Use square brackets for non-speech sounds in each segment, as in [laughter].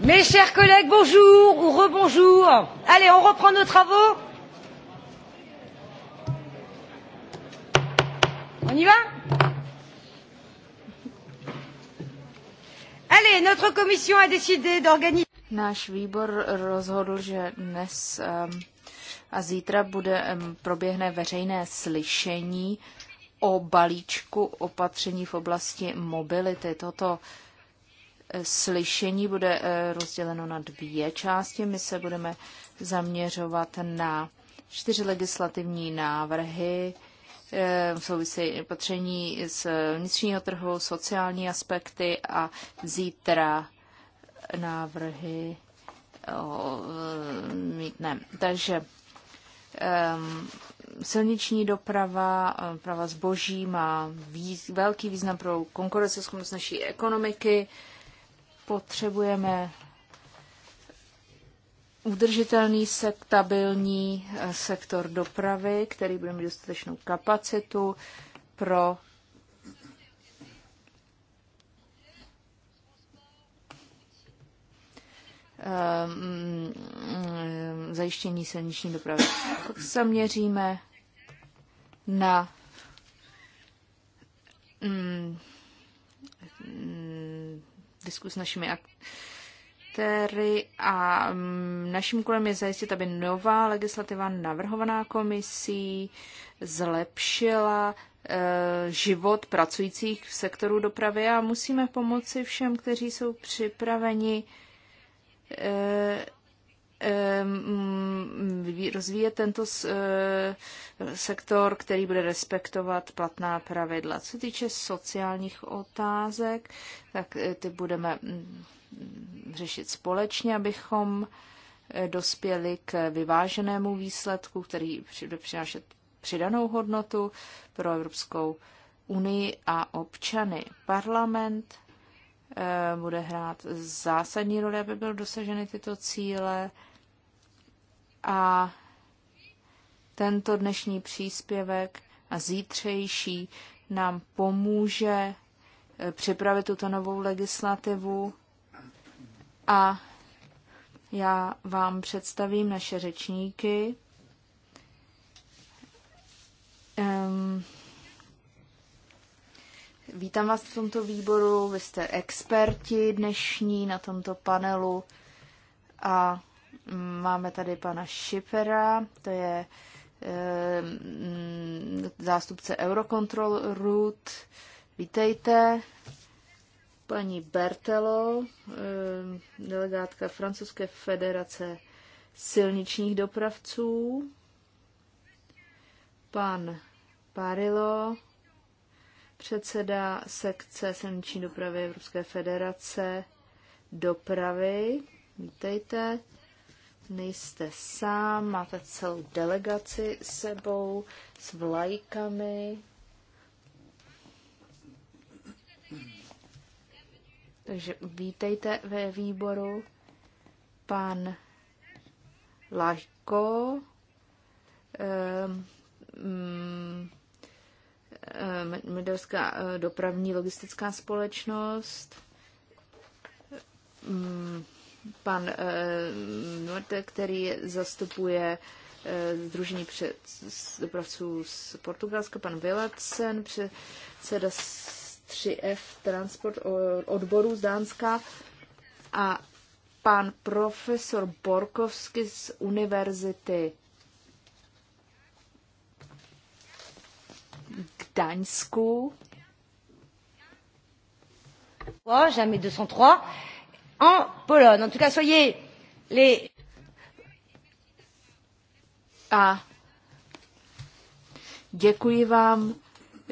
Mes chers collègues, bonjour ou rebonjour. Allez, on reprend nos travaux. On y va Allez, notre commission a décidé d'organiser. Náš výbor rozhodl, že dnes um, a zítra bude um, proběhne veřejné slyšení o balíčku opatření v oblasti mobility. Toto uh, slyšení bude eh, rozděleno na dvě části. My se budeme zaměřovat na čtyři legislativní návrhy eh, v souvisí potření z vnitřního trhu, sociální aspekty a zítra návrhy o eh, mítném. Takže ehm, silniční doprava, prava zboží má velký význam pro konkurenceschopnost naší ekonomiky. Potřebujeme udržitelný, stabilní eh, sektor dopravy, který bude mít dostatečnou kapacitu pro eh, zajištění silniční dopravy. Pak zaměříme na mm, disku s našimi aktéry a mm, naším kolem je zajistit, aby nová legislativa navrhovaná komisí zlepšila e, život pracujících v sektoru dopravy a musíme pomoci všem, kteří jsou připraveni e, Ehm, mm, rozvíjet tento eh, sektor, který bude respektovat platná pravidla. Co týče sociálních otázek, tak eh, ty budeme mm, řešit společně, abychom eh, dospěli k vyváženému výsledku, který bude přinášet přidanou hodnotu pro Evropskou unii a občany. Parlament bude hrát zásadní roli, aby byly dosaženy tyto cíle. A tento dnešní příspěvek a zítřejší nám pomůže eh, připravit tuto novou legislativu a já vám představím naše řečníky. Um, vítám vás v tomto výboru, vy jste experti dnešní na tomto panelu a Máme tady pana Šipera, to je eh, mm, zástupce Eurocontrol Root. Vítejte. Paní Bertelo, eh, delegátka Francouzské federace silničních dopravců. Pan Parilo, předseda sekce silniční dopravy Evropské federace dopravy. Vítejte nejste sám, máte celou delegaci sebou s vlajkami. Takže vítejte ve výboru. Pan Lajko, um, ehm, Medelská mm, ehm, eh, dopravní logistická společnost, mm, pan Norte, eh, který zastupuje eh, Združení před dopravců z Portugalska, pan Vilacen, předseda 3F Transport odboru z Dánska a pan profesor Borkovsky z Univerzity Gdaňsku. Jamais 203 en Pologne. En tout cas, soyez les. Ah. děkuji vám,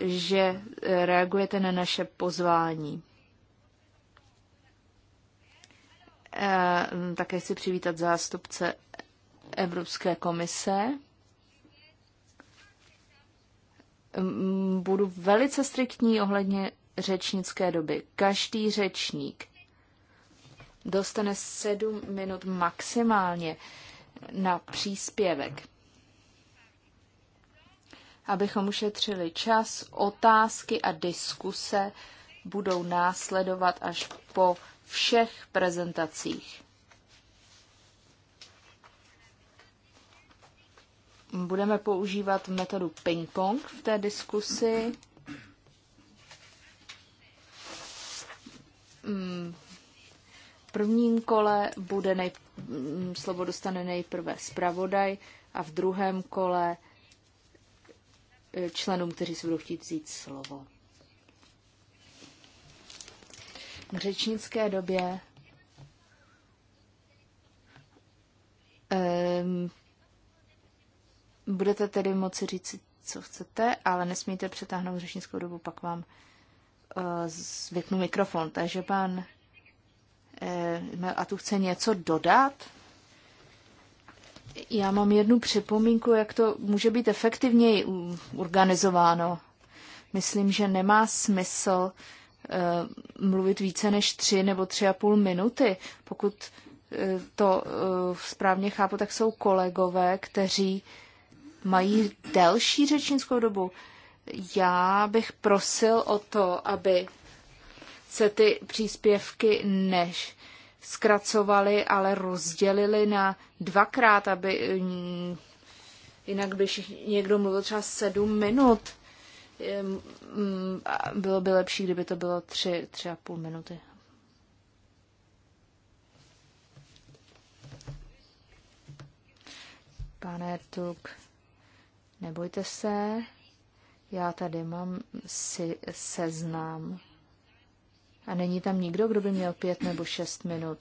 že eh, reagujete na naše pozvání. Eh, také chci přivítat zástupce Evropské komise. Budu velice striktní ohledně řečnické doby. Každý řečník dostane sedm minut maximálně na příspěvek. Abychom ušetřili čas, otázky a diskuse budou následovat až po všech prezentacích. Budeme používat metodu ping-pong v té diskusi. Hmm prvním kole bude nej, mm, slovo dostane nejprve zpravodaj a v druhém kole e, členům, kteří si budou chtít vzít slovo. V řečnické době um, budete tedy moci říct, co chcete, ale nesmíte přetáhnout řečnickou dobu, pak vám uh, e, zvyknu mikrofon. Takže pan Eh, a tu chce něco dodat? Já mám jednu připomínku, jak to může být efektivněji organizováno. Myslím, že nemá smysl eh, mluvit více než tři nebo tři a půl minuty. Pokud eh, to správně chápu, tak jsou kolegové, kteří mají delší řečnickou dobu. Já bych prosil o to, aby se ty příspěvky než zkracovaly, ale rozdělili na dvakrát, aby mm, jinak by někdo mluvil třeba sedm minut. Mm, bylo by lepší, kdyby to bylo tři, tři a půl minuty. Pane Tuk, nebojte se, já tady mám si seznám a není tam nikdo, kdo by měl pět nebo šest minut.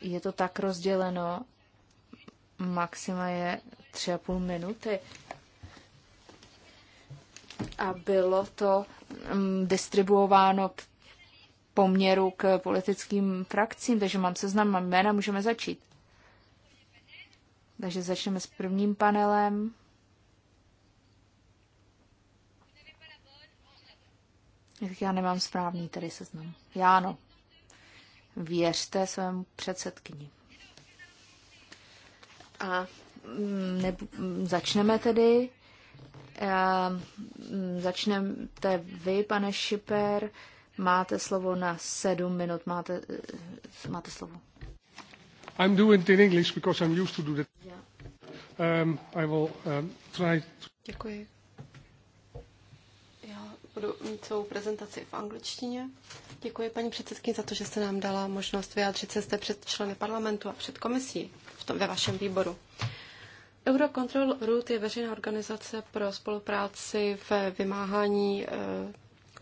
Je to tak rozděleno, maxima je tři a půl minuty. A bylo to um, distribuováno poměru k politickým frakcím, takže mám seznam, mám jména, můžeme začít. Takže začneme s prvním panelem. Tak já nemám správný tady seznam. Já ano. Věřte svému předsedkyni. A mm, ne, mm, začneme tedy. Mm, začnete vy, pane Šiper. Máte slovo na sedm minut. Máte, eh, máte slovo. I'm doing it in English because I'm used to do that. Yeah. Um, I will um, try to... Děkuji budu mít svou prezentaci v angličtině. Děkuji paní předsedkyni za to, že jste nám dala možnost vyjádřit se zde před členy parlamentu a před komisí v tom, ve vašem výboru. Eurocontrol Root je veřejná organizace pro spolupráci ve vymáhání eh,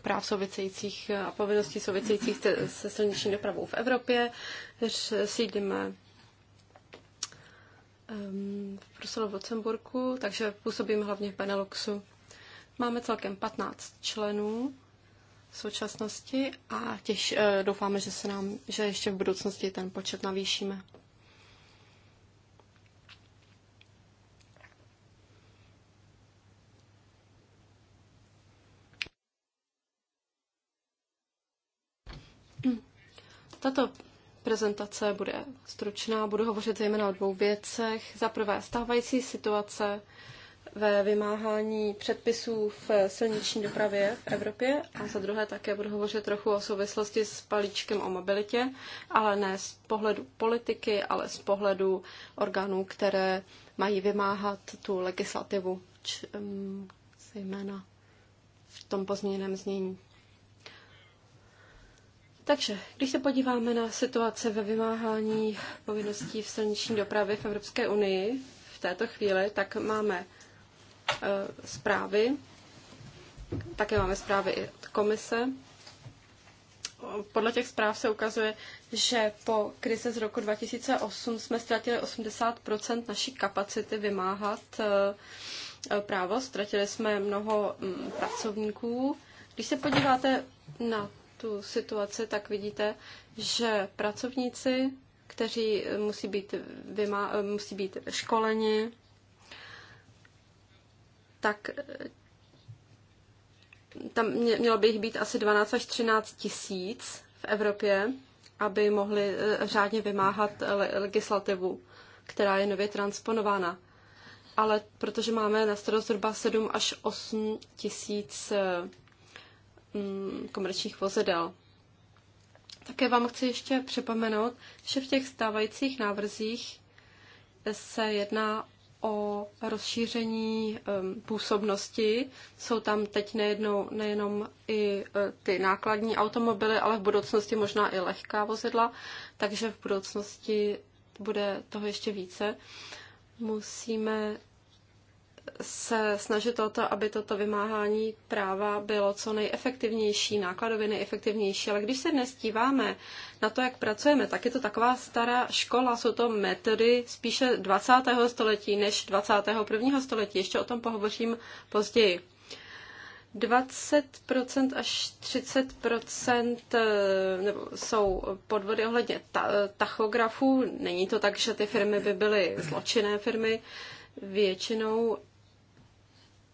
práv souvisejících a povinností souvisejících se silniční dopravou v Evropě. Sídlíme ehm, v Bruselu v Lucemburku, takže působím hlavně v Beneluxu. Máme celkem 15 členů v současnosti a těž, eh, doufáme, že, se nám, že ještě v budoucnosti ten počet navýšíme. Tato prezentace bude stručná, budu hovořit zejména o dvou věcech. Za prvé stávající situace ve vymáhání předpisů v silniční dopravě v Evropě a za druhé také budu hovořit trochu o souvislosti s palíčkem o mobilitě, ale ne z pohledu politiky, ale z pohledu orgánů, které mají vymáhat tu legislativu, č, um, zejména v tom pozměněném znění. Takže, když se podíváme na situace ve vymáhání povinností v silniční dopravě v Evropské unii v této chvíli, tak máme Eh, zprávy. Také máme zprávy i od komise. Podle těch zpráv se ukazuje, že po krize z roku 2008 jsme ztratili 80 naší kapacity vymáhat eh, právo. Ztratili jsme mnoho mm, pracovníků. Když se podíváte na tu situaci, tak vidíte, že pracovníci, kteří eh, musí být, vymá- musí být školeni, tak eh, tam mělo by jich být asi 12 až 13 tisíc v Evropě, aby mohli eh, řádně vymáhat eh, legislativu, která je nově transponována. Ale protože máme na starost zhruba 7 až 8 tisíc mm, komerčních vozidel. Také vám chci ještě připomenout, že v těch stávajících návrzích se jedná o rozšíření působnosti. Jsou tam teď nejednou, nejenom i e, ty nákladní automobily, ale v budoucnosti možná i lehká vozidla, takže v budoucnosti bude toho ještě více. Musíme se snažit o to, aby toto vymáhání práva bylo co nejefektivnější, nákladově nejefektivnější. Ale když se dnes díváme na to, jak pracujeme, tak je to taková stará škola, jsou to metody spíše 20. století než 21. století. Ještě o tom pohovořím později. 20% až 30% eh, nebo jsou podvody ohledně tachografů. Není to tak, že ty firmy by byly zločinné firmy. Většinou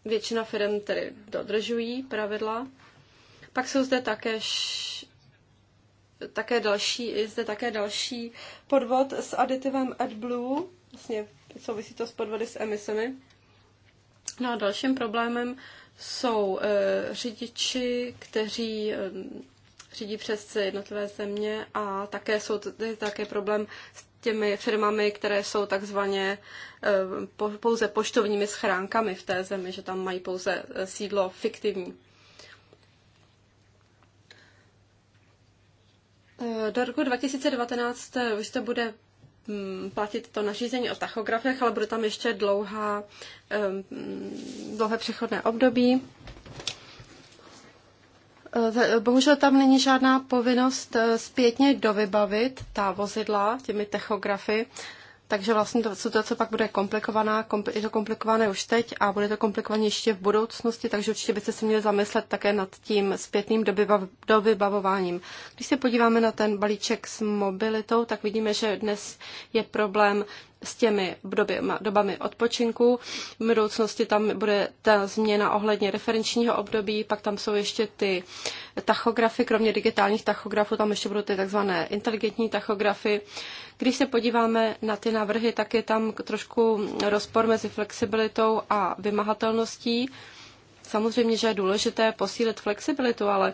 Většina firm tedy dodržují pravidla. Pak jsou zde také š... také další, je zde také další podvod s aditivem AdBlue, vlastně souvisí to s podvody s emisemi. No a dalším problémem jsou e, řidiči, kteří e, řídí přes jednotlivé země a také jsou tady také problém s těmi firmami, které jsou takzvaně eh, pouze poštovními schránkami v té zemi, že tam mají pouze eh, sídlo fiktivní. Eh, do roku 2019 už to bude hm, platit to nařízení o tachografech, ale bude tam ještě dlouhá, hm, dlouhé přechodné období. Eh, bohužel tam není žádná povinnost eh, zpětně dovybavit ta vozidla těmi techografy, takže vlastně to, situace pak bude komplikovaná, je to komplikované už teď a bude to komplikované ještě v budoucnosti, takže určitě byste se měli zamyslet také nad tím zpětným dovybavováním. Když se podíváme na ten balíček s mobilitou, tak vidíme, že dnes je problém s těmi dobyma, dobami odpočinku. V budoucnosti tam bude ta změna ohledně referenčního období, pak tam jsou ještě ty tachografy, kromě digitálních tachografů, tam ještě budou ty takzvané inteligentní tachografy. Když se podíváme na ty návrhy, tak je tam trošku rozpor mezi flexibilitou a vymahatelností. Samozřejmě, že je důležité posílit flexibilitu, ale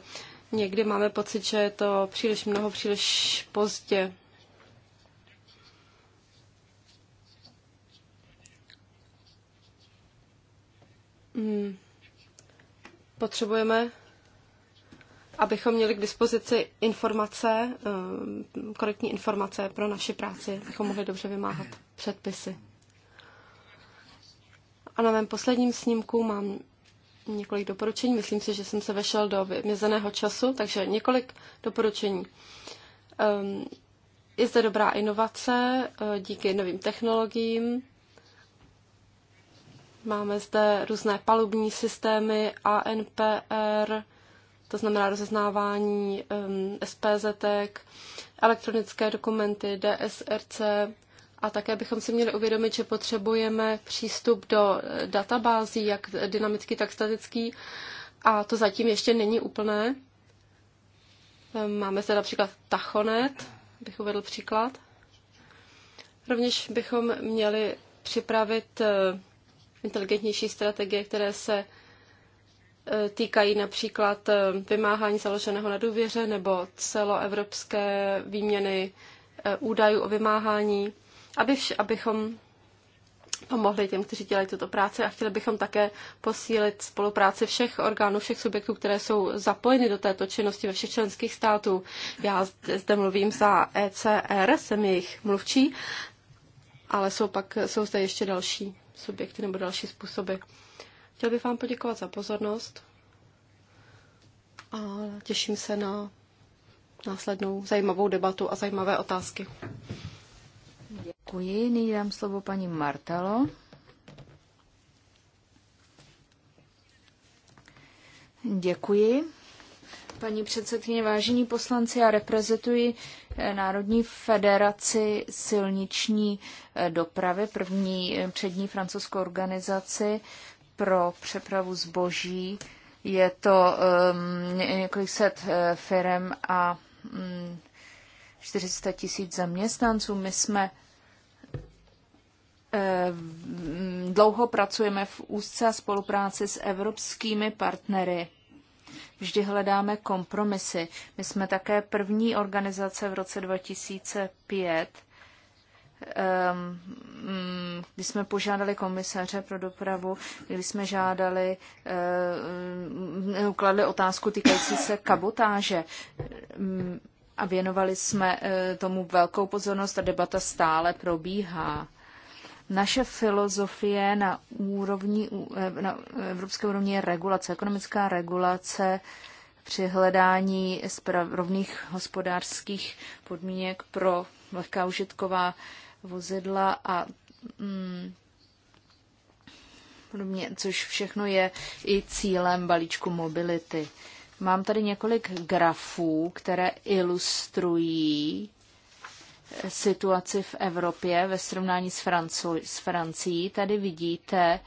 někdy máme pocit, že je to příliš mnoho, příliš pozdě. Hmm. Potřebujeme, abychom měli k dispozici informace, eh, korektní informace pro naši práci, abychom mohli dobře vymáhat předpisy. A na mém posledním snímku mám několik doporučení. Myslím si, že jsem se vešel do vymězeného času, takže několik doporučení. Um, je zde dobrá inovace eh, díky novým technologiím. Máme zde různé palubní systémy ANPR, to znamená rozeznávání um, SPZ, elektronické dokumenty, DSRC, a také bychom si měli uvědomit, že potřebujeme přístup do eh, databází, jak dynamický, tak statický. A to zatím ještě není úplné. Máme zde například tachonet, bych uvedl příklad. Rovněž bychom měli připravit eh, inteligentnější strategie, které se e, týkají například e, vymáhání založeného na důvěře nebo celoevropské výměny e, údajů o vymáhání, aby vš- abychom pomohli těm, kteří dělají tuto práci a chtěli bychom také posílit spolupráci všech orgánů, všech subjektů, které jsou zapojeny do této činnosti ve všech členských států. Já zde mluvím za ECR, jsem jejich mluvčí, ale jsou pak jsou zde ještě další subjekty nebo další způsoby. Chtěl bych vám poděkovat za pozornost a těším se na následnou zajímavou debatu a zajímavé otázky. Děkuji. Nyní dám slovo paní Martalo. Děkuji paní předsedkyně, vážení poslanci, já reprezentuji eh, Národní federaci silniční eh, dopravy, první eh, přední francouzskou organizaci pro přepravu zboží. Je to um, několik set firm a um, mm, 400 tisíc zaměstnanců. My jsme dlouho pracujeme v úzce spolupráci s evropskými partnery Vždy hledáme kompromisy. My jsme také první organizace v roce 2005, ehm, mm, kdy jsme požádali komisaře pro dopravu, kdy jsme žádali, ehm, mm, ukladli otázku týkající se kabotáže mm, a věnovali jsme eh, tomu velkou pozornost a debata stále probíhá. Naše filozofie na, úrovni, eh, na evropské úrovni je regulace, ekonomická regulace při hledání rovných hospodářských podmínek pro lehká užitková vozidla a mm, podobně, což všechno je i cílem balíčku mobility. Mám tady několik grafů, které ilustrují situaci v Evropě ve srovnání s, Francu- s Francií. Tady vidíte,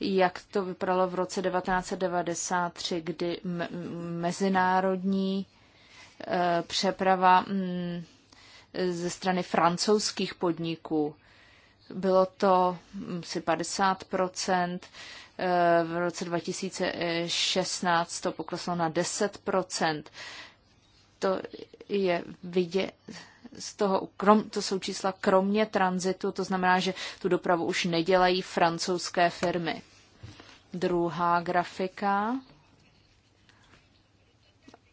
jak to vypadalo v roce 1993, kdy mezinárodní e, přeprava m, mm, ze strany francouzských podniků bylo to mm, asi 50 eh, v roce 2016 to pokleslo na 10 To je vidět z toho, krom, to jsou čísla kromě tranzitu, to znamená, že tu dopravu už nedělají francouzské firmy. Druhá grafika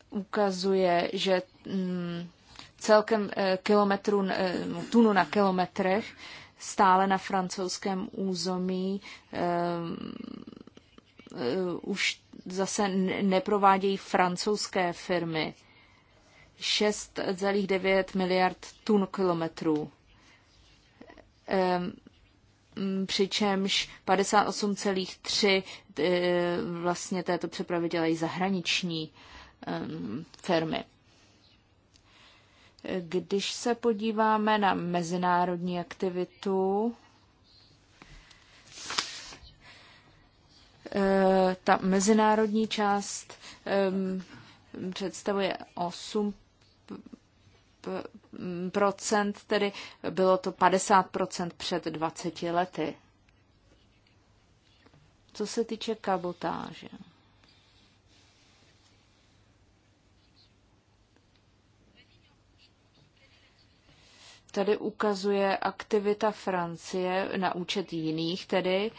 ukazuje, že mm, celkem eh, kilometrů, eh, tunu na kilometrech stále na francouzském území eh, už zase neprovádějí francouzské firmy 6,9 miliard tun kilometrů. Přičemž 58,3 e, vlastně této přepravy dělají zahraniční firmy. Když se podíváme na mezinárodní aktivitu, e, ta mezinárodní část představuje 8 procent, tedy bylo to 50 procent před 20 lety. Co se týče kabotáže. Tady ukazuje aktivita Francie na účet jiných, tedy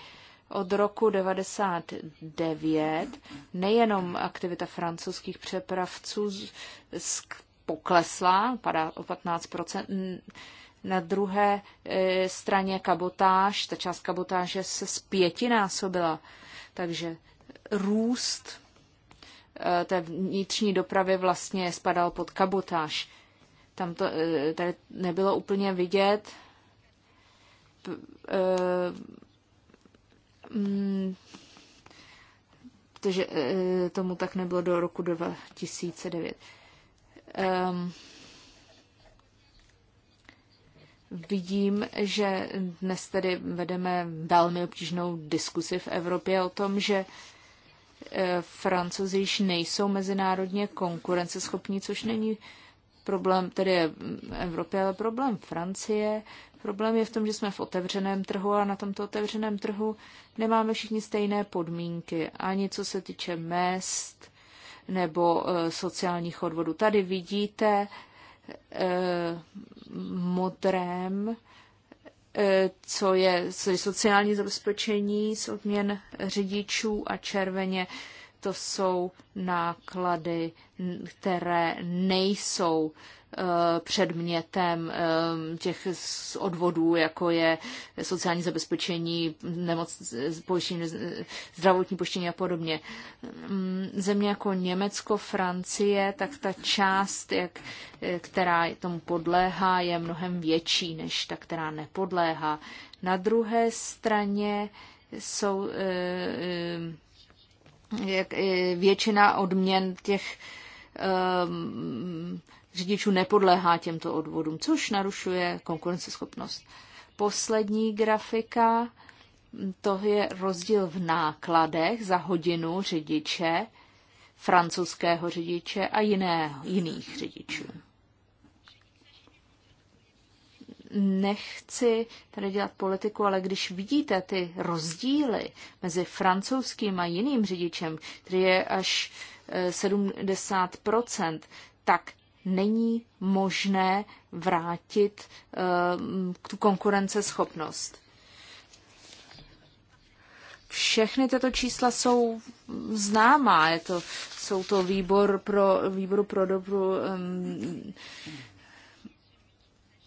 od roku 99 nejenom aktivita francouzských přepravců z poklesla, padá o 15 na druhé e, straně kabotáž, ta část kabotáže se z pětinásobila. Takže růst e, té vnitřní dopravy vlastně spadal pod kabotáž. Tam to e, tady nebylo úplně vidět. Protože mm, tomu tak nebylo do roku 2009. Um, Vidím, že dnes tedy vedeme velmi obtížnou diskusi v Evropě o tom, že eh, francouzi již nejsou mezinárodně konkurenceschopní, což není problém tedy Evropy, ale problém Francie. Problém je v tom, že jsme v otevřeném trhu a na tomto otevřeném trhu nemáme všichni stejné podmínky, ani co se týče mest, nebo e, sociálních odvodů. Tady vidíte e, modrém, e, co je, sociální zabezpečení z odměn řidičů a červeně to jsou náklady, které nejsou Eh, předmětem eh, těch odvodů, jako je sociální zabezpečení, nemoc, eh, pojištění, zdravotní pojištění a podobně. Mm, země jako Německo, Francie, tak ta část, jak, která tomu podléhá, je mnohem větší než ta, která nepodléhá. Na druhé straně jsou jak, většina odměn těch řidičů nepodléhá těmto odvodům, což narušuje konkurenceschopnost. Poslední grafika, to je rozdíl v nákladech za hodinu řidiče, francouzského řidiče a jiné jiných řidičů. Nechci tady dělat politiku, ale když vidíte ty rozdíly mezi francouzským a jiným řidičem, který je až 70 eh, tak není možné vrátit eh, tu konkurenceschopnost. Všechny tyto čísla jsou známá. Je to, jsou to výbor pro, výboru pro dobru. um,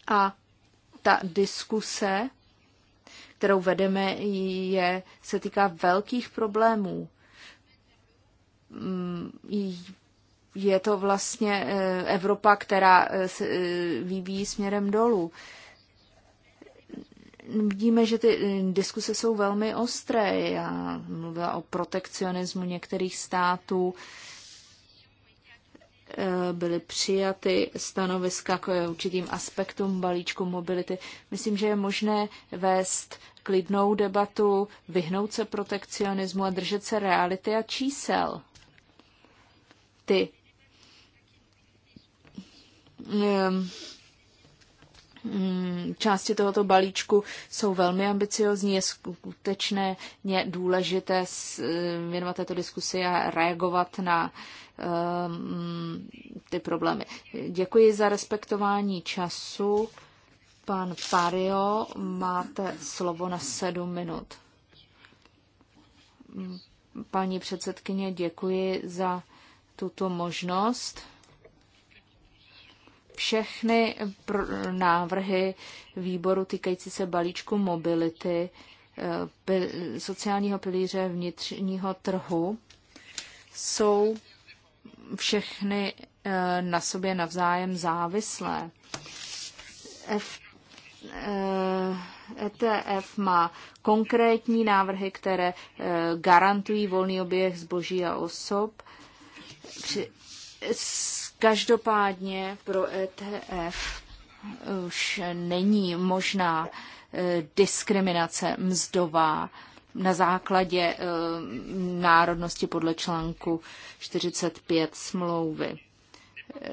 a ta diskuse, kterou vedeme, je, se týká velkých problémů. Um, je to vlastně eh, Evropa, která eh, se eh, vyvíjí směrem dolů. Vidíme, že ty diskuse jsou velmi ostré. Já mluvila o protekcionismu některých států. Byly přijaty stanoviska k určitým aspektům balíčku mobility. Myslím, že je možné vést klidnou debatu, vyhnout se protekcionismu a držet se reality a čísel. Ty Ehm, mm, části tohoto balíčku jsou velmi ambiciozní, je skutečné je důležité ehm, věnovat této diskusi a reagovat na ehm, ty problémy. Děkuji za respektování času. Pan Pario, máte slovo na sedm minut. Paní předsedkyně, děkuji za tuto možnost všechny návrhy výboru týkající se balíčku mobility, eh, sociálního pilíře vnitřního trhu jsou všechny eh, na sobě navzájem závislé. F, ETF eh, e má konkrétní návrhy, které garantují volný oběh zboží a osob. Při, s, Každopádně pro ETF už není možná eh, diskriminace mzdová na základě eh, národnosti podle článku 45 smlouvy.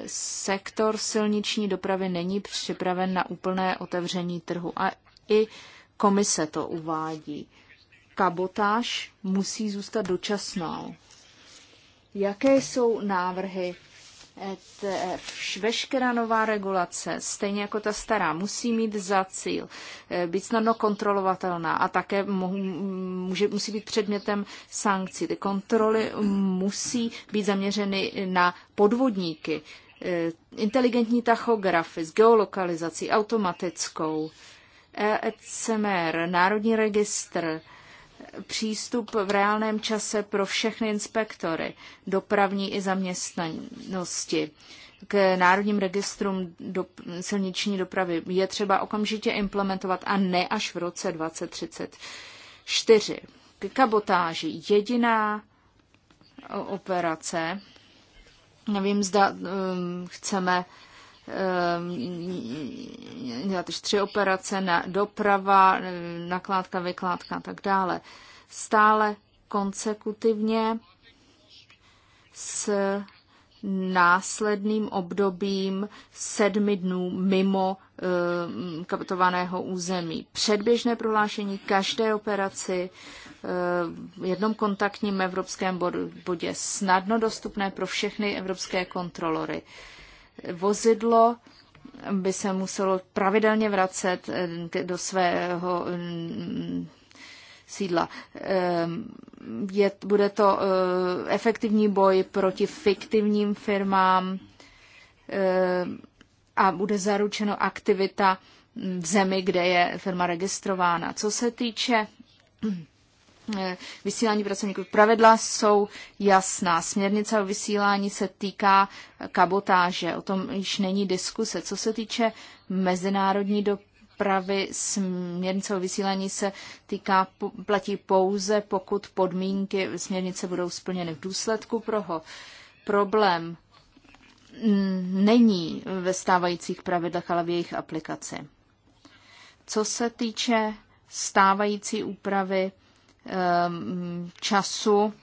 Sektor silniční dopravy není připraven na úplné otevření trhu a i komise to uvádí. Kabotáž musí zůstat dočasnou. Jaké jsou návrhy Eh, veškerá nová regulace, stejně jako ta stará, musí mít za cíl eh, být snadno kontrolovatelná a také může, musí být předmětem sankcí. Ty kontroly musí být zaměřeny na podvodníky, eh, inteligentní tachografy s geolokalizací automatickou, ECMR, Národní registr, přístup v reálném čase pro všechny inspektory dopravní i zaměstnanosti k národním registrům do, silniční dopravy je třeba okamžitě implementovat a ne až v roce 2034. K kabotáži jediná operace. Nevím, zda um, chceme dělat ehm, už tři operace na doprava, nakládka, vykládka a tak dále. Stále konsekutivně s následným obdobím sedmi dnů mimo e, kapitovaného území. Předběžné prohlášení každé operaci ehm, v e, jednom kontaktním evropském bodě snadno dostupné pro všechny evropské kontrolory. E, Vozidlo by se muselo pravidelně vracet eh, do svého mm, sídla. Ehm, je, bude to eh, efektivní boj proti fiktivním firmám ehm, a bude zaručeno aktivita v zemi, kde je firma registrována. Co se týče Eh, vysílání pracovníků. Pravidla jsou jasná. Směrnice o vysílání se týká eh, kabotáže. O tom již není diskuse. Co se týče mezinárodní dopravy, směrnice o vysílání se týká, platí pouze, pokud podmínky směrnice budou splněny. V důsledku proho problém mm, není ve stávajících pravidlech, ale v jejich aplikaci. Co se týče stávající úpravy Ehm, času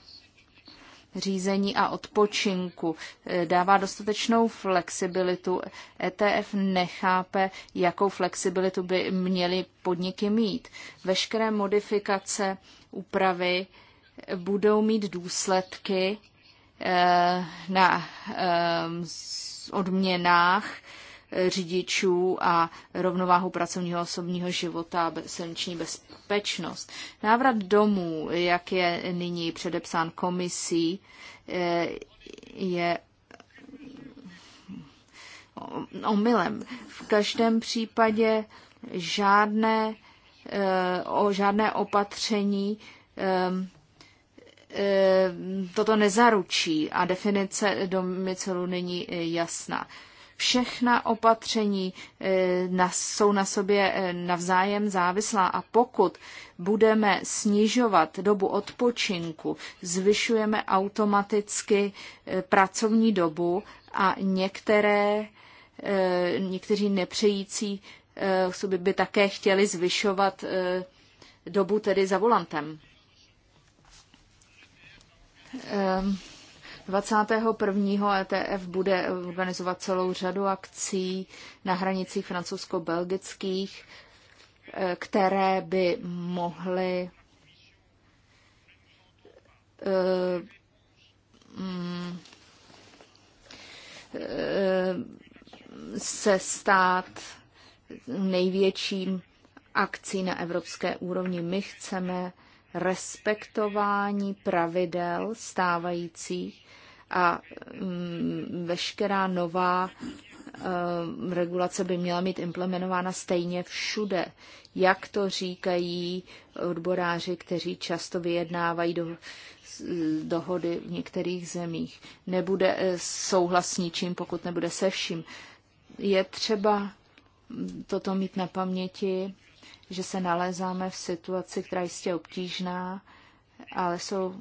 řízení a odpočinku, e, dává dostatečnou flexibilitu. ETF nechápe, jakou flexibilitu by měly podniky mít. Veškeré modifikace, úpravy e, budou mít důsledky e, na odměnách řidičů a rovnováhu pracovního a osobního života a silniční bezpečnost. Návrat domů, jak je nyní předepsán komisí, eh, je omylem. V každém případě žádné, eh, o žádné opatření ehm, ehm, toto nezaručí a definice domicilu není jasná. Všechna opatření eh, jsou na sobě eh, navzájem závislá a pokud budeme snižovat dobu odpočinku, zvyšujeme automaticky eh, pracovní dobu a některé, někteří nepřející osoby by také chtěli zvyšovat dobu tedy za volantem. Ehm, 21. ETF bude organizovat celou řadu akcí na hranicích francouzsko-belgických, eh, které by mohly eh, mm, eh, se stát největším akcí na evropské úrovni. My chceme respektování pravidel stávajících a mm, veškerá nová eh, regulace by měla mít implementována stejně všude. Jak to říkají odboráři, kteří často vyjednávají do, dohody v některých zemích. Nebude eh, souhlas s ničím, pokud nebude se vším. Je třeba toto mít na paměti, že se nalézáme v situaci, která je jistě obtížná, ale jsou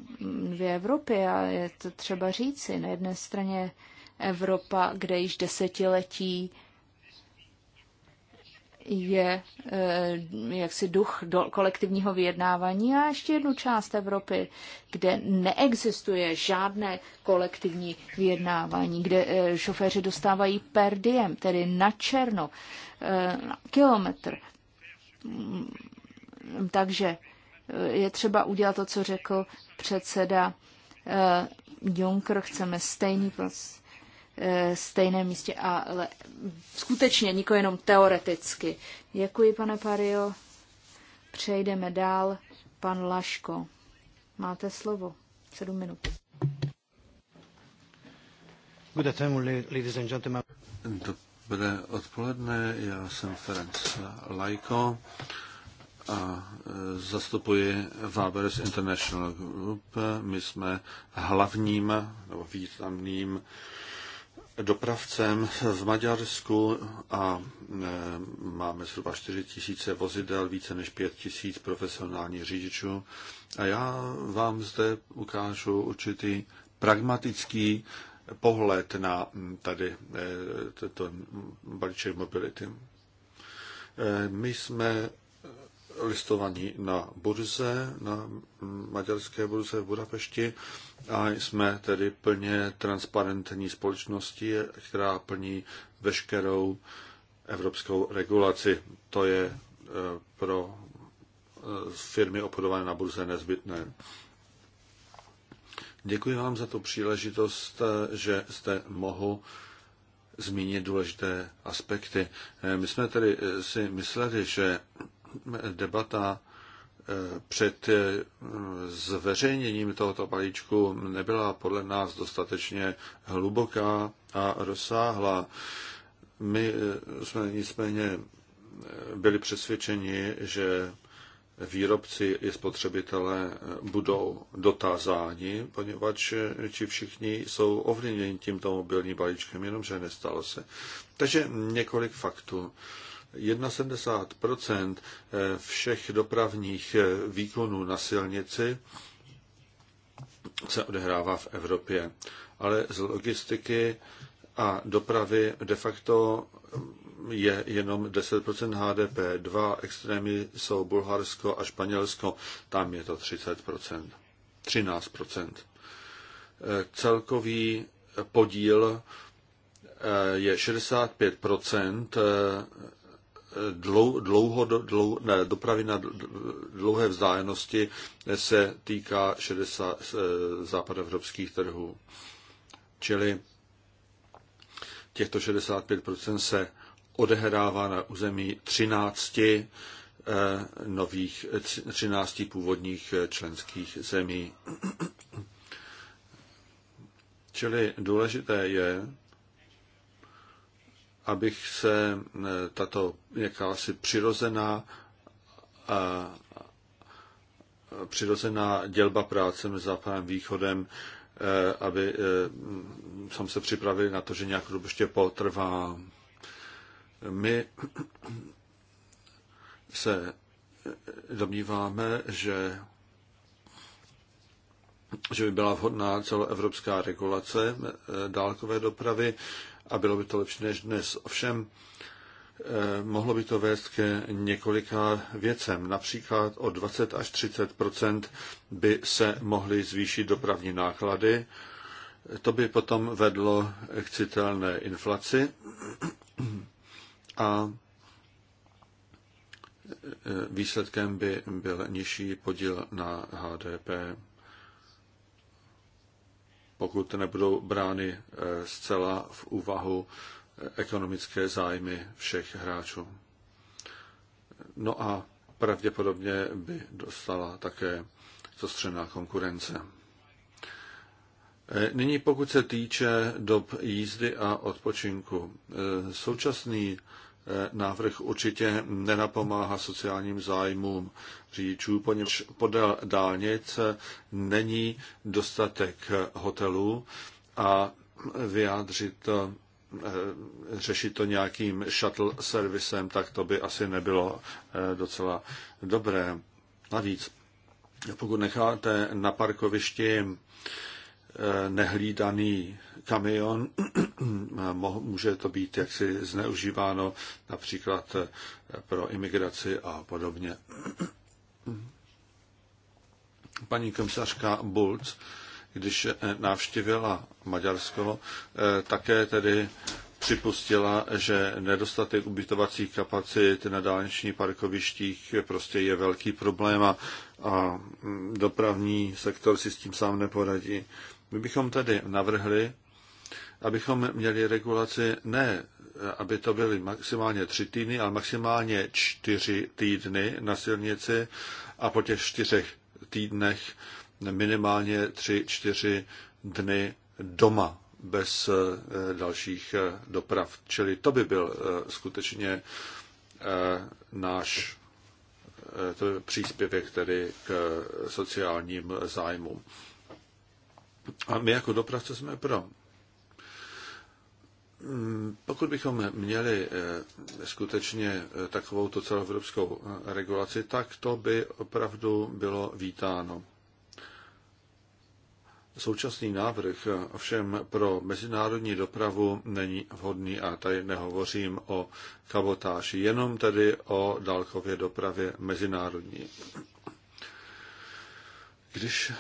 dvě Evropy a je to třeba říci. Na jedné straně Evropa, kde již desetiletí je eh, jaksi duch do kolektivního vyjednávání a ještě jednu část Evropy, kde neexistuje žádné kolektivní vyjednávání, kde eh, šoféři dostávají per diem, tedy na černo, eh, na kilometr. Mm, takže je třeba udělat to, co řekl předseda eh, Juncker, chceme stejný plus eh, stejné místě, ale skutečně, niko jenom teoreticky. Děkuji, pane Pario. Přejdeme dál. Pan Laško, máte slovo. Sedm minut. Dobré odpoledne, já jsem Ferenc Lajko a e, zastupuji Vabers International Group. My jsme hlavním nebo významným dopravcem v Maďarsku a e, máme zhruba 4 tisíce vozidel, více než 5 tisíc profesionálních řidičů. A já vám zde ukážu určitý pragmatický pohled na tady e, tento balíček mobility. My jsme listovaní na burze, na maďarské burze v Budapešti a jsme tedy plně transparentní společností, která plní veškerou evropskou regulaci. To je e, pro e, firmy obchodované na burze nezbytné. Děkuji vám za tu příležitost, e, že jste mohu zmínit důležité aspekty. My jsme tedy si mysleli, že debata eh, před eh, zveřejněním tohoto balíčku nebyla podle nás dostatečně hluboká a rozsáhlá. My eh, jsme nicméně byli přesvědčeni, že výrobci i spotřebitelé budou dotázáni, poněvadž ti všichni jsou ovlivněni tímto mobilním balíčkem, jenomže nestalo se. Takže několik faktů. 71 všech dopravních výkonů na silnici se odehrává v Evropě. Ale z logistiky a dopravy de facto je jenom 10 HDP. Dva extrémy jsou Bulharsko a Španělsko, tam je to 30 13 Celkový podíl je 65 dlou, dlouho, dlou, ne, dopravy na dlouhé vzdálenosti se týká 60 e, západoevropských trhů. Čili těchto 65% se odehrává na území 13 e, nových, 13 původních e, členských zemí. Čili důležité je, abych se eh, tato jakási přirozená eh, přirozená dělba práce mezi západem a východem, eh, aby jsem se připravili na to, že nějak dobu ještě potrvá. My se domníváme, že, že by byla vhodná celoevropská regulace dálkové dopravy a bylo by to lepší než dnes. Ovšem, eh, mohlo by to vést ke několika věcem. Například o 20 až 30 by se mohly zvýšit dopravní náklady. To by potom vedlo k citelné inflaci a eh, výsledkem by byl nižší podíl na HDP pokud nebudou brány eh, zcela v úvahu eh, ekonomické zájmy všech hráčů. No a pravděpodobně by dostala také zostřená konkurence. Eh, nyní pokud se týče dob jízdy a odpočinku. Současný návrh určitě nenapomáhá sociálním zájmům řidičů, poněvadž podél dálnic není dostatek hotelů a vyjádřit to, eh, řešit to nějakým shuttle servisem, tak to by asi nebylo eh, docela dobré. Navíc, pokud necháte na parkovišti Eh, nehlídaný kamion. [clears throat] Může to být jaksi zneužíváno například eh, pro imigraci a podobně. [clears throat] Paní komisařka Bulc, když eh, návštěvila Maďarsko, také tedy připustila, že nedostatek ubytovacích kapacit na dálničních parkovištích prostě je velký problém a, a hm, dopravní sektor si s tím sám neporadí. My bychom tedy navrhli, abychom měli regulaci ne, aby to byly maximálně tři týdny, ale maximálně čtyři týdny na silnici a po těch čtyřech týdnech minimálně tři, čtyři dny doma bez eh, dalších eh, doprav. Čili to by byl eh, skutečně náš to by příspěvek tedy k sociálním zájmům. A my jako dopravce jsme pro. Mm, pokud bychom měli eh, skutečně eh, takovou to celoevropskou eh, regulaci, tak to by opravdu bylo vítáno. Současný návrh ovšem pro mezinárodní dopravu není vhodný a tady nehovořím o kabotáži, jenom tedy o dálkově dopravě mezinárodní. Když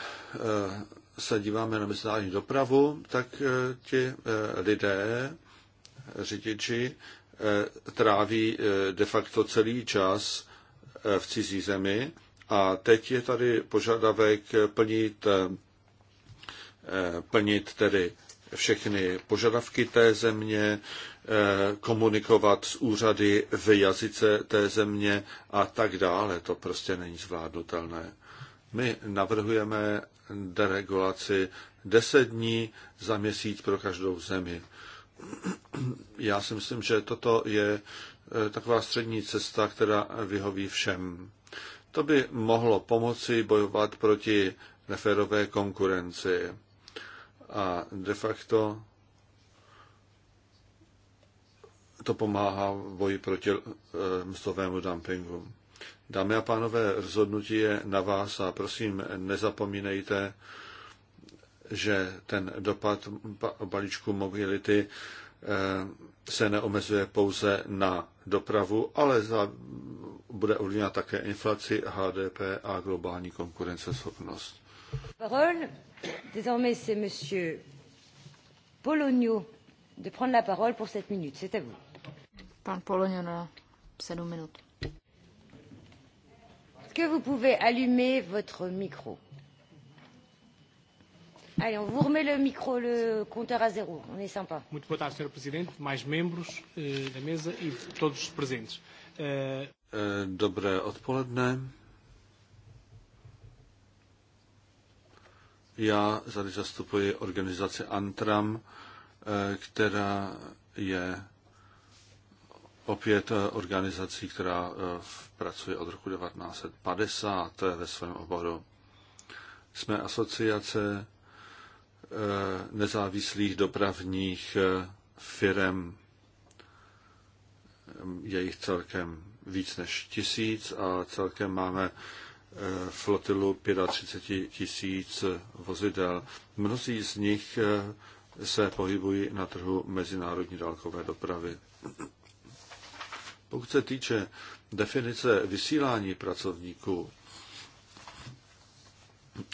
se díváme na mezinárodní dopravu, tak eh, ti eh, lidé, eh, řidiči, tráví de facto celý čas v cizí zemi a teď je tady požadavek plnit, plnit tedy všechny požadavky té země, komunikovat s úřady v jazyce té země a tak dále. To prostě není zvládnutelné. My navrhujeme deregulaci 10 dní za měsíc pro každou zemi. Já si myslím, že toto je eh, taková střední cesta, která vyhoví všem. To by mohlo pomoci bojovat proti neférové konkurenci. A de facto to pomáhá v boji proti eh, mstovému dumpingu. Dámy a pánové, rozhodnutí je na vás a prosím, nezapomínejte, že ten dopad balíčku mobility eh, se neomezuje pouze na dopravu, ale za, bude ovlivňovat také inflaci, HDP a globální konkurenceschopnost. Parole. Désormais, c'est Monsieur Polonio de prendre la parole pour 7 minutes. C'est à vous. Pan Polonio na 7 minut vous pouvez allumer votre micro? on vous remet le micro, le compteur à zéro. On est sympa. Muito boa tarde, Sr. Presidente, mais membros eh, da mesa e todos os presentes. Eh, eh, Dobré odpoledne. Já tady zastupuji organizaci Antram, která je opět eh, organizací, která eh, pracuje od roku 1950 eh, ve svém oboru. Jsme asociace nezávislých dopravních firem. Je jich celkem víc než tisíc a celkem máme flotilu 35 tisíc vozidel. Mnozí z nich se pohybují na trhu mezinárodní dálkové dopravy. Pokud se týče definice vysílání pracovníků,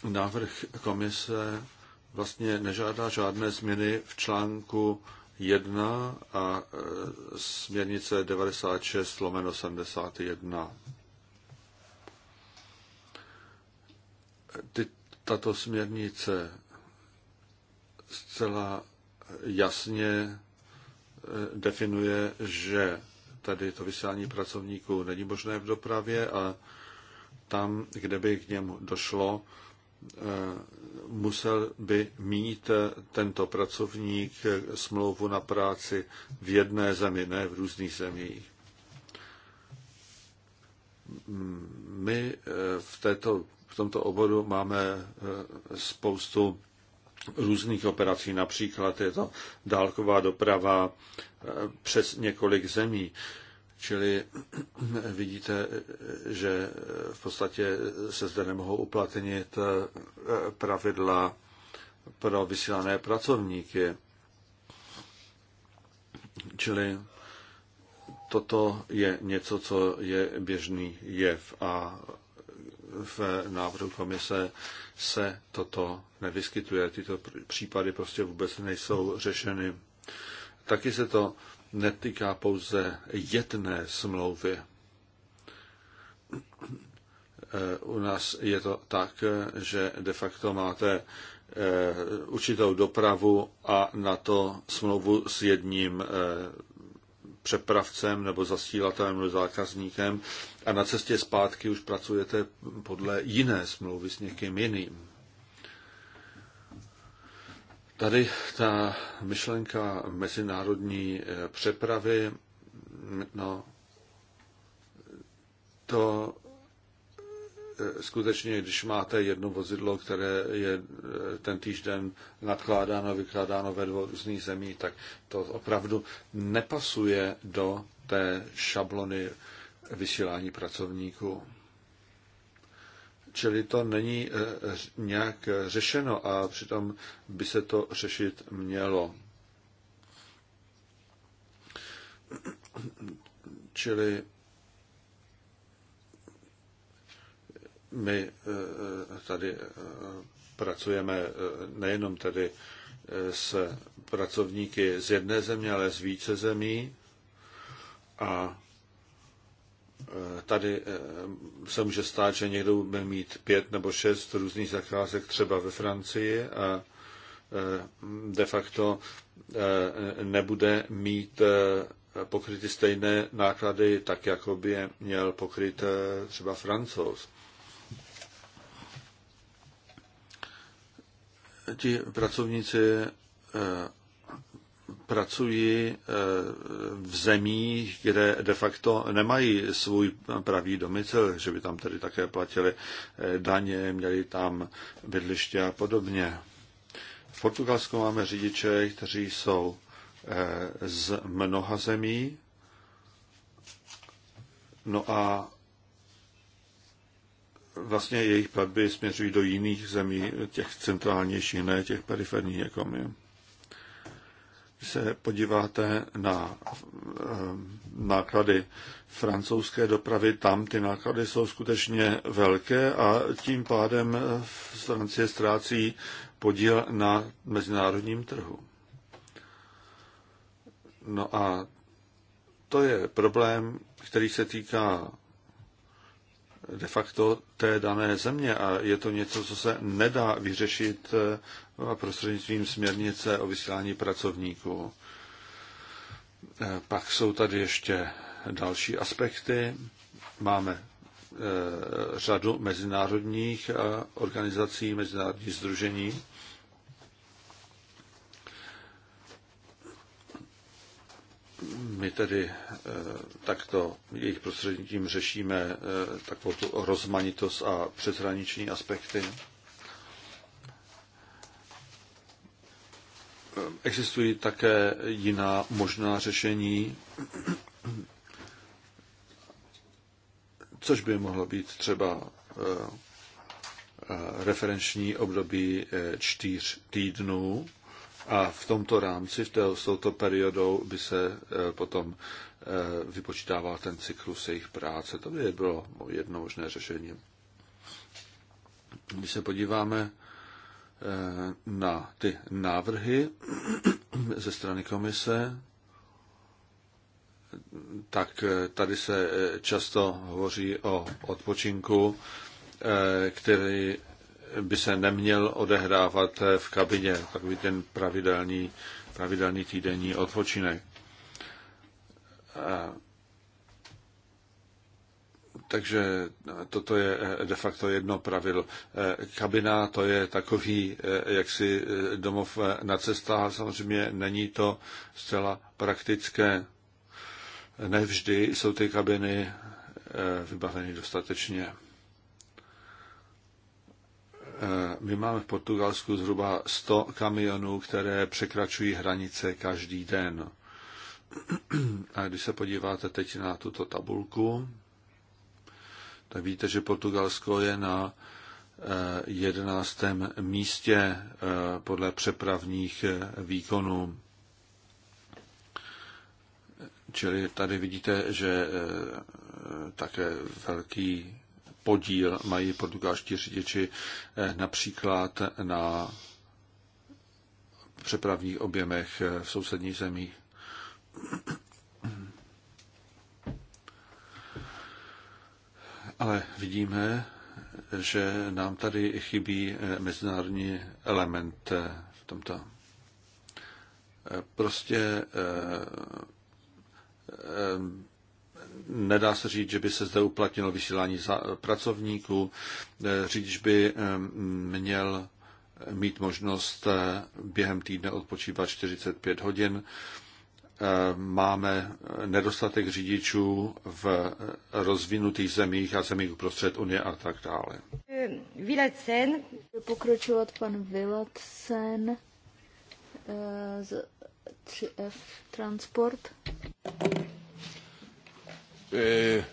návrh komise vlastně nežádá žádné změny v článku 1 a e, směrnice 96 lomeno 71. Ty, tato směrnice zcela jasně e, definuje, že tady to vysílání pracovníků není možné v dopravě a tam, kde by k němu došlo, eh, musel by mít eh, tento pracovník eh, smlouvu na práci v jedné zemi, ne v různých zemích. Mm, my v, této, v tomto oboru máme spoustu různých operací. Například je to dálková doprava, přes několik zemí. Čili [clears throat] vidíte, že v podstatě se zde nemohou uplatnit eh, pravidla pro vysílané pracovníky. Čili toto je něco, co je běžný jev a v návrhu komise se toto nevyskytuje. Tyto případy prostě vůbec nejsou řešeny taky se to netýká pouze jedné smlouvy. Eh, u nás je to tak, že de facto máte eh, určitou dopravu a na to smlouvu s jedním eh, přepravcem nebo zasílatelem nebo zákazníkem a na cestě zpátky už pracujete podle jiné smlouvy s někým jiným. Tady ta myšlenka mezinárodní eh, přepravy, no, to eh, skutečně, když máte jedno vozidlo, které je eh, ten týžden nakládáno vykládáno ve dvou různých zemí, tak to opravdu nepasuje do té šablony vysílání pracovníků. Čili to není eh, eh, nějak eh, řešeno a přitom by se to řešit mělo. Čili my tady pracujeme nejenom tedy s pracovníky z jedné země, ale z více zemí a tady eh, se může stát, že někdo bude mít pět nebo šest různých zakázek třeba ve Francii a eh, de facto eh, nebude mít pokryty stejné náklady, tak jako by je měl pokryt třeba francouz. Ti pracovníci pracují eh, v zemích, kde de facto nemají svůj pravý domicil, že by tam tedy také platili eh, daně, měli tam bydliště a podobně. V Portugalsku máme řidiče, kteří jsou eh, z mnoha zemí. No a vlastně jejich platby směřují do jiných zemí, těch centrálnějších, ne těch periferních, jako my se podíváte na eh, náklady francouzské dopravy, tam ty náklady jsou skutečně velké a tím pádem eh, Francie ztrácí podíl na mezinárodním trhu. No a to je problém, který se týká de facto té dané země a je to něco, co se nedá vyřešit eh, No prostřednictvím směrnice o vysílání pracovníků. Eh, pak jsou tady ještě další aspekty. Máme eh, řadu mezinárodních eh, organizací, mezinárodních združení. My tedy takto jejich prostřednictvím řešíme takovou tu rozmanitost a přeshraniční aspekty. existují také jiná možná řešení, což by mohlo být třeba eh, eh, referenční období eh, čtyř týdnů a v tomto rámci, v této, s touto periodou by se potom vypočítával ten cyklus jejich práce. To by bylo jedno možné řešení. Když se podíváme Eh, na ty návrhy [clears throat] ze strany komise, tak eh, tady se eh, často hovoří o odpočinku, který by se neměl odehrávat v kabině, takový ten pravidelný, pravidelný týdenní odpočinek. Takže toto je eh, de facto jedno pravidlo. Eh, kabina to je takový eh, jaksi domov na cestách, samozřejmě není to zcela praktické. Nevždy jsou ty kabiny vybaveny dostatečně. My máme v Portugalsku zhruba 100 kamionů, které překračují hranice každý den. [clears throat] A když se podíváte teď na tuto tabulku, tak víte, že Portugalsko je na eh, jedenáctém místě eh, podle přepravních eh, výkonů. Čili tady vidíte, že také velký podíl mají portugalští řidiči například na přepravních objemech v sousedních zemích. Ale vidíme, že nám tady chybí eh, mezinárodní element eh, v tomto. Eh, prostě nedá se říct, že by se zde uplatnilo vysílání pracovníků. Řidič by měl mít možnost během týdne odpočívat 45 hodin máme nedostatek řidičů v rozvinutých zemích a zemích uprostřed Unie a tak dále. Vilacen. Pokročovat pan Vilacen eh, z 3F Transport. Eh,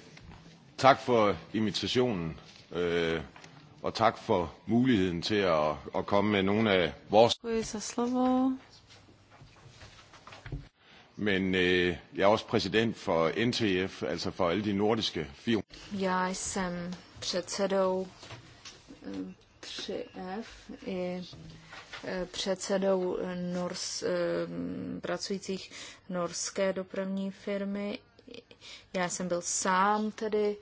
tak for invitationen, eh, og tak for muligheden til at komme med nogle af vores... Děkuji za slovo. Men øh, jeg er også præsident for NTF, altså for alle de nordiske firmaer. Já jsem předsedou 3F eh, i eh, předsedou Nors, eh, pracujících norské dopravní firmy. Já jsem byl sám tedy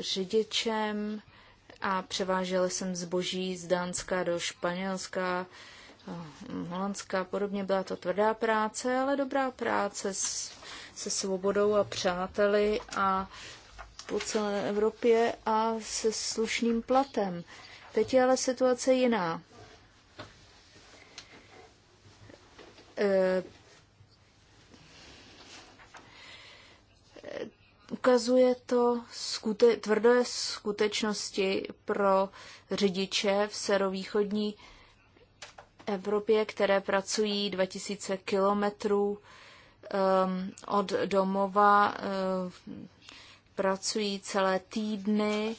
řidičem a převážel jsem zboží z Dánska do Španělska Holandská a podobně. Byla to tvrdá práce, ale dobrá práce s, se svobodou a přáteli a po celé Evropě a se slušným platem. Teď je ale situace jiná. E, ukazuje to skute- tvrdé skutečnosti pro řidiče v serovýchodní Evropě, které pracují 2000 kilometrů um, od domova, um, pracují celé týdny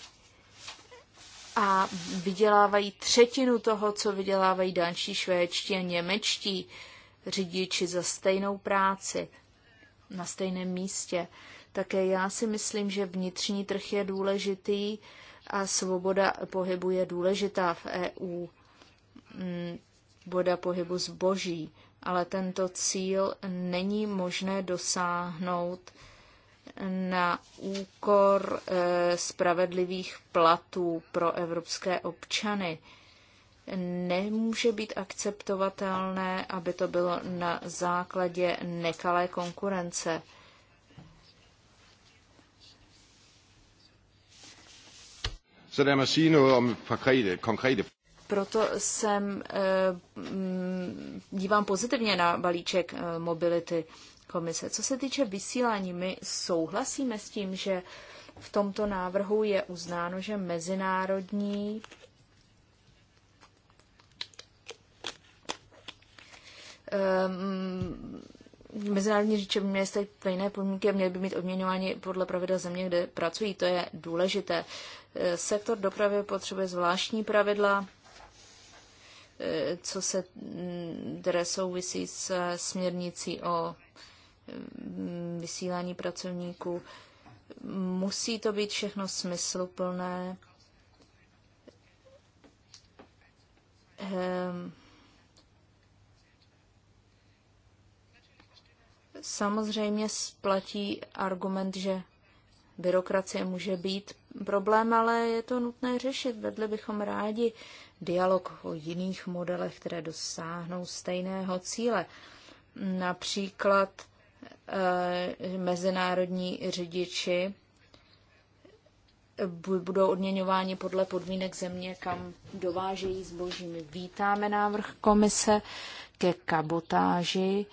a vydělávají třetinu toho, co vydělávají další švédští a němečtí řidiči za stejnou práci na stejném místě. Také já si myslím, že vnitřní trh je důležitý a svoboda pohybu je důležitá v EU mm, boda pohybu zboží, ale tento cíl není možné dosáhnout na úkor eh, spravedlivých platů pro evropské občany. Nemůže být akceptovatelné, aby to bylo na základě nekalé konkurence. Så lad mig sige noget om konkrete, konkrete proto jsem eh, mm, dívám pozitivně na balíček eh, mobility komise. Co se týče vysílání, my souhlasíme s tím, že v tomto návrhu je uznáno, že mezinárodní um, mezinárodní řeče by měly stejné podmínky a měly by mít odměňování podle pravidel země, kde pracují. To je důležité. Sektor dopravy potřebuje zvláštní pravidla, co se, které souvisí s směrnicí o mm, vysílání pracovníků. Musí to být všechno smysluplné. Ehm, samozřejmě splatí argument, že byrokracie může být problém, ale je to nutné řešit. Vedli bychom rádi dialog o jiných modelech, které dosáhnou stejného cíle. Například e, mezinárodní řidiči budou odměňováni podle podmínek země, kam dovážejí zboží. My vítáme návrh komise ke kabotáži.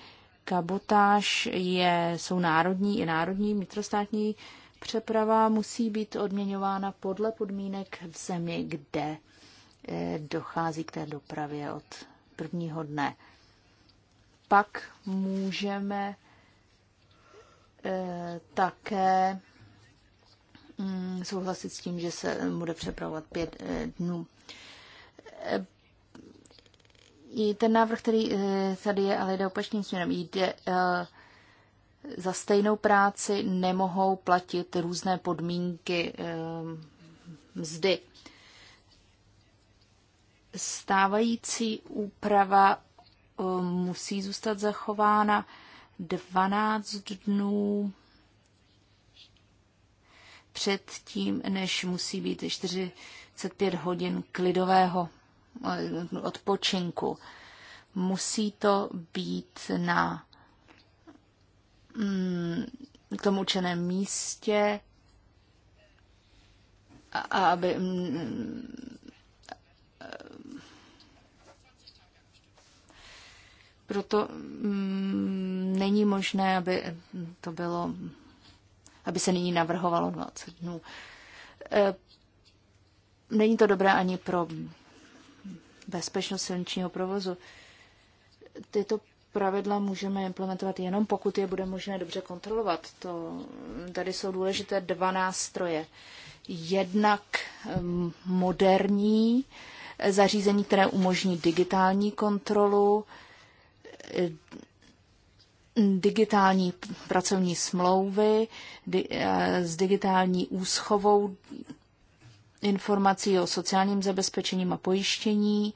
Kabotáž je, jsou národní i národní vnitrostátní přeprava musí být odměňována podle podmínek v zemi, kde dochází k té dopravě od prvního dne. Pak můžeme eh, také mm, souhlasit s tím, že se bude přepravovat pět eh, dnů. Eh, I ten návrh, který tady je, ale jde opačným směrem, jde za stejnou práci nemohou platit různé podmínky mzdy. Stávající úprava eh, musí zůstat zachována 12 dnů před tím, než musí být 45 hodin klidového eh, odpočinku. Musí to být na mm, k tomu učeném místě, a aby mm, Proto mm, není možné, aby to bylo, aby se nyní navrhovalo 20 dnů. E, není to dobré ani pro bezpečnost silničního provozu. Tyto pravidla můžeme implementovat jenom, pokud je bude možné dobře kontrolovat. To, tady jsou důležité dva nástroje. Jednak moderní e, zařízení, které umožní digitální kontrolu, digitální pracovní smlouvy eh, s digitální úschovou informací o sociálním zabezpečením a pojištění,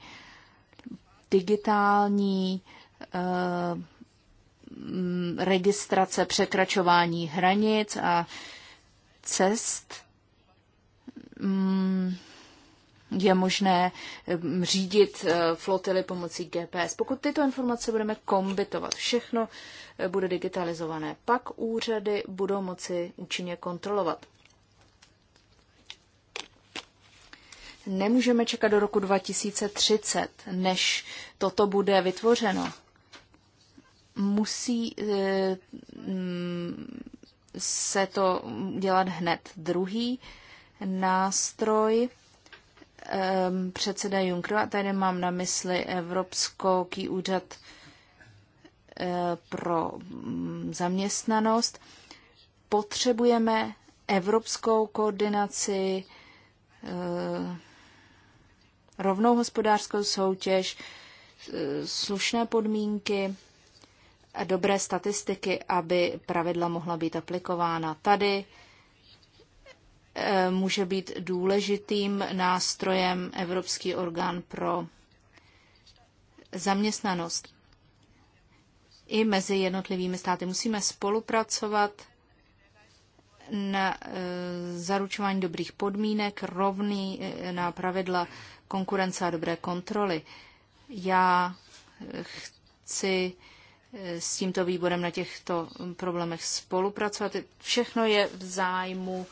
digitální eh, registrace překračování hranic a cest. Mm, je možné hm, řídit eh, flotily pomocí GPS. Pokud tyto informace budeme kombitovat, všechno eh, bude digitalizované, pak úřady budou moci účinně kontrolovat. Nemůžeme čekat do roku 2030, než toto bude vytvořeno. Musí eh, hm, se to dělat hned. Druhý nástroj um, předseda Juncker, a tady mám na mysli Evropský úřad eh, pro mm, zaměstnanost, potřebujeme evropskou koordinaci, eh, rovnou hospodářskou soutěž, eh, slušné podmínky a dobré statistiky, aby pravidla mohla být aplikována. Tady Eh, může být důležitým nástrojem Evropský orgán pro zaměstnanost. I mezi jednotlivými státy musíme spolupracovat na eh, zaručování dobrých podmínek, rovný eh, na pravidla konkurence a dobré kontroly. Já chci s tímto výborem na těchto problémech spolupracovat. Všechno je v zájmu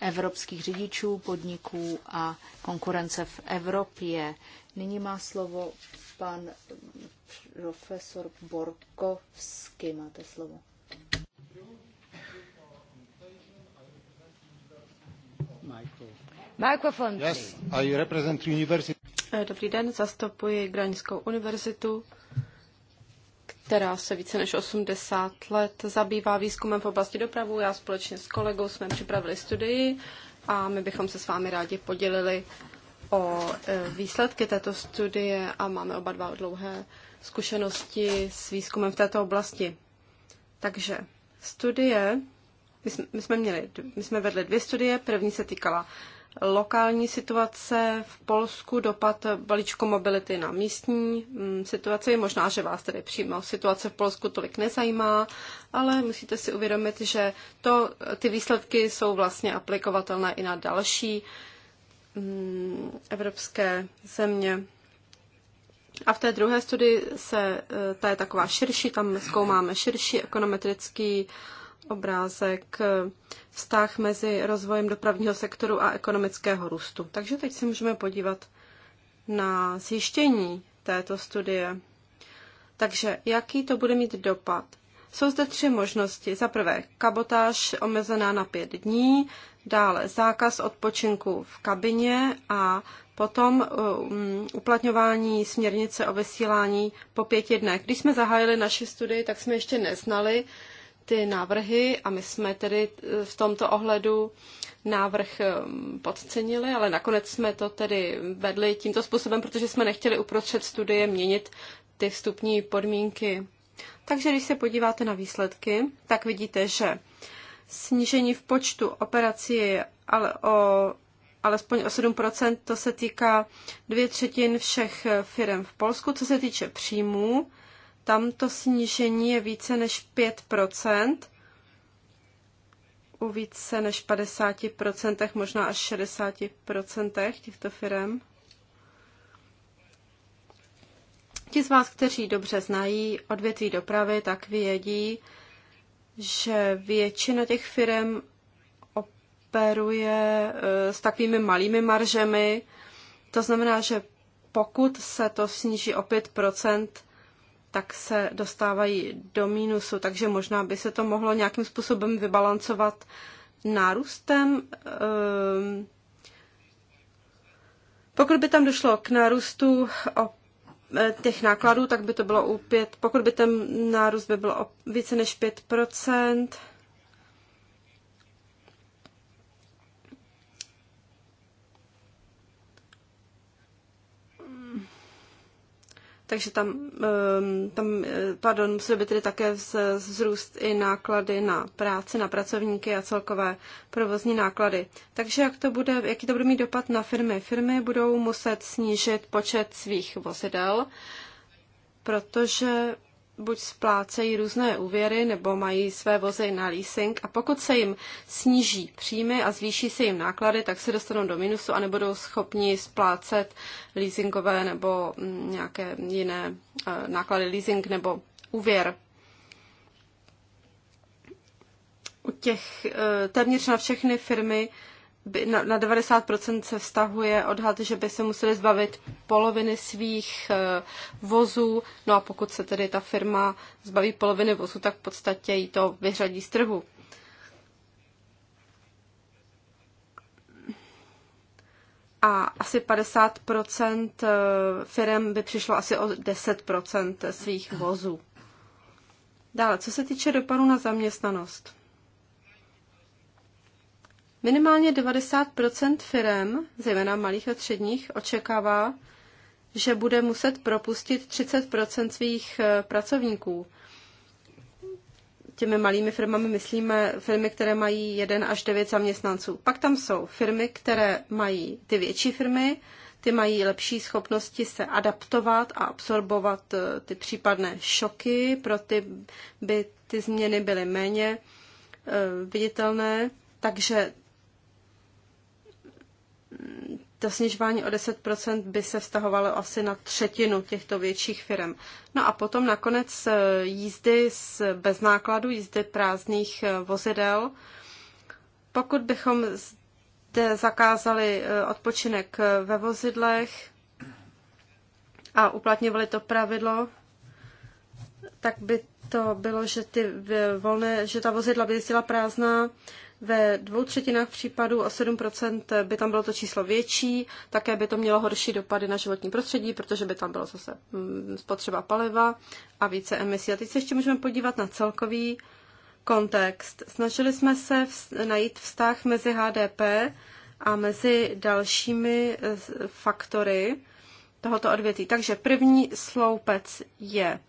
evropských řidičů, podniků a konkurence v Evropě. Nyní má slovo pan profesor Borkovský. Máte slovo. Mikrofon. Yes, I represent university. Dobrý den, zastupuji Graňskou univerzitu která se více než 80 let zabývá výzkumem v oblasti dopravu. Já společně s kolegou jsme připravili studii a my bychom se s vámi rádi podělili o e, výsledky této studie a máme oba dva dlouhé zkušenosti s výzkumem v této oblasti. Takže studie, my jsme, my jsme, měli, my jsme vedli dvě studie, první se týkala lokální situace v Polsku, dopad balíčku mobility na místní mm, situaci. Možná, že vás tedy přímo situace v Polsku tolik nezajímá, ale musíte si uvědomit, že to, ty výsledky jsou vlastně aplikovatelné i na další mm, evropské země. A v té druhé studii se, e, ta je taková širší, tam zkoumáme širší ekonometrický obrázek vztah mezi rozvojem dopravního sektoru a ekonomického růstu. Takže teď se můžeme podívat na zjištění této studie. Takže jaký to bude mít dopad? Jsou zde tři možnosti. Za prvé, kabotáž omezená na pět dní, dále zákaz odpočinku v kabině a potom um, uplatňování směrnice o vysílání po pěti dnech. Když jsme zahájili naši studii, tak jsme ještě neznali, ty návrhy a my jsme tedy eh, v tomto ohledu návrh eh, podcenili, ale nakonec jsme to tedy vedli tímto způsobem, protože jsme nechtěli uprostřed studie měnit ty vstupní podmínky. Takže když se podíváte na výsledky, tak vidíte, že snížení v počtu operací je ale o alespoň o 7%, to se týká dvě třetin všech eh, firm v Polsku. Co se týče příjmů, tam to snížení je více než 5 u více než 50%, možná až 60% těchto firm. Ti z vás, kteří dobře znají odvětví dopravy, tak vědí, že většina těch firm operuje eh, s takovými malými maržemi. To znamená, že pokud se to sníží o 5%, tak se dostávají do mínusu, takže možná by se to mohlo nějakým způsobem vybalancovat nárůstem. Ehm, pokud by tam došlo k nárůstu o e, těch nákladů, tak by to bylo u 5, pokud by ten nárůst by byl o více než 5%, takže tam, ehm, tam eh, pardon, musí by tedy také vzrůst i náklady na práci, na pracovníky a celkové provozní náklady. Takže jak to bude, jaký to bude mít dopad na firmy? Firmy budou muset snížit počet svých vozidel, protože buď splácejí různé úvěry nebo mají své vozy na leasing a pokud se jim sníží příjmy a zvýší se jim náklady, tak se dostanou do minusu a nebudou schopni splácet leasingové nebo mm, nějaké jiné eh, náklady leasing nebo úvěr. U těch eh, téměř na všechny firmy by, na, na 90% se vztahuje odhad, že by se museli zbavit poloviny svých e, vozů. No a pokud se tedy ta firma zbaví poloviny vozů, tak v podstatě jí to vyřadí z trhu. A asi 50% eh, firm by přišlo asi o 10% svých vozů. Dále, co se týče dopadu na zaměstnanost. Minimálně 90 firm, zejména malých a středních, očekává, že bude muset propustit 30 svých eh, pracovníků. Těmi malými firmami myslíme firmy, které mají 1 až 9 zaměstnanců. Pak tam jsou firmy, které mají ty větší firmy, ty mají lepší schopnosti se adaptovat a absorbovat eh, ty případné šoky, pro ty by ty změny byly méně eh, viditelné, takže to snižování o 10% by se vztahovalo asi na třetinu těchto větších firm. No a potom nakonec eh, jízdy z, bez nákladu, jízdy prázdných eh, vozidel. Pokud bychom zde zakázali eh, odpočinek ve vozidlech a uplatňovali to pravidlo, tak by to bylo, že, ty volné, že ta vozidla by jezdila prázdná, ve dvou třetinách případů o 7% by tam bylo to číslo větší, také by to mělo horší dopady na životní prostředí, protože by tam bylo zase mm, spotřeba paliva a více emisí. A teď se ještě můžeme podívat na celkový kontext. Snažili jsme se najít vztah mezi HDP a mezi dalšími e, faktory tohoto odvětví. Takže první sloupec je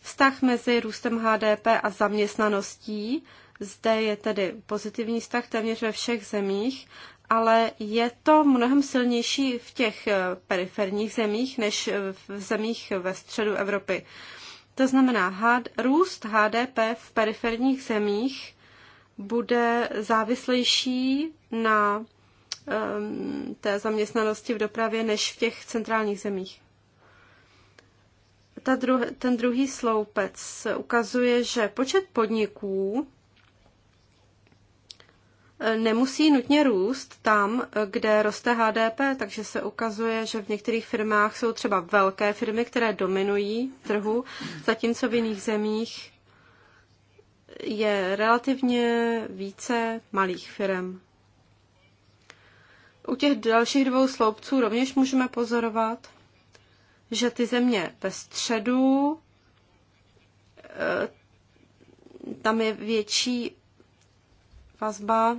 vztah mezi růstem HDP a zaměstnaností. Zde je tedy pozitivní vztah téměř ve všech zemích, ale je to mnohem silnější v těch eh, periferních zemích než v zemích ve středu Evropy. To znamená, růst HDP v periferních zemích bude závislejší na um, té zaměstnanosti v dopravě než v těch centrálních zemích. Ta druh- ten druhý sloupec ukazuje, že počet podniků nemusí nutně růst tam, kde roste HDP, takže se ukazuje, že v některých firmách jsou třeba velké firmy, které dominují trhu, zatímco v jiných zemích je relativně více malých firm. U těch dalších dvou sloupců rovněž můžeme pozorovat, že ty země ve středu, eh, tam je větší vazba.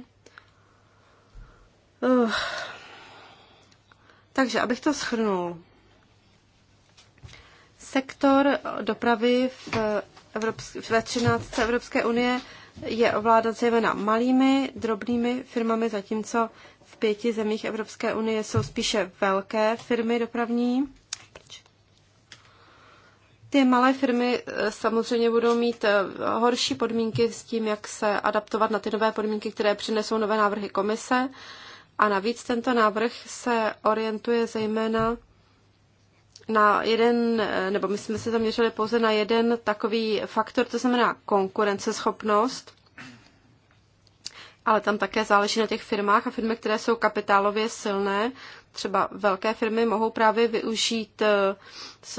Uh. Takže, abych to schrnul. Sektor dopravy v Evropsk- ve 13. Evropské unie je ovládat zejména malými, drobnými firmami, zatímco v pěti zemích Evropské unie jsou spíše velké firmy dopravní. Ty malé firmy eh, samozřejmě budou mít eh, horší podmínky s tím, jak se adaptovat na ty nové podmínky, které přinesou nové návrhy komise. A navíc tento návrh se orientuje zejména na jeden, eh, nebo my jsme se zaměřili pouze na jeden takový faktor, to znamená konkurenceschopnost. Ale tam také záleží na těch firmách a firmy, které jsou kapitálově silné, třeba velké firmy mohou právě využít eh,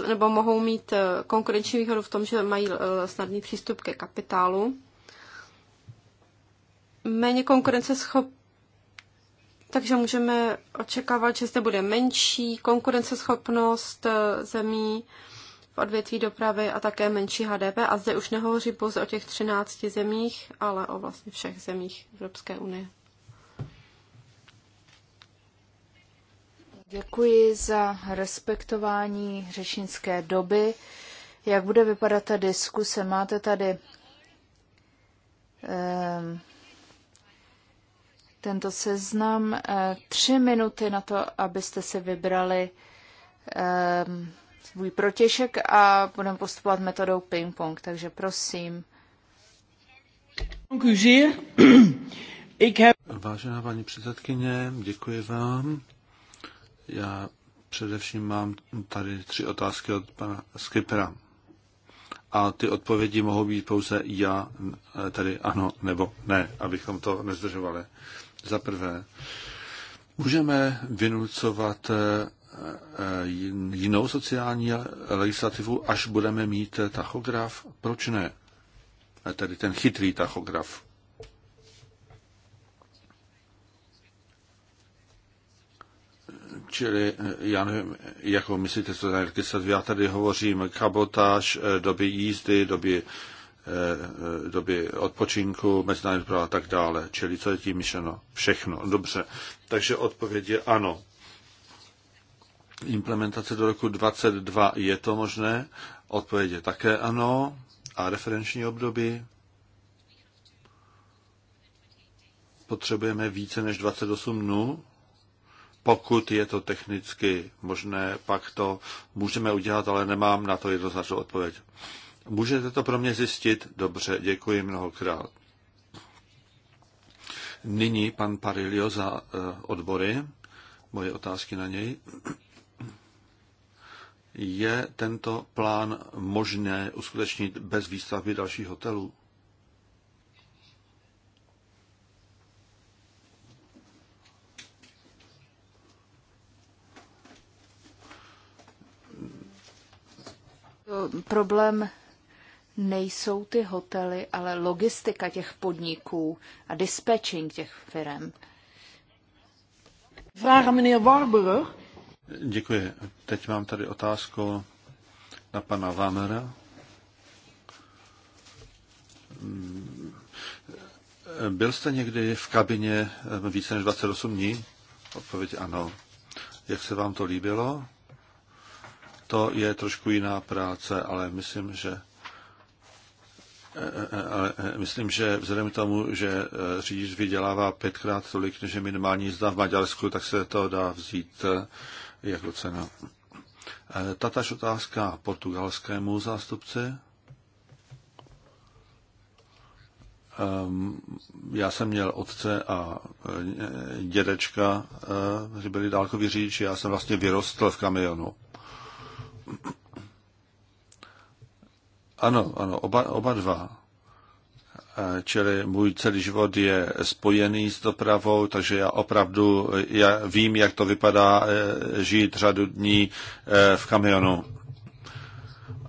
nebo mohou mít eh, konkurenční výhodu v tom, že mají eh, snadný přístup ke kapitálu. Méně konkurenceschop takže můžeme očekávat, že zde bude menší konkurenceschopnost zemí v odvětví dopravy a také menší HDP. A zde už nehovoří pouze o těch 13 zemích, ale o vlastně všech zemích Evropské unie. Děkuji za respektování řečnické doby. Jak bude vypadat ta diskuse? Máte tady um, tento seznam eh, tři minuty na to, abyste si vybrali um, svůj protěšek a budeme postupovat metodou ping-pong, takže prosím. [clears throat] Vážená paní předsedkyně, děkuji vám. Já především mám tady tři otázky od pana Skipera. A ty odpovědi mohou být pouze já, tady ano nebo ne, abychom to nezdržovali. Za prvé, můžeme vynucovat eh, eh, jinou sociální legislativu, až budeme mít tachograf? Proč ne? Tedy ten chytrý tachograf. Čili eh, já nevím, jako myslíte, co tady legislativu, já tady hovořím kabotáž, eh, doby jízdy, doby, eh, doby odpočinku, mezinárodní práva a tak dále. Čili co je tím myšleno? Všechno. Dobře. Takže odpověď je ano. Implementace do roku 22 je to možné? Odpověď je také ano. A referenční období? Potřebujeme více než 28 dnů? pokud je to technicky možné, pak to můžeme udělat, ale nemám na to jednoznačnou odpověď. Můžete to pro mě zjistit? Dobře, děkuji mnohokrát. Nyní pan Parilio za eh, odbory. Moje otázky na něj. Je tento plán možné uskutečnit bez výstavby dalších hotelů? Eh, problém nejsou ty hotely, ale logistika těch podniků a dispatching těch firm. Vragen meneer Warburg. Děkuji. Teď mám tady otázku na pana Vámera. Hmm. Byl jste někdy v kabině eh, více než 28 dní? Odpověď ano. Jak se vám to líbilo? to je trošku jiná práce, ale myslím, že e, e, e, ale myslím, že vzhledem k tomu, že řidič vydělává pětkrát tolik, než je minimální zda v Maďarsku, tak se to dá vzít jako cena. Tataž otázka portugalskému zástupci. Ehm, já jsem měl otce a dědečka, kteří byli dálkoví řidiči, já jsem vlastně vyrostl v kamionu. Ano, ano, oba, oba dva. E, čili můj celý život je spojený s dopravou, takže já opravdu já vím, jak to vypadá e, žít řadu dní e, v kamionu.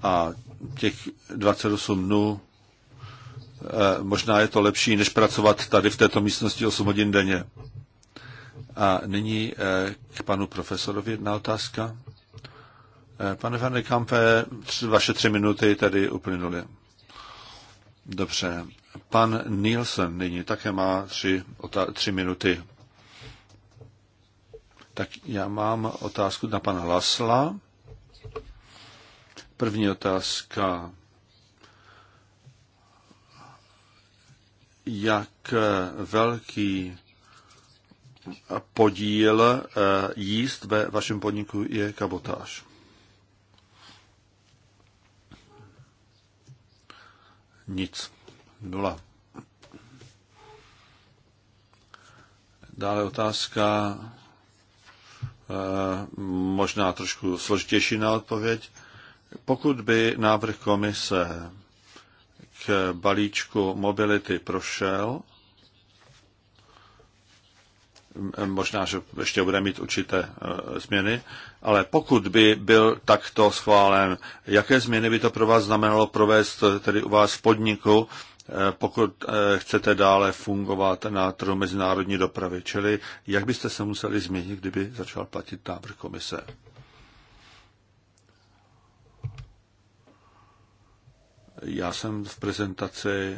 A těch 28 dnů možná je to lepší, než pracovat tady v této místnosti 8 hodin denně. A nyní k panu profesorovi jedna otázka. Eh, pane van de Kampe, vaše tři minuty tady uplynuly. Dobře. Pan Nielsen nyní také má tři, ota- tři minuty. Tak já mám otázku na pana Lasla. První otázka. Jak eh, velký podíl eh, jíst ve vašem podniku je kabotáž? Nic. Nula. Dále otázka, eh, možná trošku složitější na odpověď. Pokud by návrh komise k balíčku mobility prošel, možná, že ještě bude mít určité e, změny, ale pokud by byl takto schválen, jaké změny by to pro vás znamenalo provést e, tedy u vás v podniku, e, pokud chcete dále fungovat na trhu mezinárodní dopravy, čili jak byste se museli změnit, kdyby začal platit návrh komise? Já jsem v prezentaci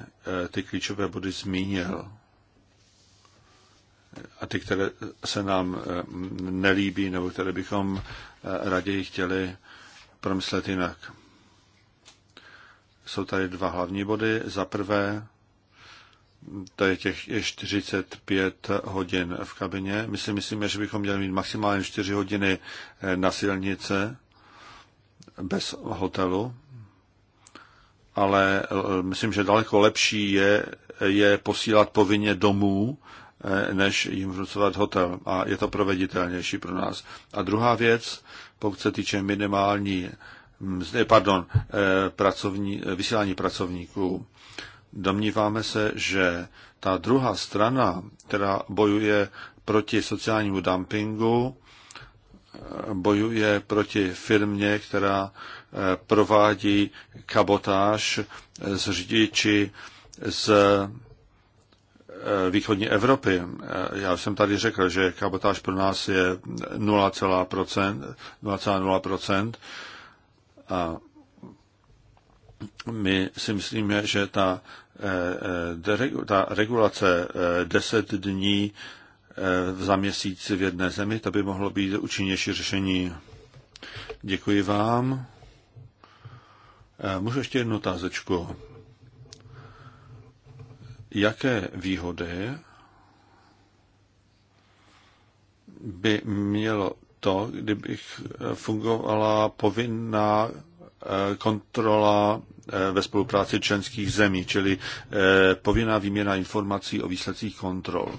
ty klíčové body zmínil a ty, které se nám eh, nelíbí nebo které bychom eh, raději chtěli promyslet jinak. Jsou tady dva hlavní body. Za prvé, to je těch 45 hodin v kabině. My si myslíme, že bychom měli mít maximálně 4 hodiny eh, na silnice bez hotelu, ale myslím, že daleko lepší je, je posílat povinně domů Eh, než jim vnucovat hotel. A je to proveditelnější pro nás. A druhá věc, pokud se týče minimální mm, eh, pardon, eh, pracovní, vysílání pracovníků. Domníváme se, že ta druhá strana, která bojuje proti sociálnímu dumpingu, bojuje proti firmě, která provádí kabotáž s řidiči z Eh, východní Evropy, eh, já jsem tady řekl, že kabotáž pro nás je 0,0%, a my si myslíme, že ta, eh, ta regulace 10 dní za měsíc v jedné zemi, to by mohlo být účinnější řešení. Děkuji vám. Můžu ještě jednu otázečku jaké výhody by mělo to, kdybych fungovala povinná eh, kontrola eh, ve spolupráci členských zemí, čili eh, povinná výměna informací o výsledcích kontrol.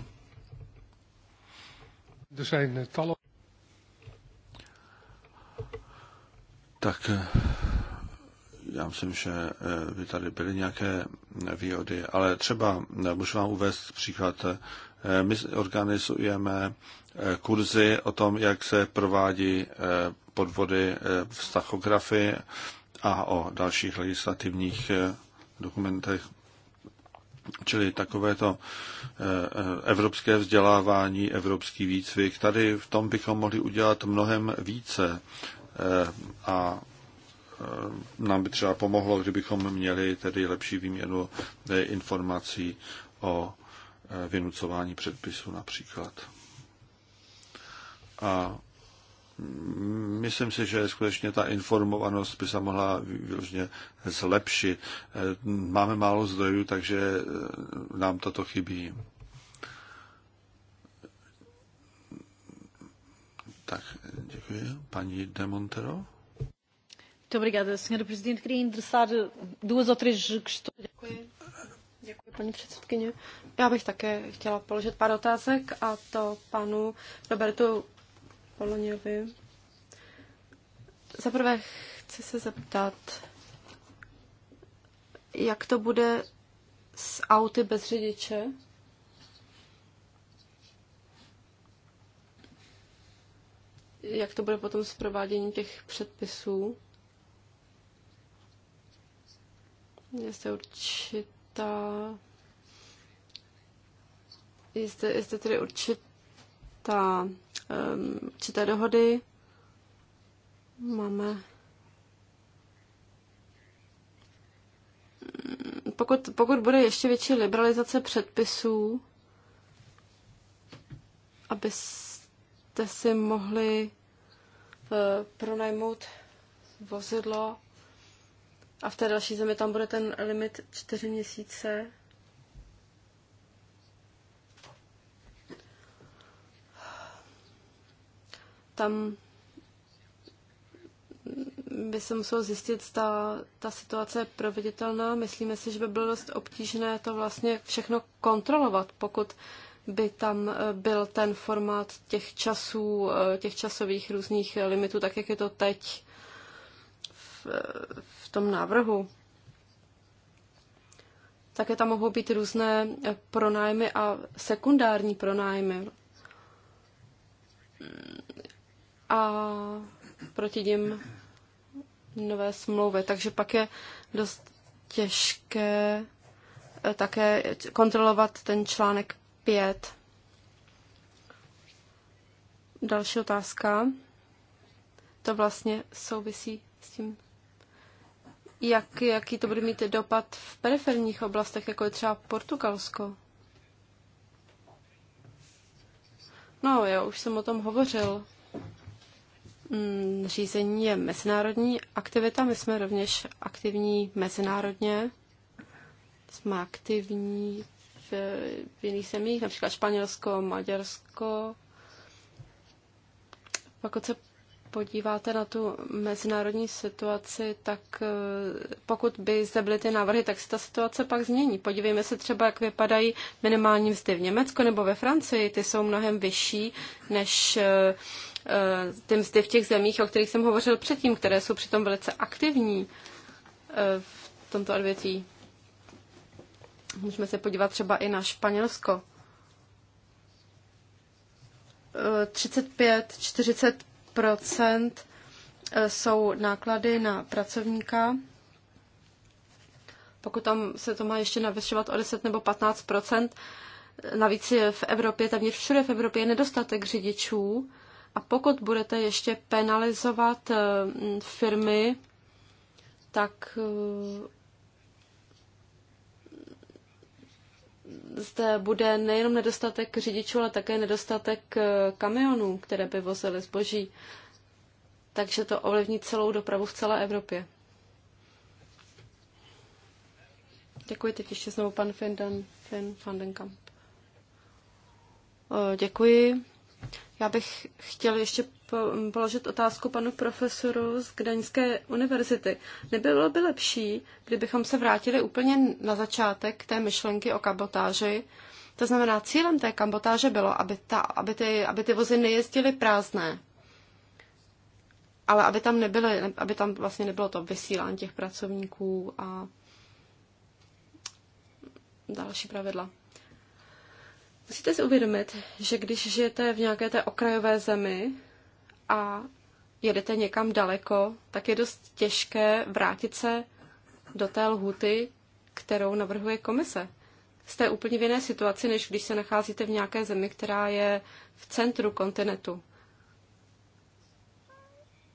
Tak já myslím, že eh, by tady byly nějaké výhody, ale třeba eh, můžu vám uvést příklad. Eh, my organizujeme kurzy o tom, jak se provádí podvody v stachografii a o dalších legislativních dokumentech. Čili takovéto evropské vzdělávání, evropský výcvik. Tady v tom bychom mohli udělat mnohem více a Eh, nám by třeba pomohlo, kdybychom měli tedy lepší výměnu eh, informací o eh, vynucování předpisu například. A myslím si, že skutečně ta informovanost by se mohla výložně zlepšit. Máme málo zdrojů, takže nám toto chybí. Tak, děkuji. Paní Demontero? Muito obrigada, Sra. Presidente. Queria endereçar duas ou três questões. Děkuji. Děkuji, paní předsedkyně. Já bych také chtěla položit pár otázek a to panu Robertu Poloňovi. Za prvé chci se zeptat, jak to bude s auty bez řidiče? Jak to bude potom s prováděním těch předpisů? Je určitá... Je zde, je zde tedy určitá, um, určité dohody. Máme pokud, pokud bude ještě větší liberalizace předpisů, abyste si mohli eh, pronajmout vozidlo a v té další zemi tam bude ten limit čtyři měsíce. Tam by se muselo zjistit, zda ta situace je proveditelná. Myslíme si, že by bylo dost obtížné to vlastně všechno kontrolovat, pokud by tam eh, byl ten formát těch časů, eh, těch časových různých limitů, tak jak je to teď v, tom návrhu. Také tam mohou být různé pronájmy a sekundární pronájmy. A proti nim nové smlouvy. Takže pak je dost těžké eh, také kontrolovat ten článek 5. Další otázka. To vlastně souvisí s tím jak, jaký to bude mít dopad v periferních oblastech, jako je třeba Portugalsko. No, já už jsem o tom hovořil. Mm, řízení je mezinárodní aktivita, my jsme rovněž aktivní mezinárodně. Jsme aktivní v, v jiných zemích, například Španělsko, Maďarsko. Pak se podíváte na tu mezinárodní situaci, tak eh, pokud by zde byly ty návrhy, tak se ta situace pak změní. Podívejme se třeba, jak vypadají minimální mzdy v Německu nebo ve Francii. Ty jsou mnohem vyšší než eh, eh, ty mzdy v těch zemích, o kterých jsem hovořil předtím, které jsou přitom velice aktivní v tomto odvětví. Můžeme se podívat třeba i na Španělsko. 35, 40 Procent eh, jsou náklady na pracovníka. Pokud tam se to má ještě navyšovat o 10 nebo 15 eh, navíc v Evropě, téměř všude v Evropě je nedostatek řidičů. A pokud budete ještě penalizovat eh, firmy, tak zde bude nejenom nedostatek řidičů, ale také nedostatek eh, kamionů, které by vozily zboží. Takže to ovlivní celou dopravu v celé Evropě. Děkuji teď ještě znovu pan Finden, Finn van den Kamp. Eh, děkuji. Já bych chtěl ještě položit otázku panu profesoru z Gdaňské univerzity. Nebylo by lepší, kdybychom se vrátili úplně na začátek té myšlenky o kabotáži? To znamená, cílem té kabotáže bylo, aby, ta, aby, ty, aby ty vozy nejezdily prázdné, ale aby tam, nebyly, aby tam vlastně nebylo to vysílání těch pracovníků a další pravidla. Musíte si uvědomit, že když žijete v nějaké té okrajové zemi, a jedete někam daleko, tak je dost těžké vrátit se do té lhuty, kterou navrhuje komise. Jste úplně v jiné situaci, než když se nacházíte v nějaké zemi, která je v centru kontinentu.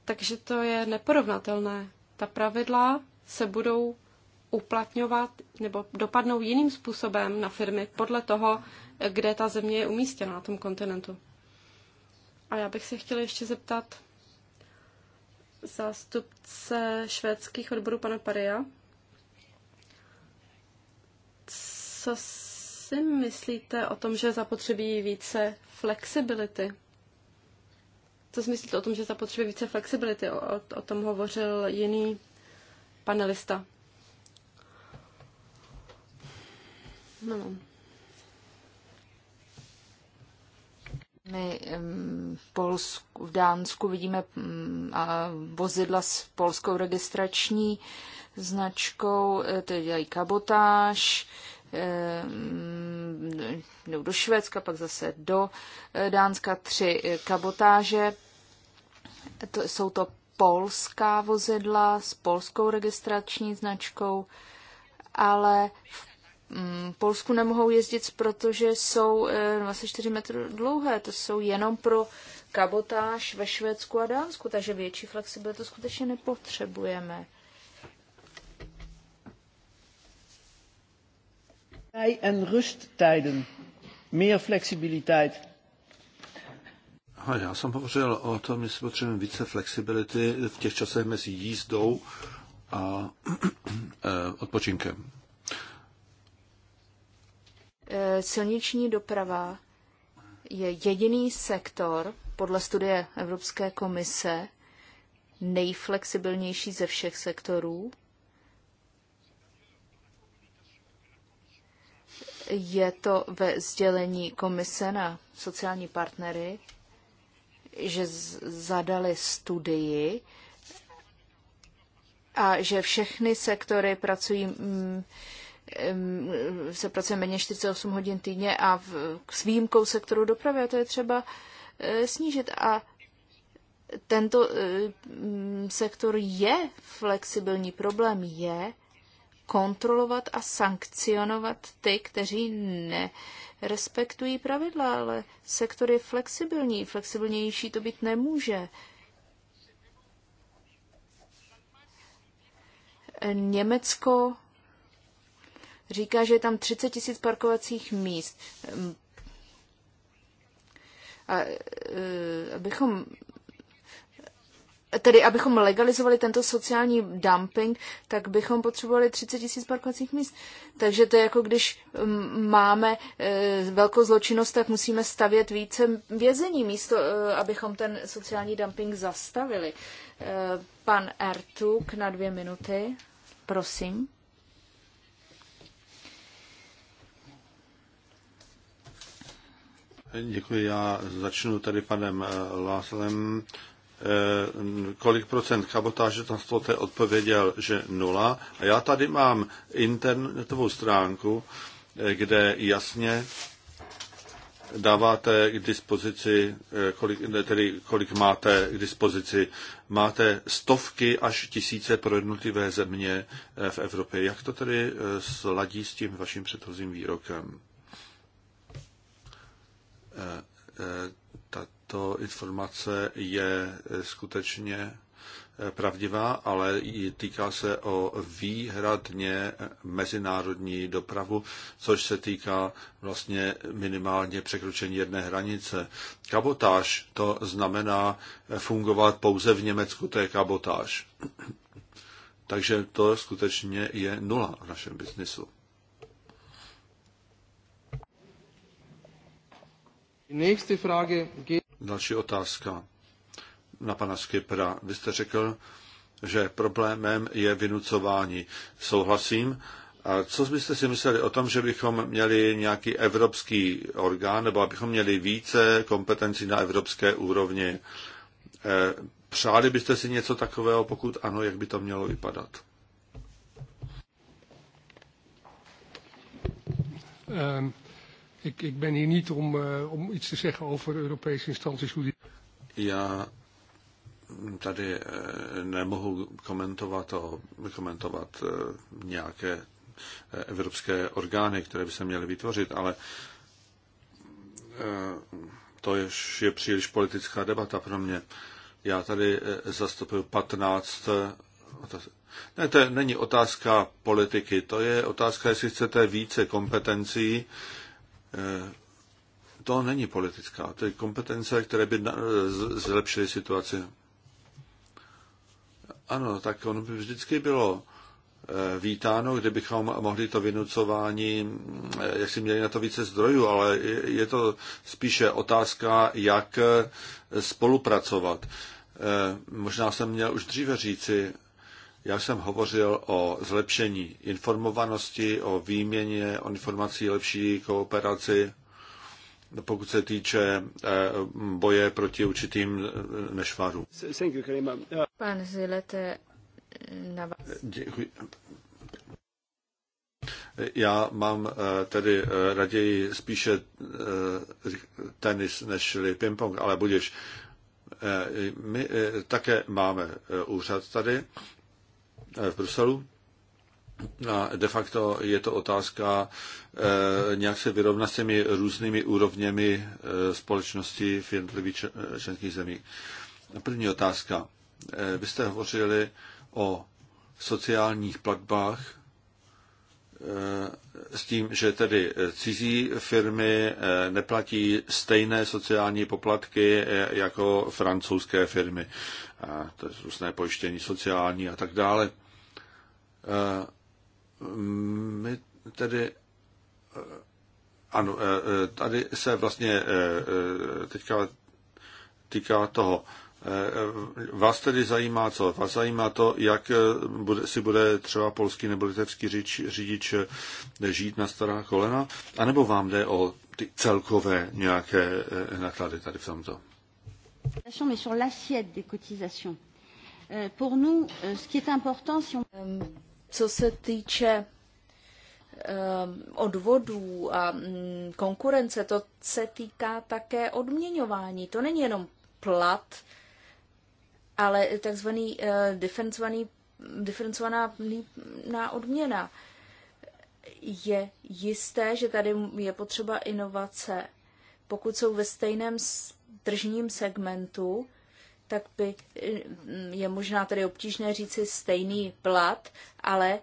Takže to je neporovnatelné. Ta pravidla se budou uplatňovat nebo dopadnou jiným způsobem na firmy podle toho, kde ta země je umístěna na tom kontinentu. A já bych se chtěla ještě zeptat zástupce švédských odborů pana Paria. Co si myslíte o tom, že zapotřebí více flexibility? Co si myslíte o tom, že zapotřebí více flexibility? O, o, o tom hovořil jiný panelista. No. My v, Polsku, v Dánsku vidíme mm, vozidla s polskou registrační značkou, je dělají kabotáž, jdou do Švédska, pak zase do e, Dánska tři e, kabotáže. To, jsou to polská vozidla s polskou registrační značkou, ale v Mm, Polsku nemohou jezdit, protože jsou 24 eh, no, metrů dlouhé. To jsou jenom pro kabotáž ve Švédsku a Dánsku, takže větší flexibilitu skutečně nepotřebujeme. Vrij- en rusttijden. Meer flexibiliteit. Já jsem hovořil o tom, jestli potřebujeme více flexibility v těch časech mezi jízdou a eh, odpočinkem. Eh, silniční doprava je jediný sektor, podle studie Evropské komise, nejflexibilnější ze všech sektorů. Je to ve sdělení komise na sociální partnery, že zadali studii a že všechny sektory pracují mm, se pracuje méně 48 hodin týdně a v, s výjimkou sektoru dopravy, a to je třeba e, snížit. A tento e, sektor je flexibilní. Problém je kontrolovat a sankcionovat ty, kteří nerespektují pravidla, ale sektor je flexibilní. Flexibilnější to být nemůže. Německo Říká, že je tam 30 tisíc parkovacích míst. Ehm, a, e, abychom tedy abychom legalizovali tento sociální dumping, tak bychom potřebovali 30 tisíc parkovacích míst. Takže to je jako když ehm, máme e, velkou zločinnost, tak musíme stavět více vězení místo, e, abychom ten sociální dumping zastavili. Pan Ertuk na dvě minuty, prosím. Děkuji. Já začnu tady panem eh, Láslem. Eh, kolik procent kabotáže tam jste odpověděl, že nula. A já tady mám internetovou stránku, eh, kde jasně dáváte k dispozici, kolik, tedy kolik máte k dispozici. Máte stovky až tisíce pro jednotlivé země v Evropě. Jak to tedy sladí s tím vaším předchozím výrokem? tato informace je skutečně pravdivá, ale týká se o výhradně mezinárodní dopravu, což se týká vlastně minimálně překročení jedné hranice. Kabotáž to znamená fungovat pouze v Německu, to je kabotáž. Takže to skutečně je nula v našem biznisu. Další otázka na pana Skipra. Vy jste řekl, že problémem je vynucování. Souhlasím. A co byste si mysleli o tom, že bychom měli nějaký evropský orgán, nebo abychom měli více kompetencí na evropské úrovni? E, přáli byste si něco takového, pokud ano, jak by to mělo vypadat? Um ik, ik ben hier niet om, uh, om iets te zeggen over Europese instanties. Hoe die... Ja, hm, tady uh, nemohu komentovat, o, komentovat uh, nějaké uh, evropské orgány, které by se měly vytvořit, ale uh, to jež je příliš politická debata pro mě. Já tady uh, zastupuji 15 ne, to není otázka politiky, to je otázka, jestli chcete více kompetencí Eh, to není politická, to je kompetence, které by zlepšily situaci. Ano, tak ono by vždycky bylo eh, vítáno, kdybychom mohli to vynucování, eh, jak si měli na to více zdrojů, ale je to spíše otázka, jak spolupracovat. Možná jsem měl už dříve říci, já jsem hovořil o zlepšení informovanosti, o výměně o informací, lepší kooperaci, pokud se týče eh, boje proti určitým eh, nešvarům. Pan Zilete, eh, na vás. Děkuji. Já mám tedy raději spíše tenis než ping-pong, ale budeš. My také máme úřad tady v Bruselu. A de facto je to otázka eh, nějak se vyrovnat s těmi různými úrovněmi eh, společnosti v jednotlivých eh, členských zemích. První otázka. Vy jste hovořili o sociálních platbách s tím, že tedy cizí firmy eh, neplatí stejné sociální poplatky eh, jako francouzské firmy. A to je různé pojištění sociální a tak dále. Eh, my tedy ano, tady se vlastně teďka týká toho Eh, vás tedy zajímá co? Vás zajímá to, jak eh, si bude třeba polský nebo litevský řidič, řidič eh, žít na stará kolena? A nebo vám jde o ty celkové nějaké náklady tady v tomto? Co se týče odvodů a mm, konkurence, to se týká také odměňování. To není jenom plat, ale takzvaný eh, diferencovaný, diferencovaná na odměna. Je jisté, že tady je potřeba inovace. Pokud jsou ve stejném tržním segmentu, tak by eh, je možná tady obtížné říci stejný plat, ale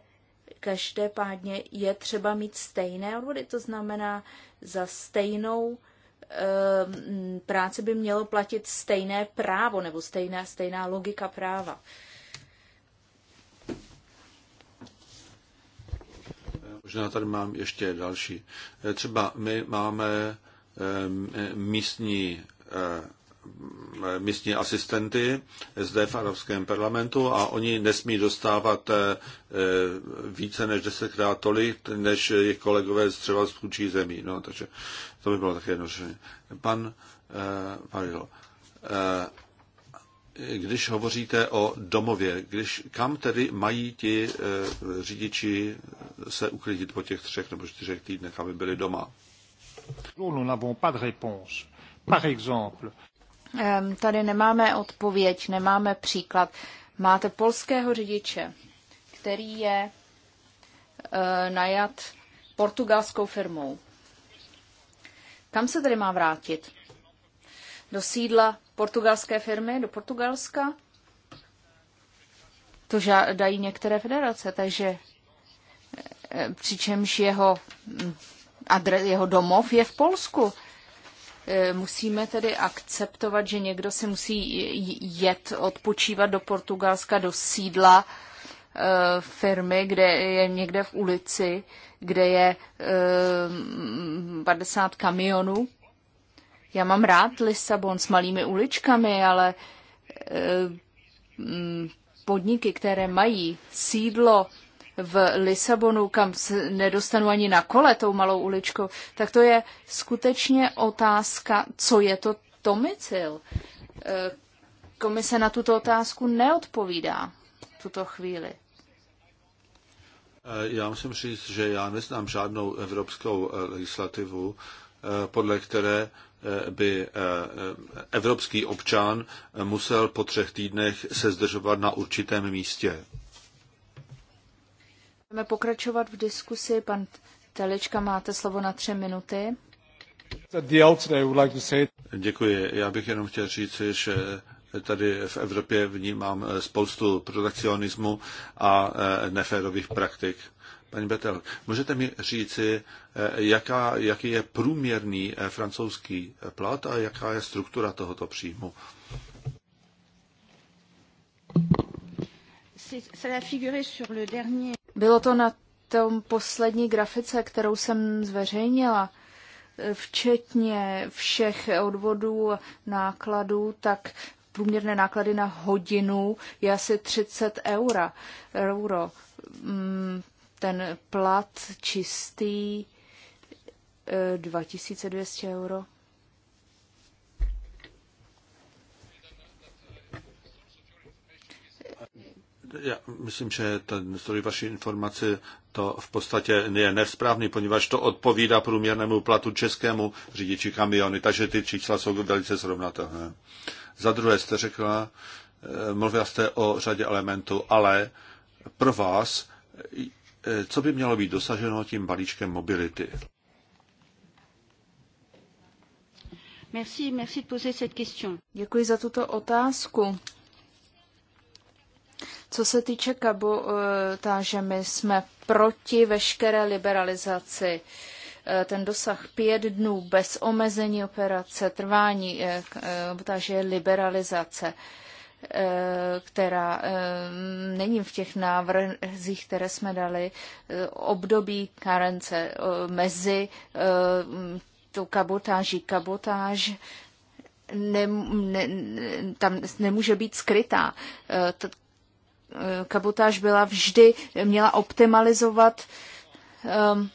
každopádně je třeba mít stejné odvody, to znamená za stejnou Ehm, práce by mělo platit stejné právo nebo stejná, stejná logika práva. Možná tady mám ještě další. Eh, třeba my máme ehm, eh, místní eh, místní asistenty zde v Arabském parlamentu a oni nesmí dostávat eh, více než desetkrát tolik, než jejich kolegové z třeba z chudších zemí. No, takže to by bylo také jedno řešení. Pan eh, Parilo, eh, když hovoříte o domově, když, kam tedy mají ti řidiči se uklidit po těch třech nebo čtyřech týdnech, aby byli doma? Nous n'avons pas de réponse. Par exemple, Tady nemáme odpověď, nemáme příklad. Máte polského řidiče, který je e, najat portugalskou firmou. Kam se tedy má vrátit? Do sídla portugalské firmy, do Portugalska? To žádají některé federace, takže e, přičemž jeho, adre, jeho domov je v Polsku. E, musíme tedy akceptovat, že někdo si musí jet odpočívat do Portugalska, do sídla e, firmy, kde je někde v ulici, kde je 50 e, kamionů. Já mám rád Lisabon s malými uličkami, ale podniky, které mají sídlo v Lisabonu, kam se nedostanu ani na kole tou malou uličkou, tak to je skutečně otázka, co je to tomicil. Eh, komise na tuto otázku neodpovídá v tuto chvíli. Eh, já musím říct, že já neznám žádnou evropskou eh, legislativu, podle které by evropský občan musel po třech týdnech se zdržovat na určitém místě. Budeme pokračovat v diskusi. Pan Telička, máte slovo na tři minuty. Děkuji. Já bych jenom chtěl říct, že tady v Evropě vnímám spoustu protekcionismu a eh, neférových praktik. Paní Betel, můžete mi říci, eh, jaká, jaký je průměrný eh, francouzský plat a jaká je struktura tohoto příjmu? Bylo to na tom poslední grafice, kterou jsem zveřejnila, včetně všech odvodů nákladů, tak průměrné náklady na hodinu je asi 30 eura, euro. Mm, ten plat čistý 2200 e, euro. já myslím, že ten zdroj vaší informace to v podstatě je nesprávný, poněvadž to odpovídá průměrnému platu českému řidiči kamiony, takže ty čísla jsou velice srovnatelné. Za druhé jste řekla, eh, mluvila jste o řadě elementů, ale pro vás, eh, co by mělo být dosaženo tím balíčkem mobility? Děkuji za tuto otázku. Co se týče kabotáže, eh, my jsme proti veškeré liberalizaci. Eh, ten dosah pět dnů bez omezení operace, trvání eh, takže liberalizace která není v těch návrzích, které jsme dali, období karence mezi tu kabotáží. Kabotáž ne, ne, tam nemůže být skrytá. Eh, kabotáž byla vždy, měla optimalizovat. Um...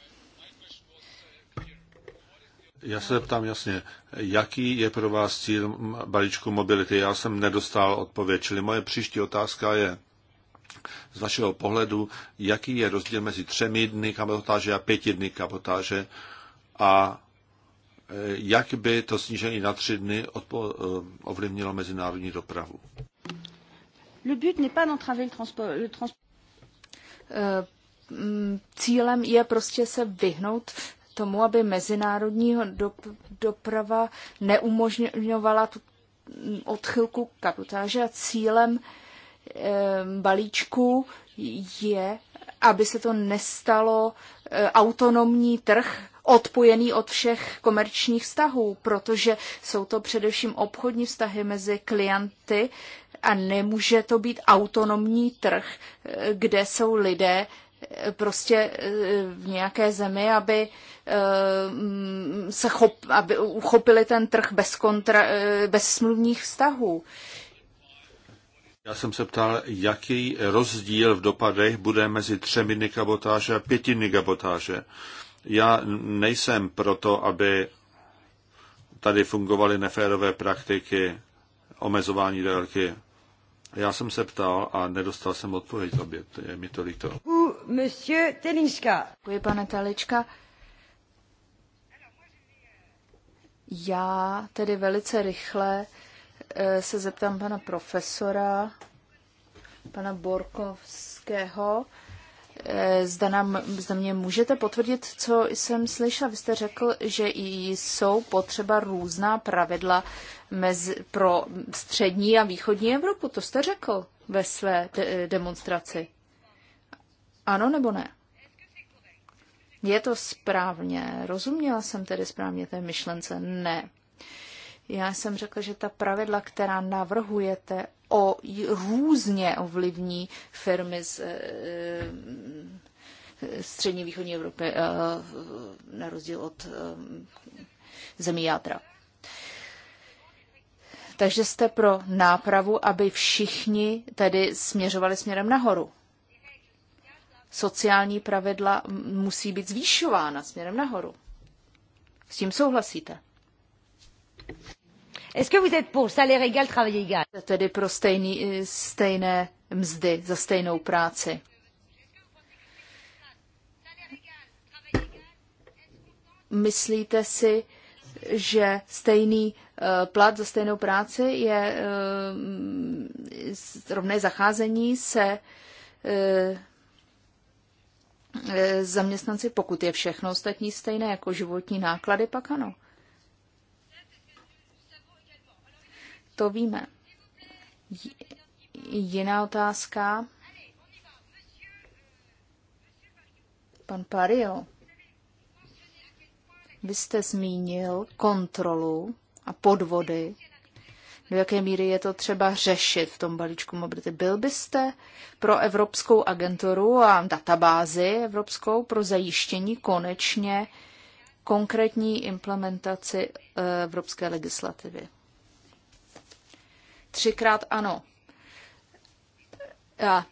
Já se zeptám jasně, jaký je pro vás cíl balíčku mobility? Já jsem nedostal odpověď, čili moje příští otázka je, z vašeho pohledu, jaký je rozdíl mezi třemi dny kabotáže a pěti dny kabotáže a eh, jak by to snížení na tři dny eh, ovlivnilo mezinárodní dopravu? Le but n'est pas d'entraver le transport. Le trans... Eh, mm, cílem je prostě se vyhnout tomu, aby mezinárodní doprava neumožňovala tu mm, odchylku kabotáže a cílem eh, balíčku je aby se to nestalo eh, autonomní trh odpojený od všech komerčních vztahů, protože jsou to především obchodní vztahy mezi klienty a nemůže to být autonomní trh, eh, kde jsou lidé eh, prostě v nějaké zemi, aby mm, se chop, aby uchopili ten trh bez, kontra, bez smluvních vztahů. Já jsem se ptal, jaký rozdíl v dopadech bude mezi třemi nikabotáže a pěti nikabotáže. Já nejsem proto, aby tady fungovaly neférové praktiky, omezování délky. Já jsem se ptal a nedostal jsem odpověď to Je mi to líto. U monsieur Teniska, Děkuji, pane Talička. Já tedy velice rychle Eh, se zeptám pana profesora, pana Borkovského, eh, Zda, nám, zda mě můžete potvrdit, co jsem slyšela. Vy jste řekl, že jsou potřeba různá pravidla mezi, pro střední a východní Evropu. To jste řekl ve své de- eh, demonstraci. Ano nebo ne? Je to správně. Rozuměla jsem tedy správně té myšlence? Ne. Já jsem řekla, že ta pravidla, která navrhujete, o různě ovlivní firmy z eh, eh, střední východní Evropy, eh, na rozdíl od zemí jádra. Takže jste pro nápravu, aby všichni tedy směřovali směrem nahoru. Sociální pravidla musí být zvýšována směrem nahoru. S tím souhlasíte? Est-ce que vous êtes pour salaire égal, travail égal? Tedy pro stejný, eh, stejné mzdy za stejnou práci. Myslíte si, že stejný eh, plat za stejnou práci je eh, rovné zacházení se zaměstnanci, pokud je všechno ostatní stejné jako životní náklady, pak ano. To víme. Jiná otázka. Pan Pario, vy jste zmínil kontrolu a podvody. Do jaké míry je to třeba řešit v tom balíčku mobility? Byl byste pro Evropskou agenturu a databázi Evropskou pro zajištění konečně konkrétní implementaci eh, evropské legislativy? třikrát ano. Já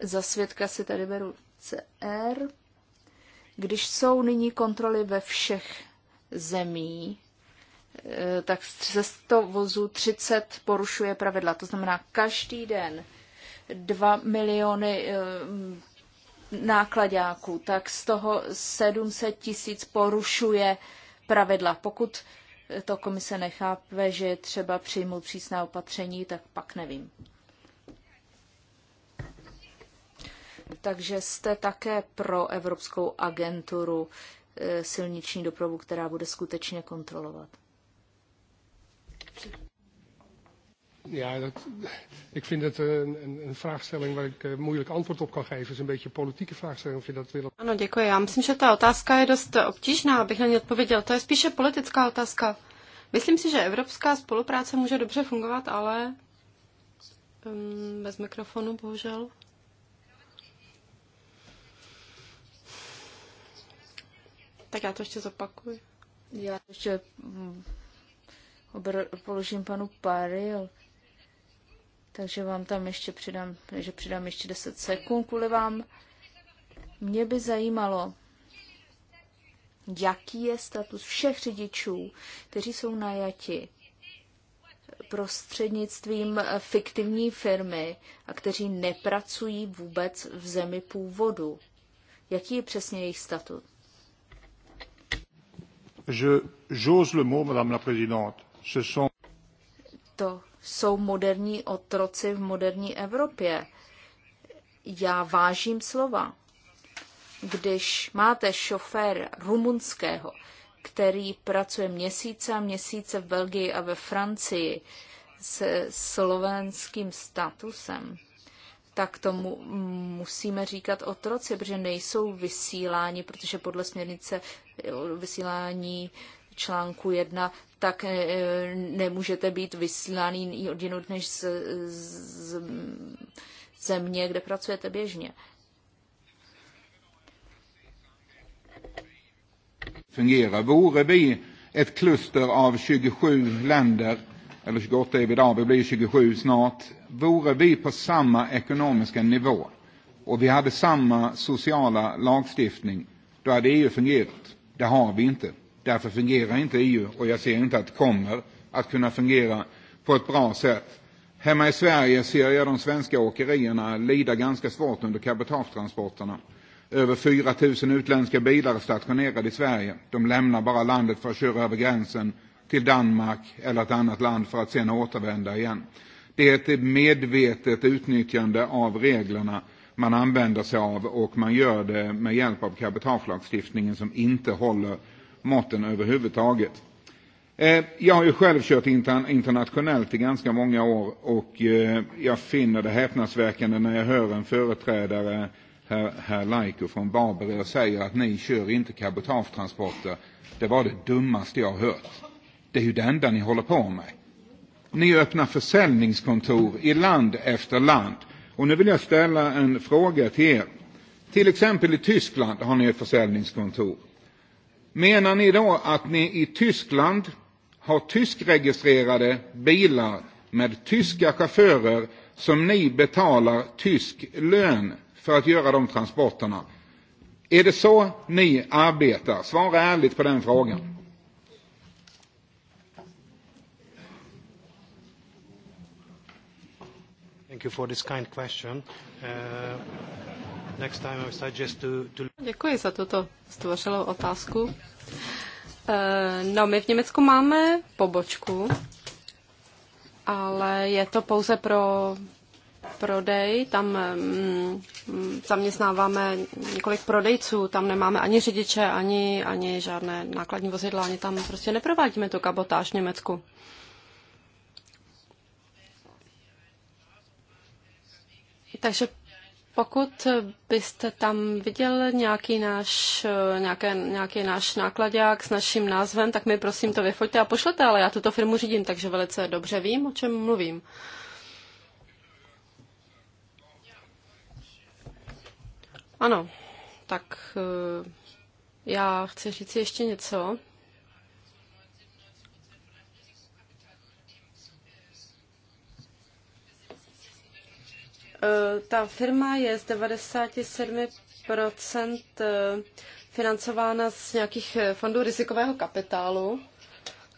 za svědka si tady beru CR. Když jsou nyní kontroly ve všech zemí, eh, tak ze 100 vozů 30 porušuje pravidla. To znamená, každý den 2 miliony eh, nákladáků, tak z toho 700 tisíc porušuje pravidla. Pokud to komise nechápe, že je třeba přijmout přísná opatření, tak pak nevím. Takže jste také pro Evropskou agenturu eh, silniční dopravu, která bude skutečně kontrolovat. Ja, dat, ik vind het eh, een, een, een vraagstelling waar ik eh, moeilijk antwoord op kan geven. Het is een beetje een politieke vraagstelling. Of je dat wil... Ano, děkuji. Já myslím, že ta otázka je dost obtížná, abych na ní odpověděl. To je spíše politická otázka. Myslím si, že evropská spolupráce může dobře fungovat, ale um, bez mikrofonu, bohužel. Tak já to ještě zopakuju. Já ještě hm, obr- položím panu Paril takže vám tam ještě přidám, že přidám ještě 10 sekund kvůli vám. Mě by zajímalo, jaký je status všech řidičů, kteří jsou najati prostřednictvím fiktivní firmy a kteří nepracují vůbec v zemi původu. Jaký je přesně jejich statut? Je, j'ose le mot, madame la présidente. Ce sont... To jsou moderní otroci v moderní Evropě. Já vážím slova. Když máte šofér rumunského, který pracuje měsíce a měsíce v Belgii a ve Francii se slovenským statusem, tak tomu musíme říkat otroci, protože nejsou vysíláni, protože podle směrnice vysílání článku 1, tak eh, nemůžete být vysílaný od jinut než z, z země, kde pracujete běžně. Fungera. Vore vi ett kluster av 27 länder, eller 28 är vi idag, vi blir 27 snart, vore vi på samma ekonomiska nivå och vi hade samma sociala lagstiftning, då hade EU fungerat. Det har vi inte. Därför fungerar inte EU och jag ser inte att det kommer att kunna fungera på ett bra sätt. Hemma i Sverige ser jag de svenska åkerierna lida ganska svårt under kapitaltransporterna. Över 4 000 utländska bilar är stationerade i Sverige. De lämnar bara landet för att köra över gränsen till Danmark eller ett annat land för att sedan återvända igen. Det är ett medvetet utnyttjande av reglerna man använder sig av och man gör det med hjälp av cabotagelagstiftningen som inte håller maten överhuvudtaget. Eh, jag har ju själv kört internationellt i ganska många år och eh, jag finner det häpnadsväckande när jag hör en företrädare, herr, herr Laiko från Barber, säger att ni kör inte cabotagetransporter. Det var det dummaste jag har hört. Det är ju det enda ni håller på med. Ni öppnar försäljningskontor i land efter land. Och nu vill jag ställa en fråga till er. Till exempel i Tyskland har ni ett försäljningskontor. Menar ni då att ni i Tyskland har tyskregistrerade bilar med tyska chaufförer som ni betalar tysk lön för att göra de transporterna? Är det så ni arbetar? Svara ärligt på den frågan. Thank you for this kind question. Uh... Děkuji za tuto stvořilou otázku. Eh, no, my v Německu máme pobočku, ale je to pouze pro prodej, tam mm, zaměstnáváme několik prodejců, tam nemáme ani řidiče, ani, ani žádné nákladní vozidla, ani tam prostě neprovádíme tu kabotáž v Německu. Takže pokud byste tam viděl nějaký náš, nějaké, nějaký náš nákladák s naším názvem, tak mi prosím to vyfoťte a pošlete, ale já tuto firmu řídím, takže velice dobře vím, o čem mluvím. Ano, tak eh, já chci říct ještě něco. Eh, ta firma je z 97% eh, financována z nějakých eh, fondů rizikového kapitálu.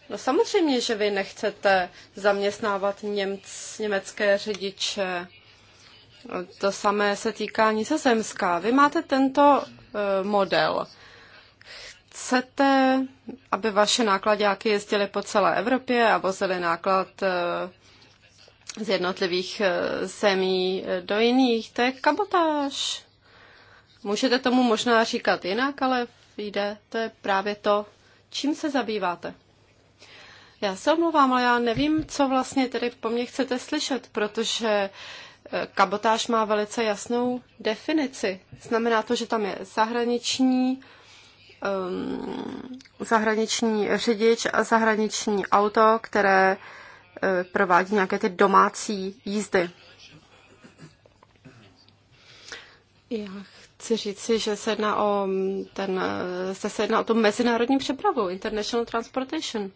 No samozřejmě, že vy nechcete zaměstnávat Němc, německé řidiče. To samé se týká Nizozemská. Vy máte tento model. Chcete, aby vaše nákladňáky jezdily po celé Evropě a vozily náklad z jednotlivých zemí eh, eh, do jiných. To je kabotáž. Můžete tomu možná říkat jinak, ale jde, to je právě to, čím se zabýváte. Já se omlouvám, ale já nevím, co vlastně tedy po mně chcete slyšet, protože eh, kabotáž má velice jasnou definici. Znamená to, že tam je zahraniční, um, zahraniční řidič a zahraniční auto, které Eh, provádí nějaké ty domácí jízdy. Já chci říci, že se jedná o, mm, ten, eh, se, se jedná o tu mezinárodní přepravu, International Transportation.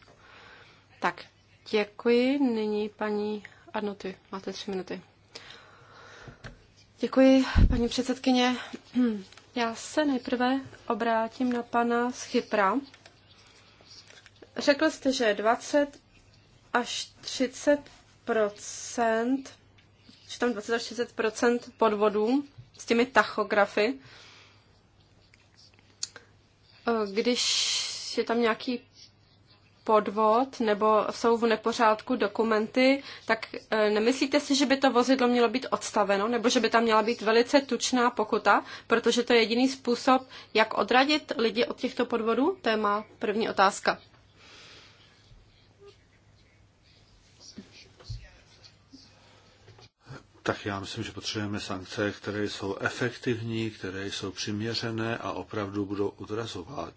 Tak, děkuji. Nyní paní Adnoty, máte tři minuty. Děkuji, paní předsedkyně. [clears throat] Já se nejprve obrátím na pana Schypra. Řekl jste, že 20 až 30 že tam 20 až 30 podvodů s těmi tachografy. E, když je tam nějaký podvod nebo jsou v nepořádku dokumenty, tak e, nemyslíte si, že by to vozidlo mělo být odstaveno nebo že by tam měla být velice tučná pokuta, protože to je jediný způsob, jak odradit lidi od těchto podvodů? To je má první otázka. tak já myslím, že potřebujeme sankce, které jsou efektivní, které jsou přiměřené a opravdu budou odrazovat.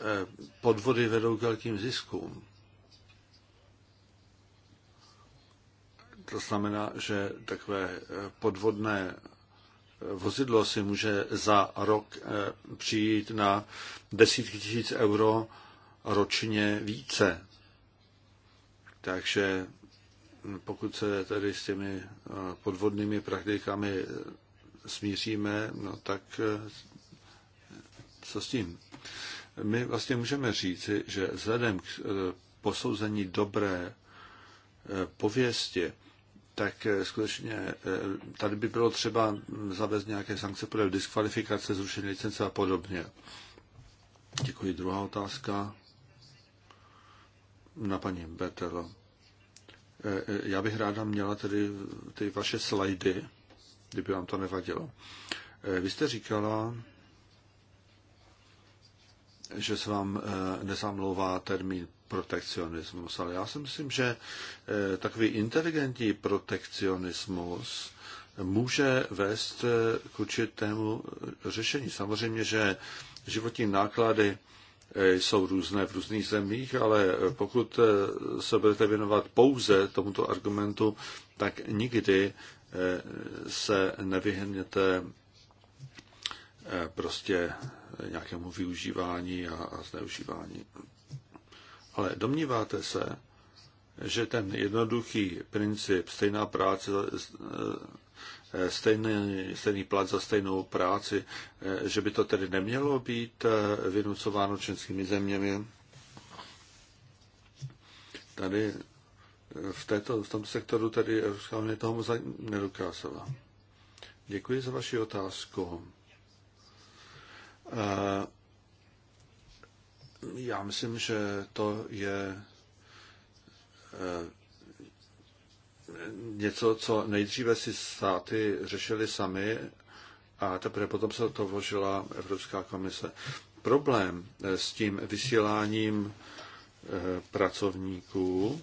Eh, podvody vedou k velkým ziskům. To znamená, že takové eh, podvodné eh, vozidlo si může za rok přijít na desítky tisíc euro ročně více. Takže pokud se tedy s těmi eh, podvodnými praktikami eh, smíříme, no tak eh, co s tím? My vlastně můžeme říci, že vzhledem k posouzení dobré pověsti, tak skutečně tady by bylo třeba zavést nějaké sankce pro diskvalifikace, zrušení licence a podobně. Děkuji. Druhá otázka na paní Betelo. Eh, eh, já bych ráda měla tedy ty vaše slajdy, kdyby vám to nevadilo. Eh, vy jste říkala, že se vám nezamlouvá termín protekcionismus, ale já si myslím, že takový inteligentní protekcionismus může vést k určitému řešení. Samozřejmě, že životní náklady jsou různé v různých zemích, ale pokud se budete věnovat pouze tomuto argumentu, tak nikdy eh, se nevyhnete eh, prostě nějakému využívání a zneužívání. Ale domníváte se, že ten jednoduchý princip stejná práce eh, stejný, stejný plat za stejnou práci, eh, že by to tedy nemělo být eh, vynucováno českými zeměmi. Tady eh, v, této, v tom sektoru tedy Evropská unie toho moc nedokázala. Děkuji za vaši otázku. Já myslím, že to je něco, co nejdříve si státy řešili sami a teprve potom se to vložila Evropská komise. Problém eh, s tím vysíláním eh, pracovníků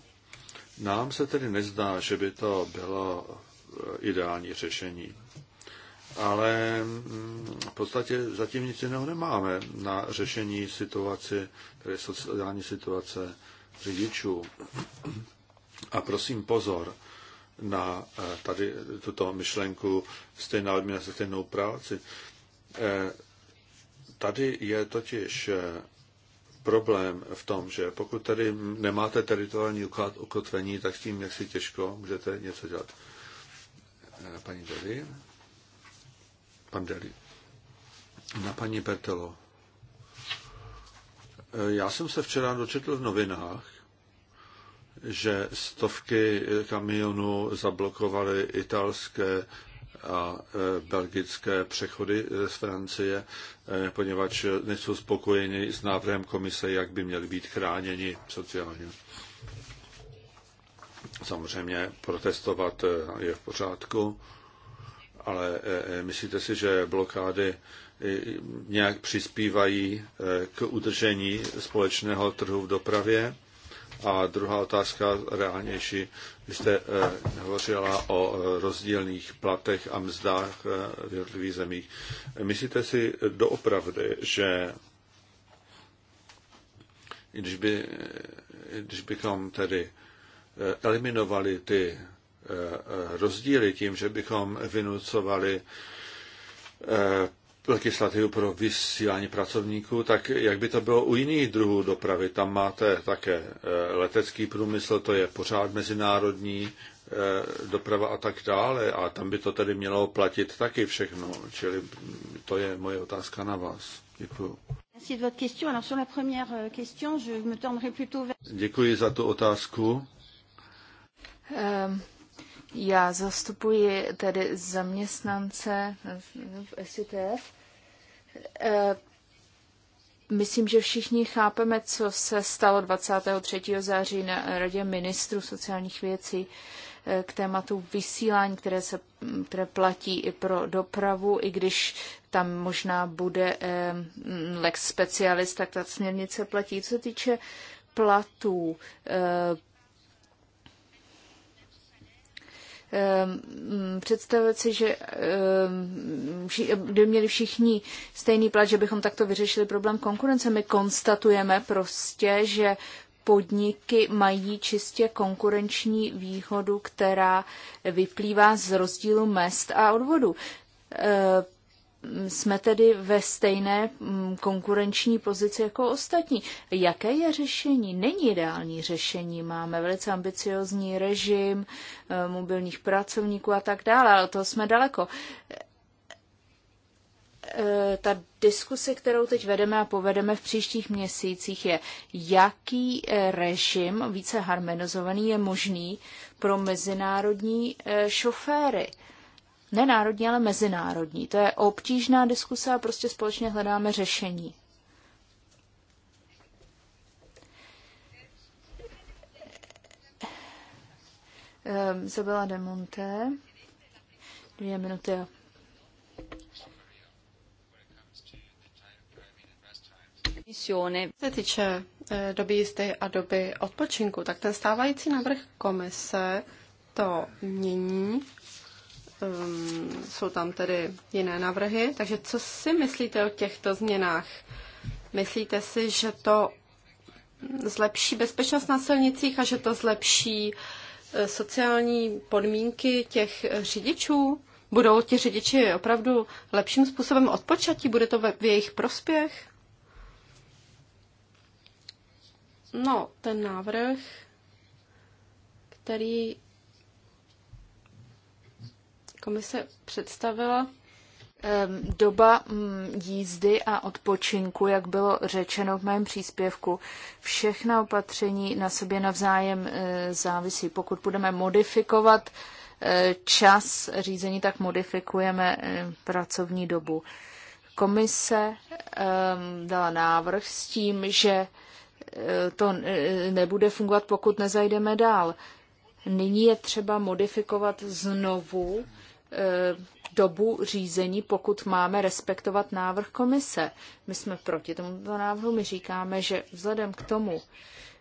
nám se tedy nezdá, že by to bylo eh, ideální řešení. Ale mm, v podstatě zatím nic jiného nemáme na řešení situaci, tedy sociální situace řidičů. A prosím pozor, na eh, tady tuto myšlenku stejná odměna za stejnou práci. Eh, tady je totiž eh, problém v tom, že pokud tady nemáte teritoriální ukotvení, tak s tím jak si těžko můžete něco dělat. Paní Deli. Pan Deli. Na paní Petelo. Já jsem se včera dočetl v novinách, že stovky kamionů zablokovaly italské a e, belgické přechody z Francie, e, poněvadž nejsou spokojeni s návrhem komise, jak by měli být chráněni sociálně. Samozřejmě protestovat e, je v pořádku, ale myslíte si, že blokády nějak přispívají k udržení společného trhu v dopravě? A druhá otázka, reálnější, vy jste eh, hovořila o eh, rozdílných platech a mzdách eh, v jednotlivých zemích. Myslíte si doopravdy, že když, by, když bychom tedy eliminovali ty rozdíly tím, že bychom vynucovali legislativu pro vysílání pracovníků, tak jak by to bylo u jiných druhů dopravy? Tam máte také eh, letecký průmysl, to je pořád mezinárodní eh, doprava a tak dále, a tam by to tedy mělo platit taky všechno. Čili to je moje otázka na vás. Děkuji. Euh, Děkuji za tu otázku. Um, já zastupuji tedy zaměstnance v SITF. Eh, myslím, že všichni chápeme, co se stalo 23. září na Radě ministrů sociálních věcí eh, k tématu vysílání, které se mm, které platí i pro dopravu, i když tam možná bude eh, mm, lex specialist, tak ta směrnice platí. Co se týče platů, Ehm, mm, představit si, že ehm, by měli všichni stejný plat, že bychom takto vyřešili problém konkurence. My konstatujeme prostě, že podniky mají čistě konkurenční výhodu, která vyplývá z rozdílu mest a odvodů ehm, jsme tedy ve stejné mm, konkurenční pozici jako ostatní. Jaké je řešení? Není ideální řešení. Máme velice ambiciozní režim eh, mobilních pracovníků a tak dále, ale to jsme daleko. Eh, ta diskuse, kterou teď vedeme a povedeme v příštích měsících, je, jaký eh, režim více harmonizovaný je možný pro mezinárodní šoféry ne národní, ale mezinárodní. To je obtížná diskuse a prostě společně hledáme řešení. Ehm, Zabela de Monte, dvě minuty Co se týče eh, doby jízdy a doby odpočinku, tak ten stávající návrh komise to mění um, jsou tam tedy jiné návrhy. Takže co si myslíte o těchto změnách? Myslíte si, že to zlepší bezpečnost na silnicích a že to zlepší eh, sociální podmínky těch eh, řidičů? Budou ti řidiči opravdu lepším způsobem odpočatí? Bude to v jejich prospěch? No, ten návrh, který Komise představila Doba mm, jízdy a odpočinku, jak bylo řečeno v mém příspěvku, všechna opatření na sobě navzájem e, závisí. Pokud budeme modifikovat e, čas řízení, tak modifikujeme e, pracovní dobu. Komise dala návrh s tím, že to nebude fungovat, pokud nezajdeme dál. Nyní je třeba modifikovat znovu Eh, dobu řízení, pokud máme respektovat návrh komise. My jsme proti tomuto návrhu, my říkáme, že vzhledem k tomu,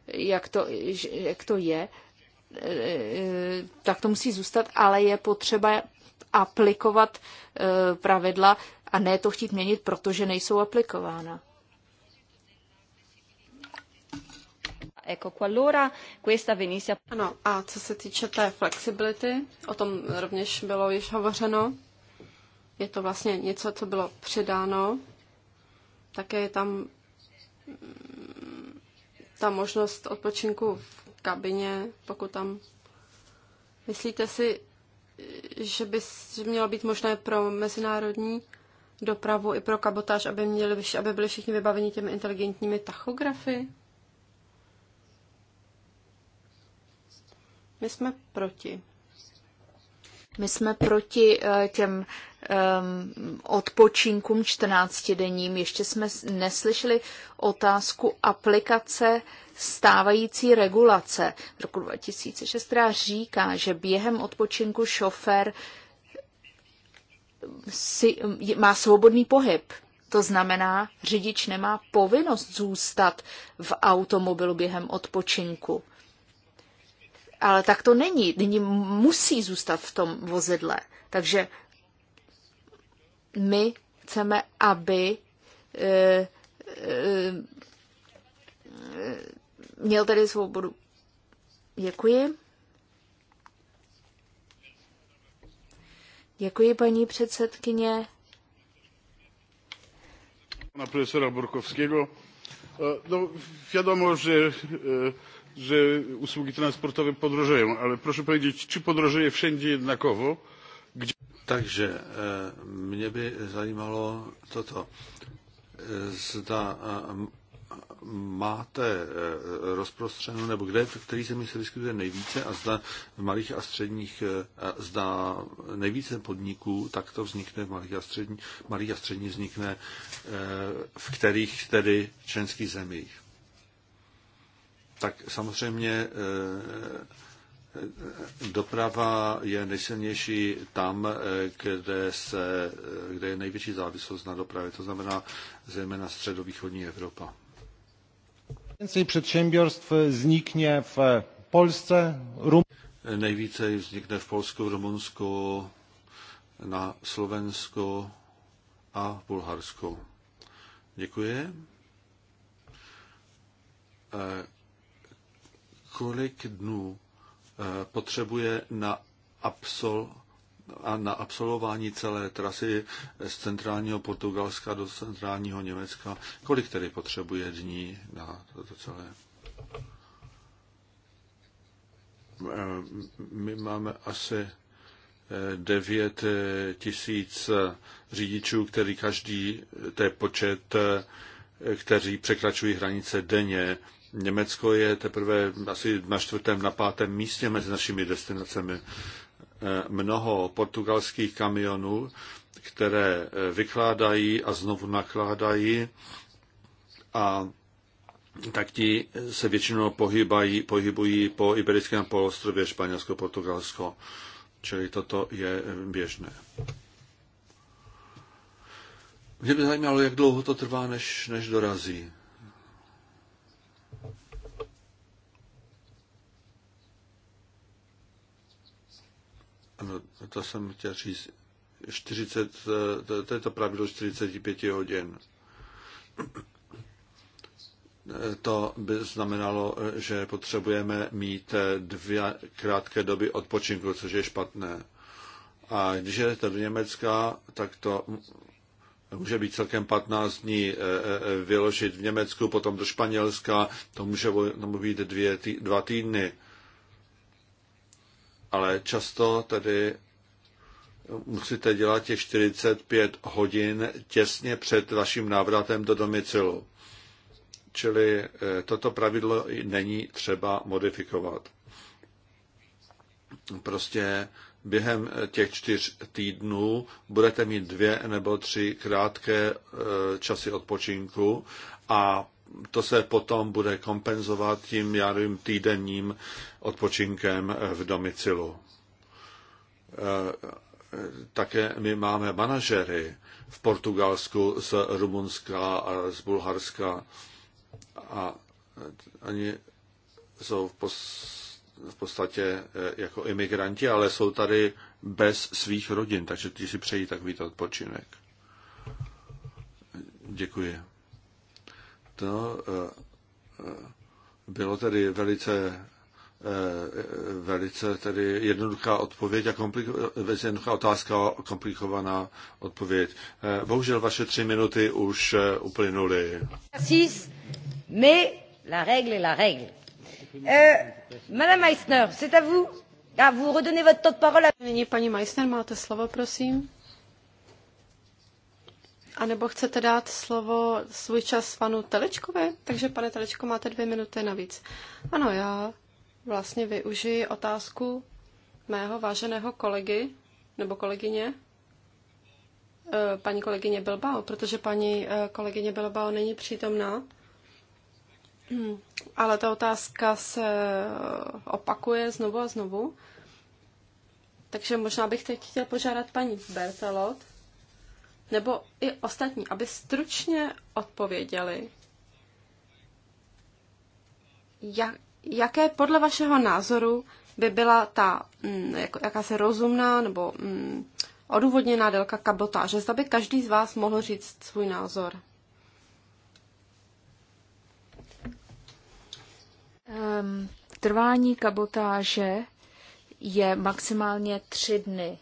jak to, jak to je, eh, eh, tak to musí zůstat, ale je potřeba aplikovat pravidla a ne to chtít měnit, protože nejsou aplikována. Jako qualora questa venisse... Ano, a co se týče té flexibility, o tom rovněž bylo již hovořeno. Je to vlastně něco, co bylo přidáno. Také je tam mm, ta možnost odpočinku v kabině, pokud tam... Myslíte si, že by mělo být možné pro mezinárodní dopravu i pro kabotáž, aby, měli, aby byli všichni vybaveni těmi inteligentními tachografy? My jsme proti. My jsme proti eh, těm um, odpočinkům 14-denním. Ještě jsme neslyšeli otázku aplikace stávající regulace v roku 2006, která říká, že během odpočinku šofér si, má svobodný pohyb. To znamená, řidič nemá povinnost zůstat v automobilu během odpočinku ale tak to není. Nyní musí zůstat v tom vozidle. Takže my chceme, aby e, e, měl tedy svobodu. Děkuji. Děkuji, paní předsedkyně. Pana profesora Burkovského. No, wiadomo, že że usługi transportowe podrożeją, ale proszę powiedzieć, czy podrożeje wszędzie jednakowo? Gdzie... Takže mě by zajímalo toto. E, zda máte rozprostřenou, nebo kde, v který zemi se vyskytuje nejvíce a zda v malých a středních, e, zda nejvíce podniků tak to vznikne v malých a středních, malých a středních vznikne v kterých tedy členských zemích tak samozřejmě eh, eh, doprava je nejsilnější tam, eh, kde, se, kde je největší závislost na dopravě, to znamená zejména středovýchodní Evropa. Nejvíce przedsiębiorstw vznikne v Polsce, Rum... Nejvíce vznikne v Polsku, Rumunsku, na Slovensku a v Bulharsku. Děkuji kolik dnů eh, potřebuje na, absol, a na absolvování celé trasy z centrálního Portugalska do centrálního Německa. Kolik tedy potřebuje dní na toto celé? Eh, my máme asi 9 eh, tisíc řidičů, který každý, to je počet, kteří překračují hranice denně Německo je teprve asi na čtvrtém, na pátém místě mezi našimi destinacemi. Eh, mnoho portugalských kamionů, které eh, vykládají a znovu nakládají a tak ti se většinou pohybají, pohybují po Iberickém poloostrově Španělsko, Portugalsko. Čili toto je eh, běžné. Mě by zajímalo, jak dlouho to trvá, než, než dorazí. Ano, to jsem chtěl říct. 40, to, to je to pravidlo 45 hodin. To by znamenalo, že potřebujeme mít dvě krátké doby odpočinku, což je špatné. A když jdete do Německa, tak to může být celkem 15 dní eh, eh, vyložit v Německu, potom do Španělska, to může být dvě, tý, dva týdny ale často tedy musíte dělat těch 45 hodin těsně před vaším návratem do domicilu. Čili eh, toto pravidlo není třeba modifikovat. Prostě během eh, těch čtyř týdnů budete mít dvě nebo tři krátké eh, časy odpočinku a to se potom bude kompenzovat tím, já nevím, týdenním odpočinkem v domicilu. Eh, také my máme manažery v Portugalsku z Rumunska a z Bulharska a oni jsou v, pos, v podstatě eh, jako imigranti, ale jsou tady bez svých rodin, takže ti si přejí takový odpočinek. Děkuji. To eh, eh, bylo tedy velice eh, velice tedy jednoduchá odpověď a kompliko- jednoduchá otázka a komplikovaná odpověď. Bohužel vaše tři minuty už uplynuly. Mais la règle est la règle. Euh, Madame Meissner, c'est à vous. A ah, vous redonnez votre temps de parole. Nyní paní Meissner, máte slovo, prosím. A nebo chcete dát slovo svůj čas panu Telečkovi? Takže, pane Telečko, máte dvě minuty navíc. Ano, já vlastně využiji otázku mého váženého kolegy nebo kolegyně, eh, paní kolegyně Bilbao, protože paní eh, kolegyně Bilbao není přítomná. Hmm, ale ta otázka se opakuje znovu a znovu. Takže možná bych teď chtěl požádat paní Bertelot, nebo i ostatní, aby stručně odpověděli, jak, jaké podle vašeho názoru by byla ta mm, jak, jakási rozumná nebo mm, odůvodněná délka kabotáže. Zda by každý z vás mohl říct svůj názor. Um, trvání kabotáže je maximálně tři dny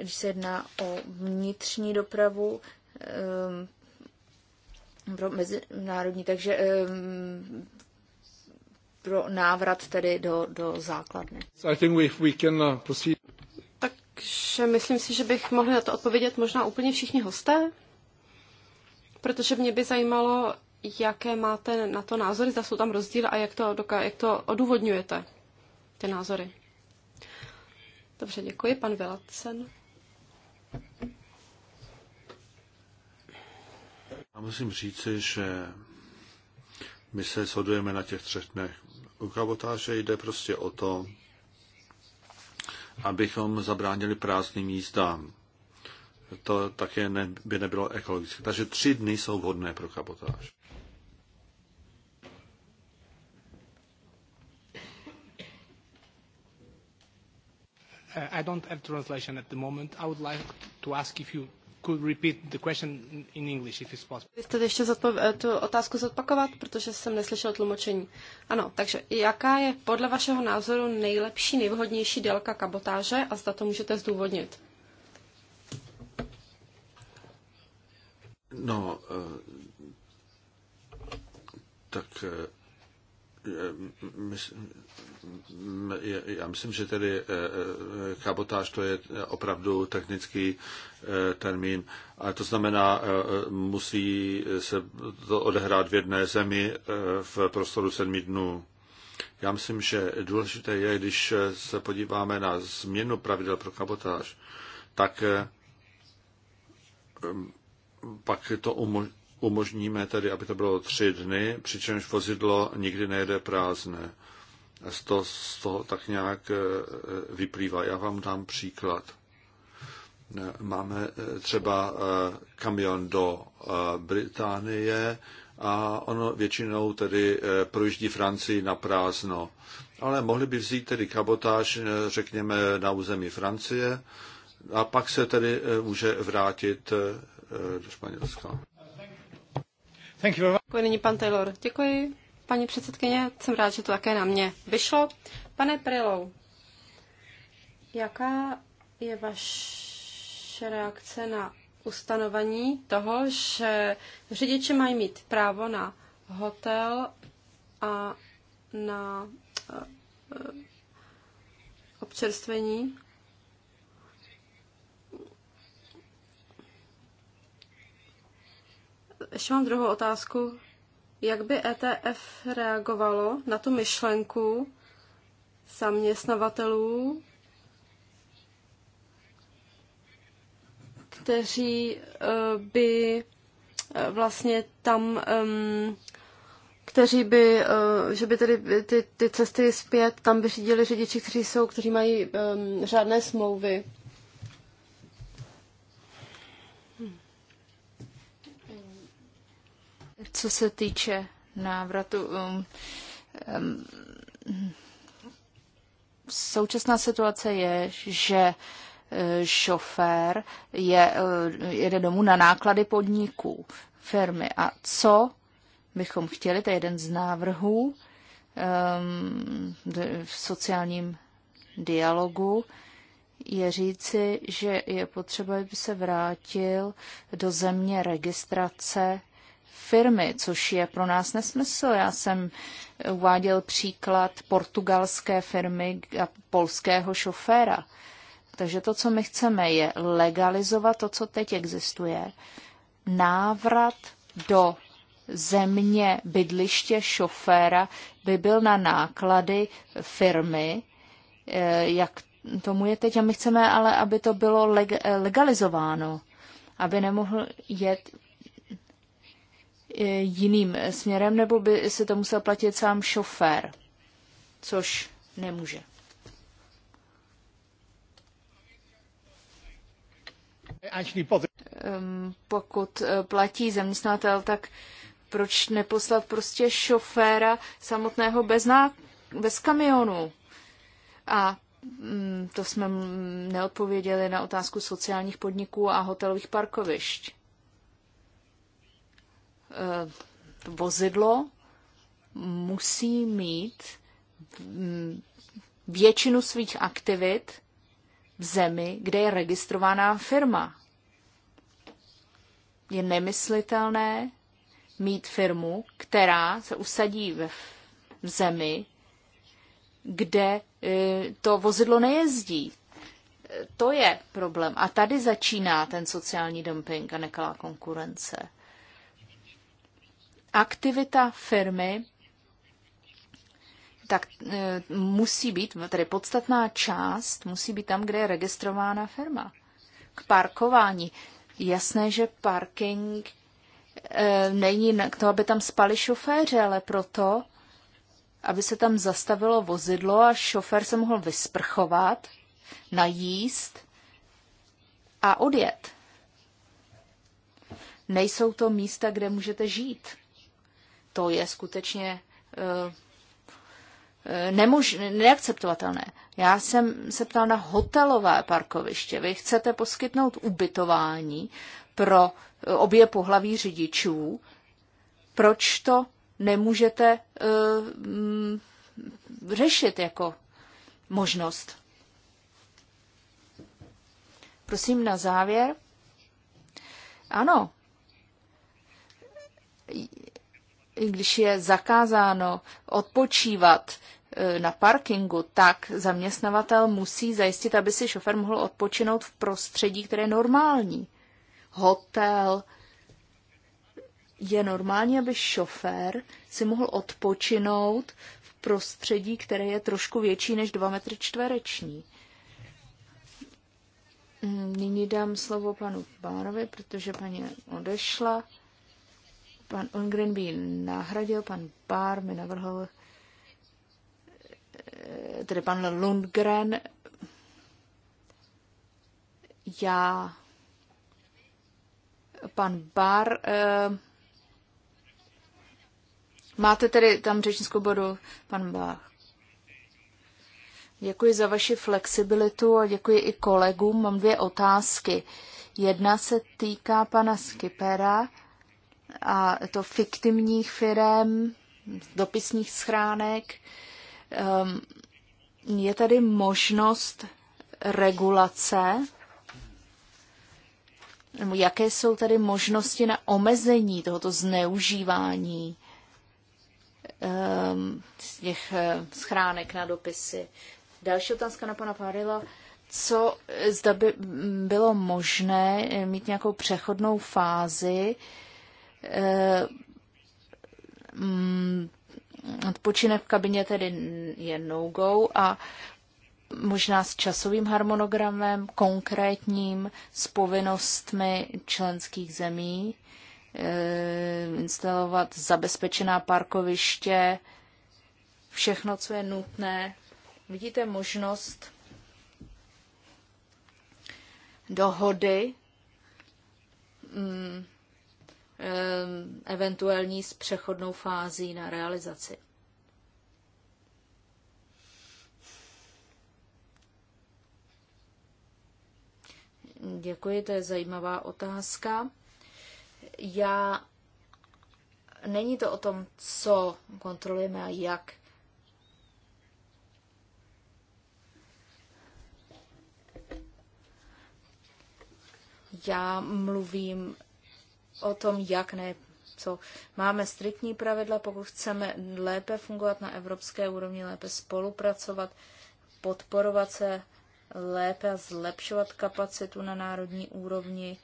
když se jedná o vnitřní dopravu um, pro mezinárodní, takže um, pro návrat tedy do, do základny. Uh, takže myslím si, že bych mohli na to odpovědět možná úplně všichni hosté, protože mě by zajímalo, jaké máte na to názory, zda jsou tam rozdíly a jak to, jak to odůvodňujete, ty názory. Dobře, děkuji, pan Vilacen. Já musím říci, že my se shodujeme na těch třech dnech. U kabotáže jde prostě o to, abychom zabránili prázdným jízdám. To také ne, by nebylo ekologické. Takže tři dny jsou vhodné pro kabotáž. Uh, I don't have translation at the moment. I would like to ask if you could repeat the question in English, if it's possible. Byste ještě eh, tu otázku zopakovat, protože jsem neslyšel tlumočení. Ano, takže jaká je podle vašeho názoru nejlepší, nejvhodnější délka kabotáže a zda to můžete zdůvodnit? No, eh, tak eh, já myslím, že tedy eh, eh, kabotáž to je opravdu technický eh, termín. A to znamená, musí se to odehrát v jedné zemi v prostoru sedmi dnů. Já myslím, že důležité je, když se podíváme na změnu pravidel pro kabotáž, tak pak to umožňuje umožníme tedy, aby to bylo tři dny, přičemž vozidlo nikdy nejede prázdné. Z toho, z toho tak nějak e, vyplývá. Já vám dám příklad. E, máme e, třeba kamion do Británie a ono většinou tedy projíždí Francii na prázdno. Ale mohli by vzít tedy kabotáž, řekněme, na území Francie a pak se tedy může vrátit do Španělska. Thank pan Taylor. Děkuji, paní předsedkyně. Jsem rád, že to také na mě vyšlo. Pane Prilou, jaká je vaše reakce na ustanovení toho, že řidiči mají mít právo na hotel a na eh, eh, občerstvení ještě mám druhou otázku. Jak by ETF reagovalo na tu myšlenku zaměstnavatelů, kteří eh, by eh, vlastně tam, eh, kteří by, že by tedy ty, ty cesty zpět tam by řídili řidiči, kteří jsou, kteří mají řádné smlouvy. co se týče návratu, um, um, současná situace je, že eh, šofér je, eh, jede domů na náklady podniků, firmy. A co bychom chtěli, to je jeden z návrhů um, v sociálním dialogu, je říci, že je potřeba, aby se vrátil do země registrace firmy, což je pro nás nesmysl. Já jsem uváděl příklad portugalské firmy a polského šoféra. Takže to, co my chceme, je legalizovat to, co teď existuje, návrat do země bydliště šoféra by byl na náklady firmy, eh, jak tomu je teď. A my chceme ale, aby to bylo eh, legalizováno, aby nemohl jet E, jiným směrem, nebo by si to musel platit sám šofér, což nemůže. Ehm, pokud e, platí zaměstnatel, tak proč neposlat prostě šoféra samotného bez, ná... bez kamionu? A mm, to jsme neodpověděli na otázku sociálních podniků a hotelových parkovišť. Eh, vozidlo musí mít mm, většinu svých aktivit v zemi, kde je registrovaná firma. Je nemyslitelné mít firmu, která se usadí ve zemi, kde eh, to vozidlo nejezdí. Eh, to je problém. A tady začíná ten sociální dumping a nekalá konkurence aktivita firmy tak e, musí být, tedy podstatná část musí být tam, kde je registrována firma. K parkování. Jasné, že parking e, není k to, aby tam spali šoféři, ale proto, aby se tam zastavilo vozidlo a šofér se mohl vysprchovat, najíst a odjet. Nejsou to místa, kde můžete žít to je skutečně eh, nemož, neakceptovatelné. Já jsem se ptal na hotelové parkoviště. Vy chcete poskytnout ubytování pro eh, obě pohlaví řidičů. Proč to nemůžete uh, řešit jako možnost? Prosím na závěr. Ano když je zakázáno odpočívat e, na parkingu, tak zaměstnavatel musí zajistit, aby si šofer mohl odpočinout v prostředí, které je normální. Hotel. Je normální, aby šofér si mohl odpočinout v prostředí, které je trošku větší než 2 metry čtvereční. Mm, nyní dám slovo panu Bárovi, protože paní odešla. Pan Ongren by nahradil, pan Bár mi navrhl, eh, tedy pan Lundgren. Já, pan Bár, eh, máte tedy tam řečnickou bodu, pan Bár. Děkuji za vaši flexibilitu a děkuji i kolegům. Mám dvě otázky. Jedna se týká pana Skipera a to fiktivních firm, dopisních schránek. Ehm, je tady možnost regulace, nebo jaké jsou tady možnosti na omezení tohoto zneužívání ehm, těch eh, schránek na dopisy. Další otázka na pana Párila co zda by bylo možné mít nějakou přechodnou fázi, Eh, mm, odpočinek v kabině tedy je no-go a možná s časovým harmonogramem konkrétním, s povinnostmi členských zemí, eh, instalovat zabezpečená parkoviště, všechno, co je nutné. Vidíte možnost dohody mm, Eh, eventuální s přechodnou fází na realizaci. Děkuji, to je zajímavá otázka. Já není to o tom, co kontrolujeme a jak. Já mluvím o tom, jak ne co. Máme striktní pravidla, pokud chceme lépe fungovat na evropské úrovni, lépe spolupracovat, podporovat se lépe a zlepšovat kapacitu na národní úrovni,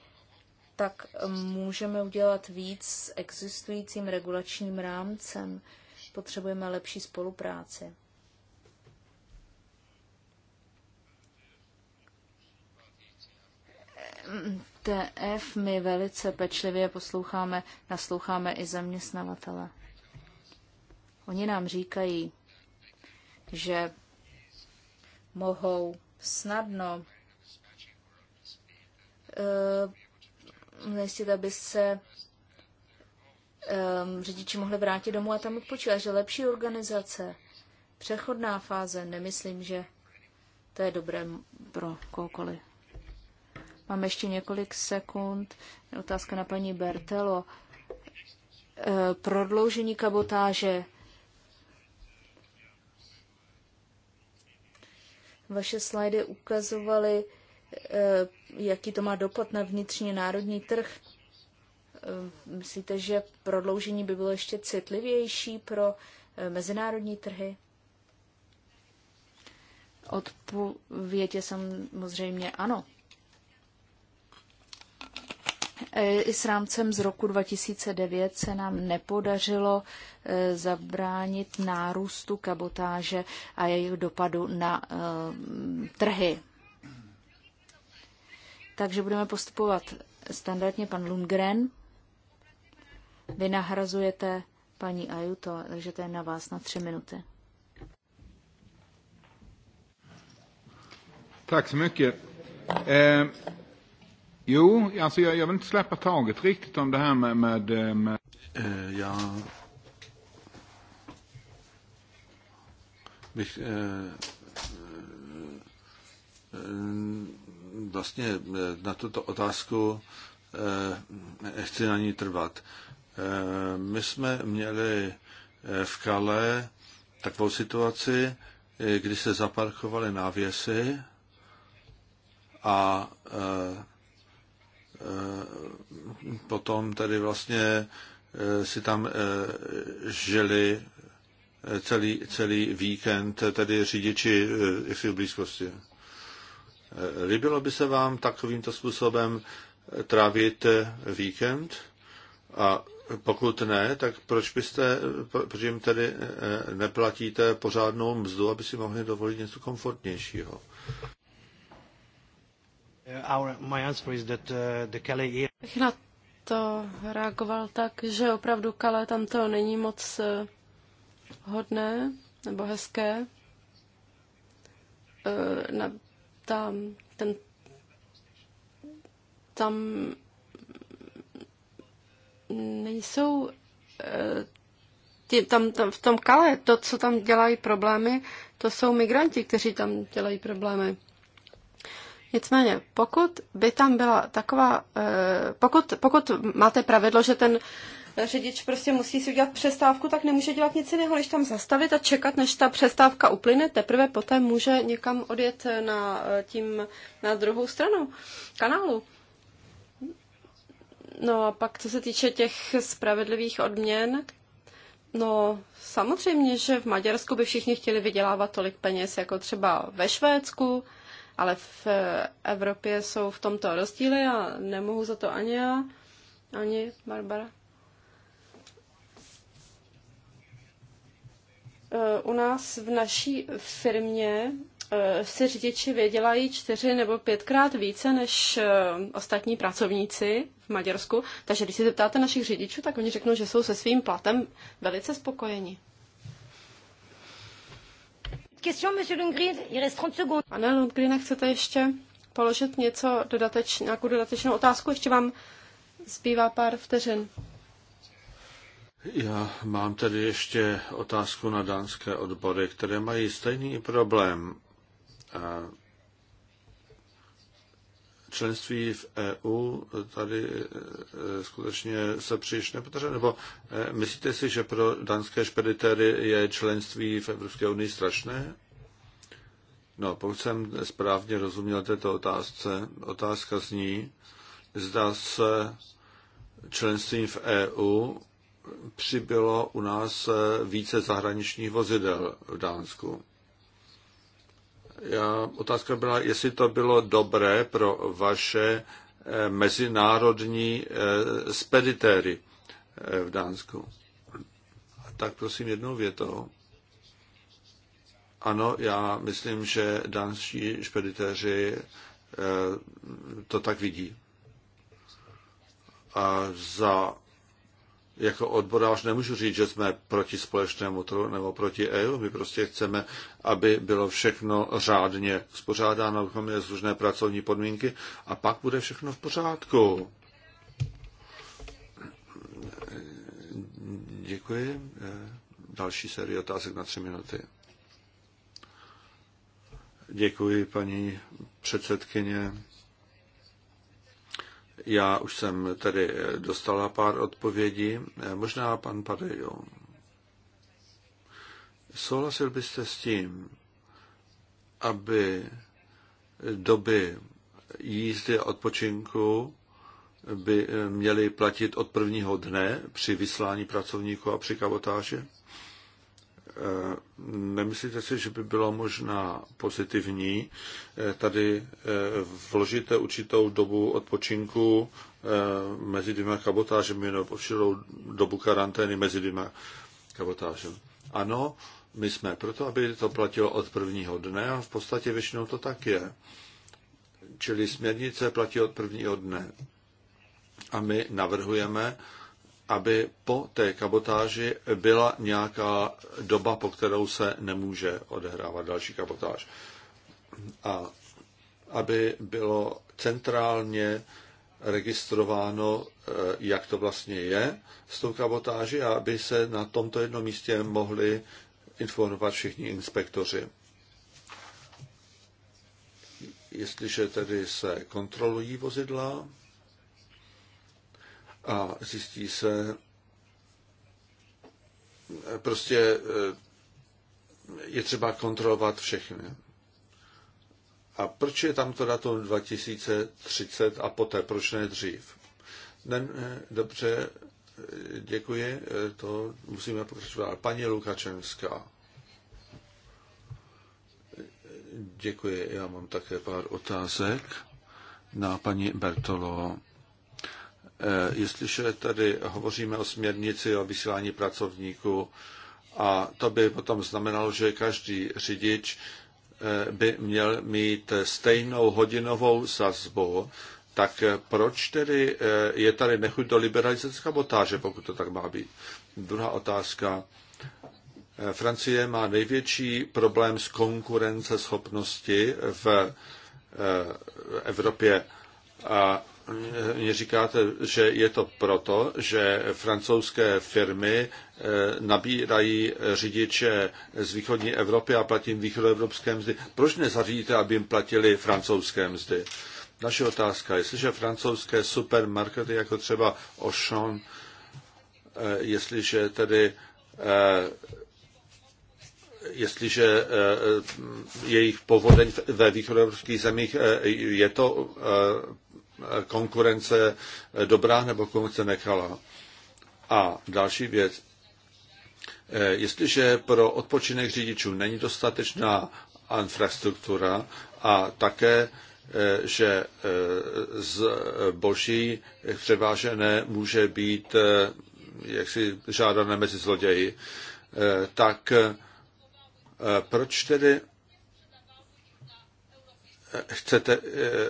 tak můžeme udělat víc s existujícím regulačním rámcem. Potřebujeme lepší spolupráci. ETF my velice pečlivě posloucháme, nasloucháme i zaměstnavatele. Oni nám říkají, že mohou snadno uh, zajistit, aby se um, řidiči mohli vrátit domů a tam odpočívat, že lepší organizace, přechodná fáze, nemyslím, že to je dobré pro kohokoliv. Mám ještě několik sekund. Otázka na paní Bertelo. E, prodloužení kabotáže. Vaše slajdy ukazovaly, e, jaký to má dopad na vnitřní národní trh. E, myslíte, že prodloužení by bylo ještě citlivější pro mezinárodní trhy? Odpověď je samozřejmě ano. E, I s rámcem z roku 2009 se nám nepodařilo e, zabránit nárůstu kabotáže a jejich dopadu na e, trhy. Takže budeme postupovat standardně pan Lundgren. Vy nahrazujete paní Ajuto, takže to je na vás na tři minuty. Tak děkuji. Jo, alltså jag, jag vill inte släppa taget riktigt om det här med... med, eh, med... Uh, ja... bych eh, eh, eh vlastně na tuto otázku eh, chci na ní trvat. Eh, my jsme měli v Kale takovou situaci, kdy se zaparkovaly návěsy a eh, Eh, potom tedy vlastně eh, si tam eh, žili celý, celý víkend, tedy řidiči jaksi v blízkosti. Líbilo by se vám takovýmto způsobem trávit víkend? A pokud ne, tak proč byste, proč jim tedy neplatíte pořádnou mzdu, aby si mohli dovolit něco komfortnějšího? Bych na to reagoval tak, že opravdu Kale tam to není moc uh, hodné nebo hezké. Uh, na, tam, ten, tam nejsou uh, tě, tam, tam, v tom Kale, to, co tam dělají problémy, to jsou migranti, kteří tam dělají problémy. Nicméně, pokud by tam byla taková, eh, pokud, pokud máte pravidlo, že ten řidič prostě musí si udělat přestávku, tak nemůže dělat nic jiného, než tam zastavit a čekat, než ta přestávka uplyne. Teprve poté může někam odjet na, eh, tím, na druhou stranu kanálu. No a pak, co se týče těch spravedlivých odměn, No, samozřejmě, že v Maďarsku by všichni chtěli vydělávat tolik peněz, jako třeba ve Švédsku, ale v Evropě jsou v tomto rozdíly a nemohu za to ani já, ani Barbara. Eh, u nás v naší firmě eh, si řidiči vědělají čtyři nebo pětkrát více než eh, ostatní pracovníci v Maďarsku. Takže když se zeptáte našich řidičů, tak oni řeknou, že jsou se svým platem velice spokojeni. Question, monsieur Lundgren, il reste 30 Pane Lundgren, chcete ještě položit něco dodateč, nějakou dodatečnou otázku? Ještě vám zbývá pár vteřin. Já mám tady ještě otázku na dánské odbory, které mají stejný problém členství v EU tady e, e, skutečně se příliš nepodařilo? Nebo e, myslíte si, že pro danské špeditéry je členství v Evropské unii strašné? No, pokud jsem správně rozuměl této otázce, otázka zní, zda se členstvím v EU přibylo u nás více zahraničních vozidel v Dánsku. Já, otázka byla, jestli to bylo dobré pro vaše eh, mezinárodní eh, speditéry eh, v Dánsku. Tak prosím jednou větou. Ano, já myslím, že dánští špeditéři to tak vidí. A za jako odborář nemůžu říct, že jsme proti společnému trhu nebo proti EU. My prostě chceme, aby bylo všechno řádně spořádáno, abychom měli služné pracovní podmínky a pak bude všechno v pořádku. Děkuji. Další série otázek na tři minuty. Děkuji, paní předsedkyně. Já už jsem tady eh, dostala pár odpovědí. Eh, možná pan Padejo. Souhlasil byste s tím, aby doby jízdy a odpočinku by eh, měly platit od prvního dne při vyslání pracovníků a při kabotáži? Eh, nemyslíte si, že by bylo možná pozitivní eh, tady eh, vložit určitou dobu odpočinku mezi dvěma kabotážemi nebo určitou dobu karantény mezi dvěma kabotážemi? Ano, my jsme proto, aby to platilo od prvního dne a v podstatě většinou to tak je. Čili směrnice platí od prvního dne. A my navrhujeme, aby po té kabotáži byla nějaká doba, po kterou se nemůže odehrávat další kabotáž. A aby bylo centrálně registrováno, eh, jak to vlastně je s tou kabotáží a aby se na tomto jednom místě mohli informovat všichni inspektoři. Jestliže tedy se kontrolují vozidla, a zjistí se, e, prostě e, je třeba kontrolovat všechny. A proč je tam to datum 2030 a poté, proč ne dřív? Ne, dobře, děkuji, e, to musíme pokračovat. Paní Lukačenská. Děkuji, já mám také pár otázek na paní Bertolo. Eh, jestliže tady hovoříme o směrnici o vysílání pracovníků, a to by potom znamenalo, že každý řidič eh, by měl mít stejnou hodinovou sazbu, tak eh, proč tedy je tady nechuť do liberalizace kabotáže, pokud to tak má být? Druhá otázka. Francie má největší problém s konkurenceschopnosti v Evropě. A mně říkáte, že je to proto, že francouzské firmy eh, nabírají řidiče z východní Evropy a platí jim východoevropské mzdy. Proč nezařídíte, aby jim platili francouzské mzdy? Naše otázka, jestliže francouzské supermarkety, jako třeba Auchan, eh, jestliže tedy eh, jestliže jejich povodeň ve východoevropských zemích je to konkurence dobrá nebo konkurence nechala. A další věc. Eh, jestliže pro odpočinek řidičů není dostatečná infrastruktura a také eh, že eh, zboží převážené může být jaksi žádané mezi zloději, tak proč tedy chcete,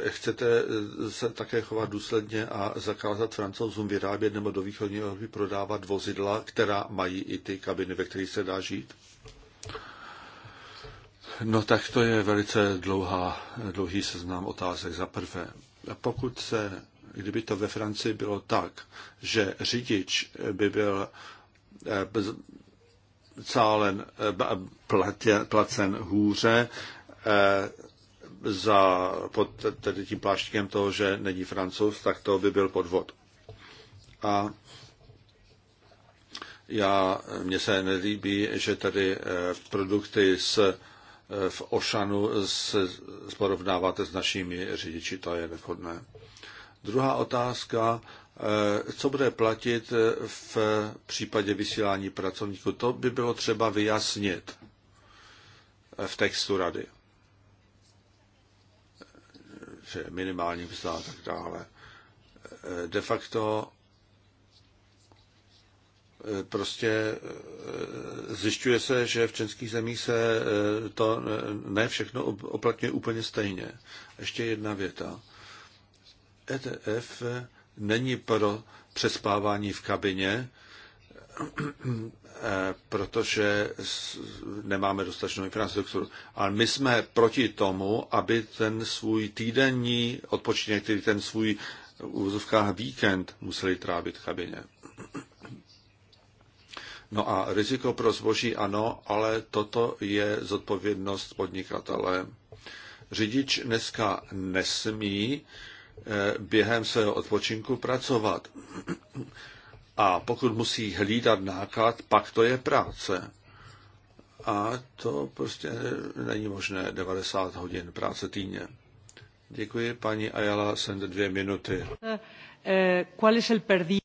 eh, chcete eh, se také chovat důsledně a zakázat francouzům vyrábět nebo do východní Evropy prodávat vozidla, která mají i ty kabiny, ve kterých se dá žít? No tak to je velice dlouhá, dlouhý seznam otázek. Za prvé, pokud se, kdyby to ve Francii bylo tak, že řidič by byl eh, cálen, placen hůře, za, pod tedy tím pláštíkem toho, že není francouz, tak to by byl podvod. A já, mně se nelíbí, že tady eh, produkty z, eh, v Ošanu se porovnáváte s našimi řidiči, to je nevhodné. Druhá otázka, eh, co bude platit v případě vysílání pracovníků, to by bylo třeba vyjasnit v textu rady že minimální mzda a tak dále. Eh, de facto eh, prostě eh, zjišťuje se, že v českých zemích se to ne všechno oplatňuje úplně stejně. Ještě jedna věta. ETF není pro přespávání v kabině, Eh, protože nemáme dostatečnou infrastrukturu. Ale my jsme proti tomu, aby ten svůj týdenní odpočinek, tedy ten svůj úzovká eh, víkend museli trávit v kabině. No a riziko pro zboží ano, ale toto je zodpovědnost podnikatele. Řidič dneska nesmí eh, během svého odpočinku pracovat. A pokud musí hlídat náklad, pak to je práce. A to prostě není možné 90 hodin práce týdně. Děkuji, paní Ayala, jsem dvě minuty.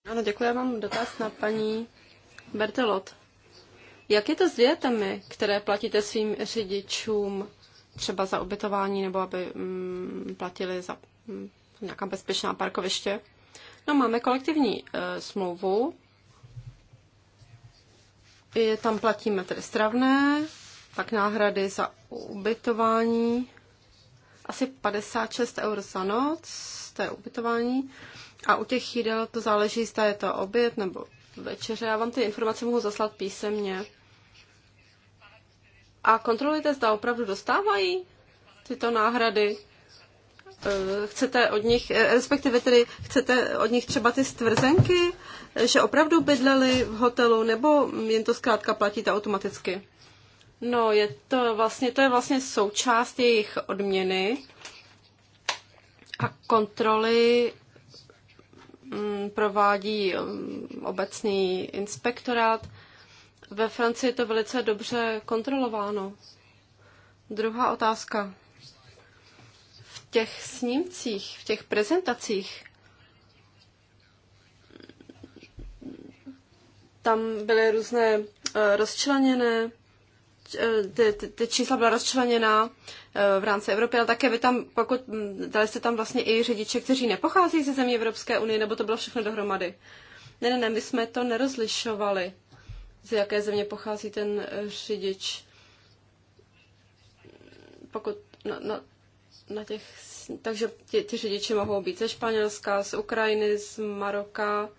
Ano, děkuji, já mám dotaz na paní Bertelot. Jak je to s dietami, které platíte svým řidičům, třeba za ubytování nebo aby mm, platili za mm, nějaká bezpečná parkoviště? No, máme kolektivní e, smlouvu. Je, tam platíme tedy stravné, pak náhrady za ubytování, asi 56 eur za noc, to je ubytování. A u těch jídel to záleží, zda je to oběd nebo večeře. Já vám ty informace mohu zaslat písemně. A kontrolujte, zda opravdu dostávají tyto náhrady. Eh, chcete od nich, eh, respektive tedy chcete od nich třeba ty stvrzenky, že opravdu bydleli v hotelu, nebo jen to zkrátka platíte automaticky? No, je to vlastně, to je vlastně součást jejich odměny a kontroly mm, provádí mm, obecný inspektorát. Ve Francii je to velice dobře kontrolováno. Druhá otázka těch snímcích, v těch prezentacích, tam byly různé eh, rozčleněné, eh, ty, ty, ty čísla byla rozčleněná eh, v rámci Evropy, ale také vy tam, pokud hm, dali jste tam vlastně i řidiče, kteří nepochází ze zemí Evropské unie, nebo to bylo všechno dohromady? Ne, ne, ne, my jsme to nerozlišovali, z jaké země pochází ten řidič. Pokud, no, no, na těch, takže ty, ty řidiči mohou být ze Španělska, z Ukrajiny, z Maroka.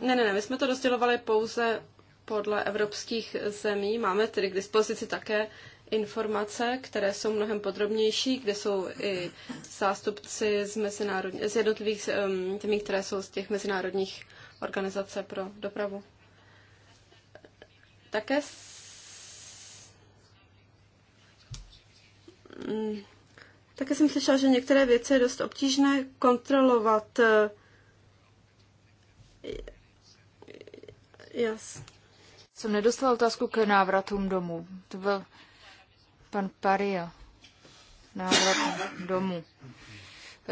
Ne, ne, ne, my jsme to rozdělovali pouze podle evropských zemí. Máme tedy k dispozici také informace, které jsou mnohem podrobnější, kde jsou i zástupci z, mezinárodní, z jednotlivých zemí, které jsou z těch mezinárodních organizace pro dopravu. Také Mm, také jsem slyšela, že některé věci je dost obtížné kontrolovat. Yes. Jsem nedostala otázku k návratům domů. To byl pan Paria. Návrat domů.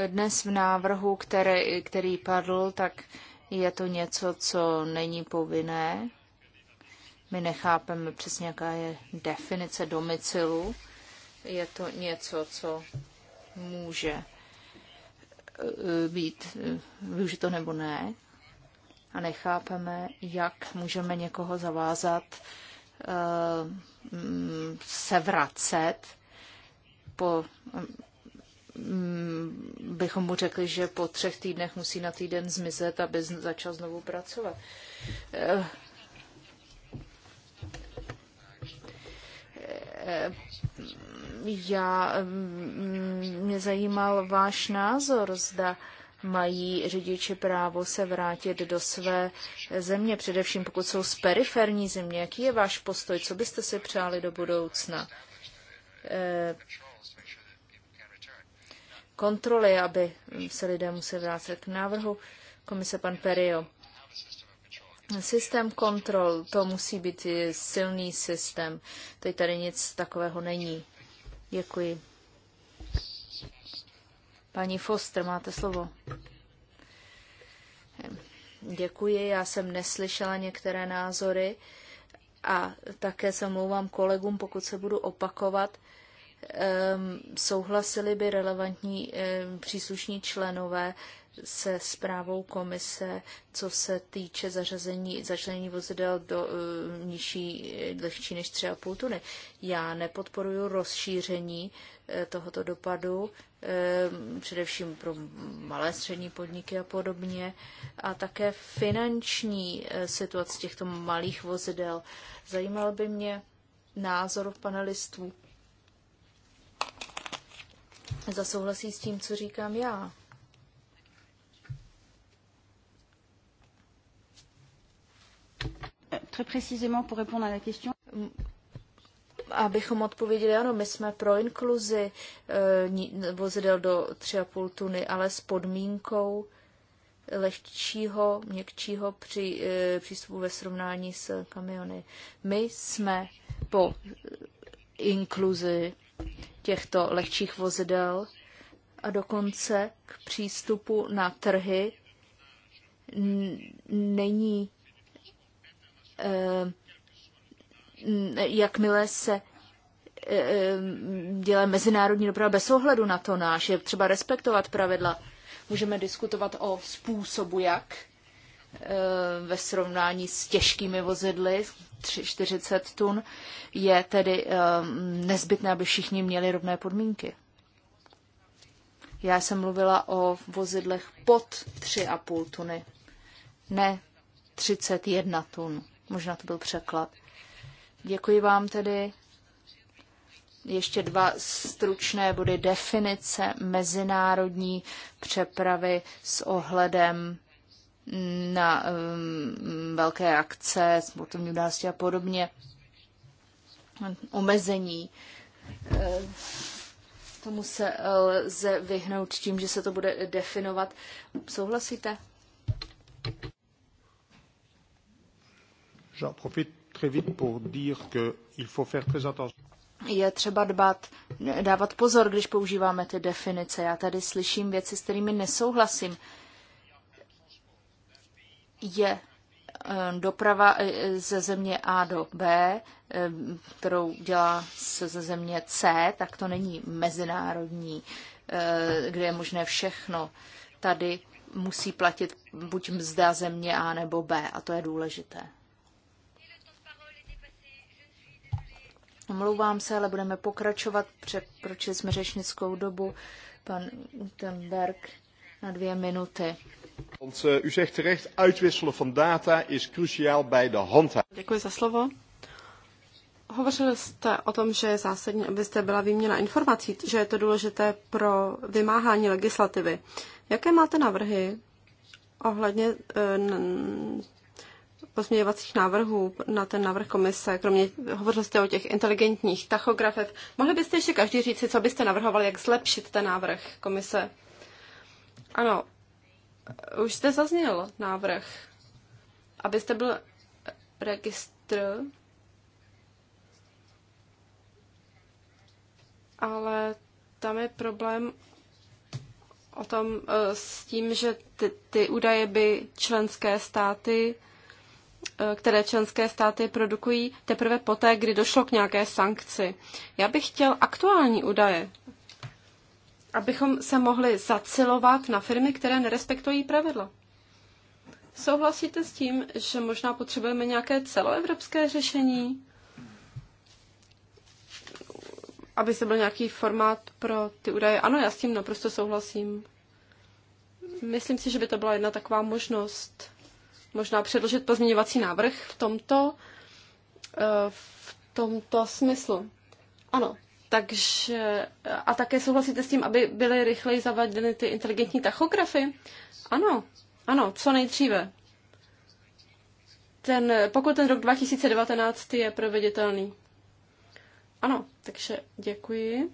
Dnes v návrhu, který, který padl, tak je to něco, co není povinné. My nechápeme přesně, jaká je definice domicilu je to něco, co může eh, být eh, využito nebo ne. A nechápeme, jak můžeme někoho zavázat eh, mm, se vracet po mm, bychom mu řekli, že po třech týdnech musí na týden zmizet, aby začal znovu pracovat. Eh, já mm, mě zajímal váš názor, zda mají řidiči právo se vrátit do své země, především pokud jsou z periferní země. Jaký je váš postoj? Co byste si přáli do budoucna? Eh, kontroly, aby se lidé museli vrátit k návrhu. Komise pan Perio. Systém kontrol, to musí být silný systém. Teď tady nic takového není. Děkuji. Paní Foster, máte slovo. Děkuji, já jsem neslyšela některé názory a také se mluvám kolegům, pokud se budu opakovat. Ehm, souhlasili by relevantní ehm, příslušní členové se zprávou komise, co se týče zařazení, začlenění vozidel do uh, nižší, eh, lehčí než 3,5 tuny. Já nepodporuji rozšíření uh, tohoto dopadu, uh, především pro malé střední podniky a podobně, a také finanční uh, situace těchto malých vozidel. Zajímal by mě názor panelistů. Zasouhlasí s tím, co říkám já. Très précisément pour répondre à la question. Mm. Abychom odpověděli, ano, my jsme pro inkluzi eh, vozidel do 3,5 tuny, ale s podmínkou lehčího, měkčího při, eh, přístupu ve srovnání s kamiony. My jsme po inkluzi těchto lehčích vozidel a dokonce k přístupu na trhy není Eh, jakmile se eh, dělá mezinárodní doprava bez ohledu na to náš, je třeba respektovat pravidla. Můžeme diskutovat o způsobu, jak eh, ve srovnání s těžkými vozidly, 40 tun, je tedy nezbytné, aby všichni měli rovné podmínky. Já jsem mluvila o vozidlech pod 3,5 tuny, ne 31 tun. Možná to byl překlad. Děkuji vám tedy. Ještě dva stručné body definice mezinárodní přepravy s ohledem na um, velké akce, sportovní události a podobně. Omezení. Eh, tomu se lze vyhnout tím, že se to bude definovat. Souhlasíte? J'en profite très vite pour dire faut faire très attention. Je třeba dbát, dávat pozor, když používáme ty definice. Já tady slyším věci, s kterými nesouhlasím. Je eh, doprava eh, ze země A do B, eh, kterou dělá se ze země C, tak to není mezinárodní, kde je možné všechno. Tady musí platit buď mzda země A nebo B a to je důležité. Omlouvám se, ale budeme pokračovat. Překročili jsme řečnickou dobu. Pan Utenberg na dvě minuty. Eh, u zegt terecht, uitwisselen van data is cruciaal bij de handhaving. Děkuji za slovo. Hovořil jste o tom, že je zásadní, aby zde byla výměna informací, že je to důležité pro vymáhání legislativy. Jaké máte navrhy ohledně eh, pozměňovacích návrhů na ten návrh komise, kromě hovořil jste o těch inteligentních tachografech. Mohli byste ještě každý říci, co byste navrhovali, jak zlepšit ten návrh komise? Ano, už jste zazněl návrh, abyste byl registr, ale tam je problém o tom eh, s tím, že ty, ty údaje by členské státy Eh, které členské státy produkují teprve poté, kdy došlo k nějaké sankci. Já bych chtěl aktuální údaje, abychom se mohli zacilovat na firmy, které nerespektují pravidla. Souhlasíte s tím, že možná potřebujeme nějaké celoevropské řešení, aby se byl nějaký formát pro ty údaje? Ano, já s tím naprosto souhlasím. Myslím si, že by to byla jedna taková možnost možná předložit pozměňovací návrh v tomto, eh, v tomto smyslu. Ano, takže a také souhlasíte s tím, aby byly rychleji zavedeny ty inteligentní tachografy? Ano, ano, co nejdříve. Ten, pokud ten rok 2019 je proveditelný. Ano, takže děkuji.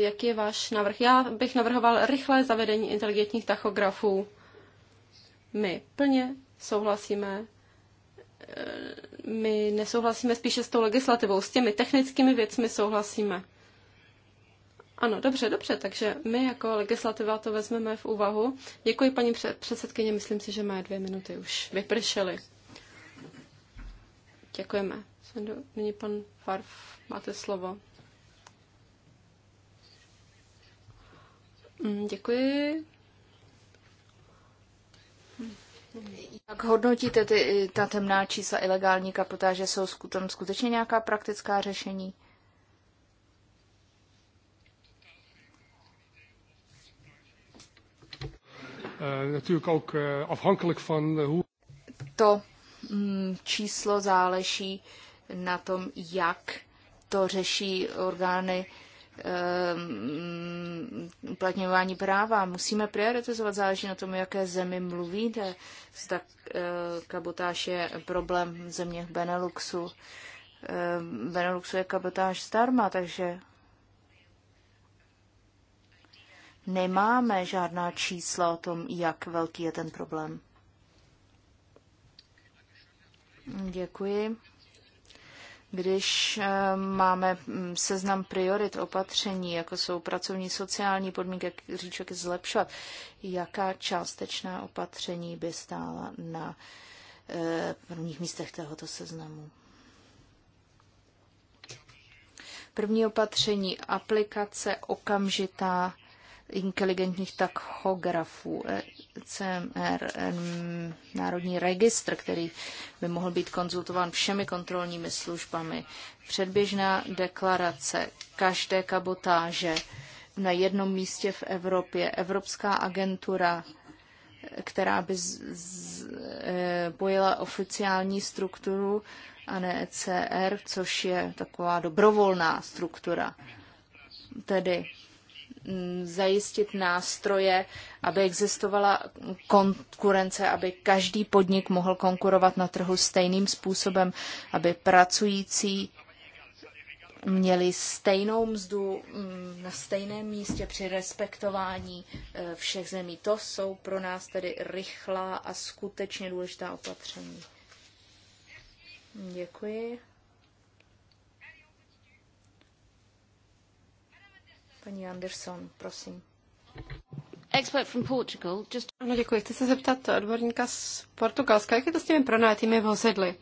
jaký je váš návrh? Já bych navrhoval rychlé zavedení inteligentních tachografů. My plně souhlasíme. Eh, my nesouhlasíme spíše s tou legislativou, s těmi technickými věcmi souhlasíme. Ano, dobře, dobře, takže my jako legislativa to vezmeme v úvahu. Děkuji paní předsedkyně, myslím si, že mé dvě minuty už vypršely. Děkujeme. Nyní pan Farf, máte slovo. Mm, děkuji. Jak hodnotíte ty, ta temná čísla ilegální kapotáže? Jsou tam skutečně nějaká praktická řešení? Eh, eh, eh, to mm, číslo záleží na tom, jak to řeší orgány Ehm, uplatňování práva. Musíme prioritizovat, záleží na tom, jaké zemi mluvíte. Zda eh, kabotáž je problém v zeměch Beneluxu. Ehm, Beneluxu je kabotáž zdarma, takže nemáme žádná čísla o tom, jak velký je ten problém. Děkuji. Když eh, máme mm, seznam priorit opatření, jako jsou pracovní sociální podmínky, jak říček zlepšovat, jaká částečná opatření by stála na eh, prvních místech tohoto seznamu? První opatření aplikace okamžitá inteligentních tachografů eh, CMR, národní registr, který by mohl být konzultován všemi kontrolními službami. Předběžná deklarace každé kabotáže na jednom místě v Evropě. Evropská agentura, která by z, z, eh, oficiální strukturu a ne ECR, což je taková dobrovolná struktura. Tedy Mm, zajistit nástroje, aby existovala konkurence, aby každý podnik mohl konkurovat na trhu stejným způsobem, aby pracující měli stejnou mzdu mm, na stejném místě při respektování e, všech zemí. To jsou pro nás tedy rychlá a skutečně důležitá opatření. Děkuji. Paní Anderson, prosím. Expert from Portugal, just... Ano, děkuji. Chci se zeptat odborníka z Portugalska, jak je to s těmi pronajatými vozidly?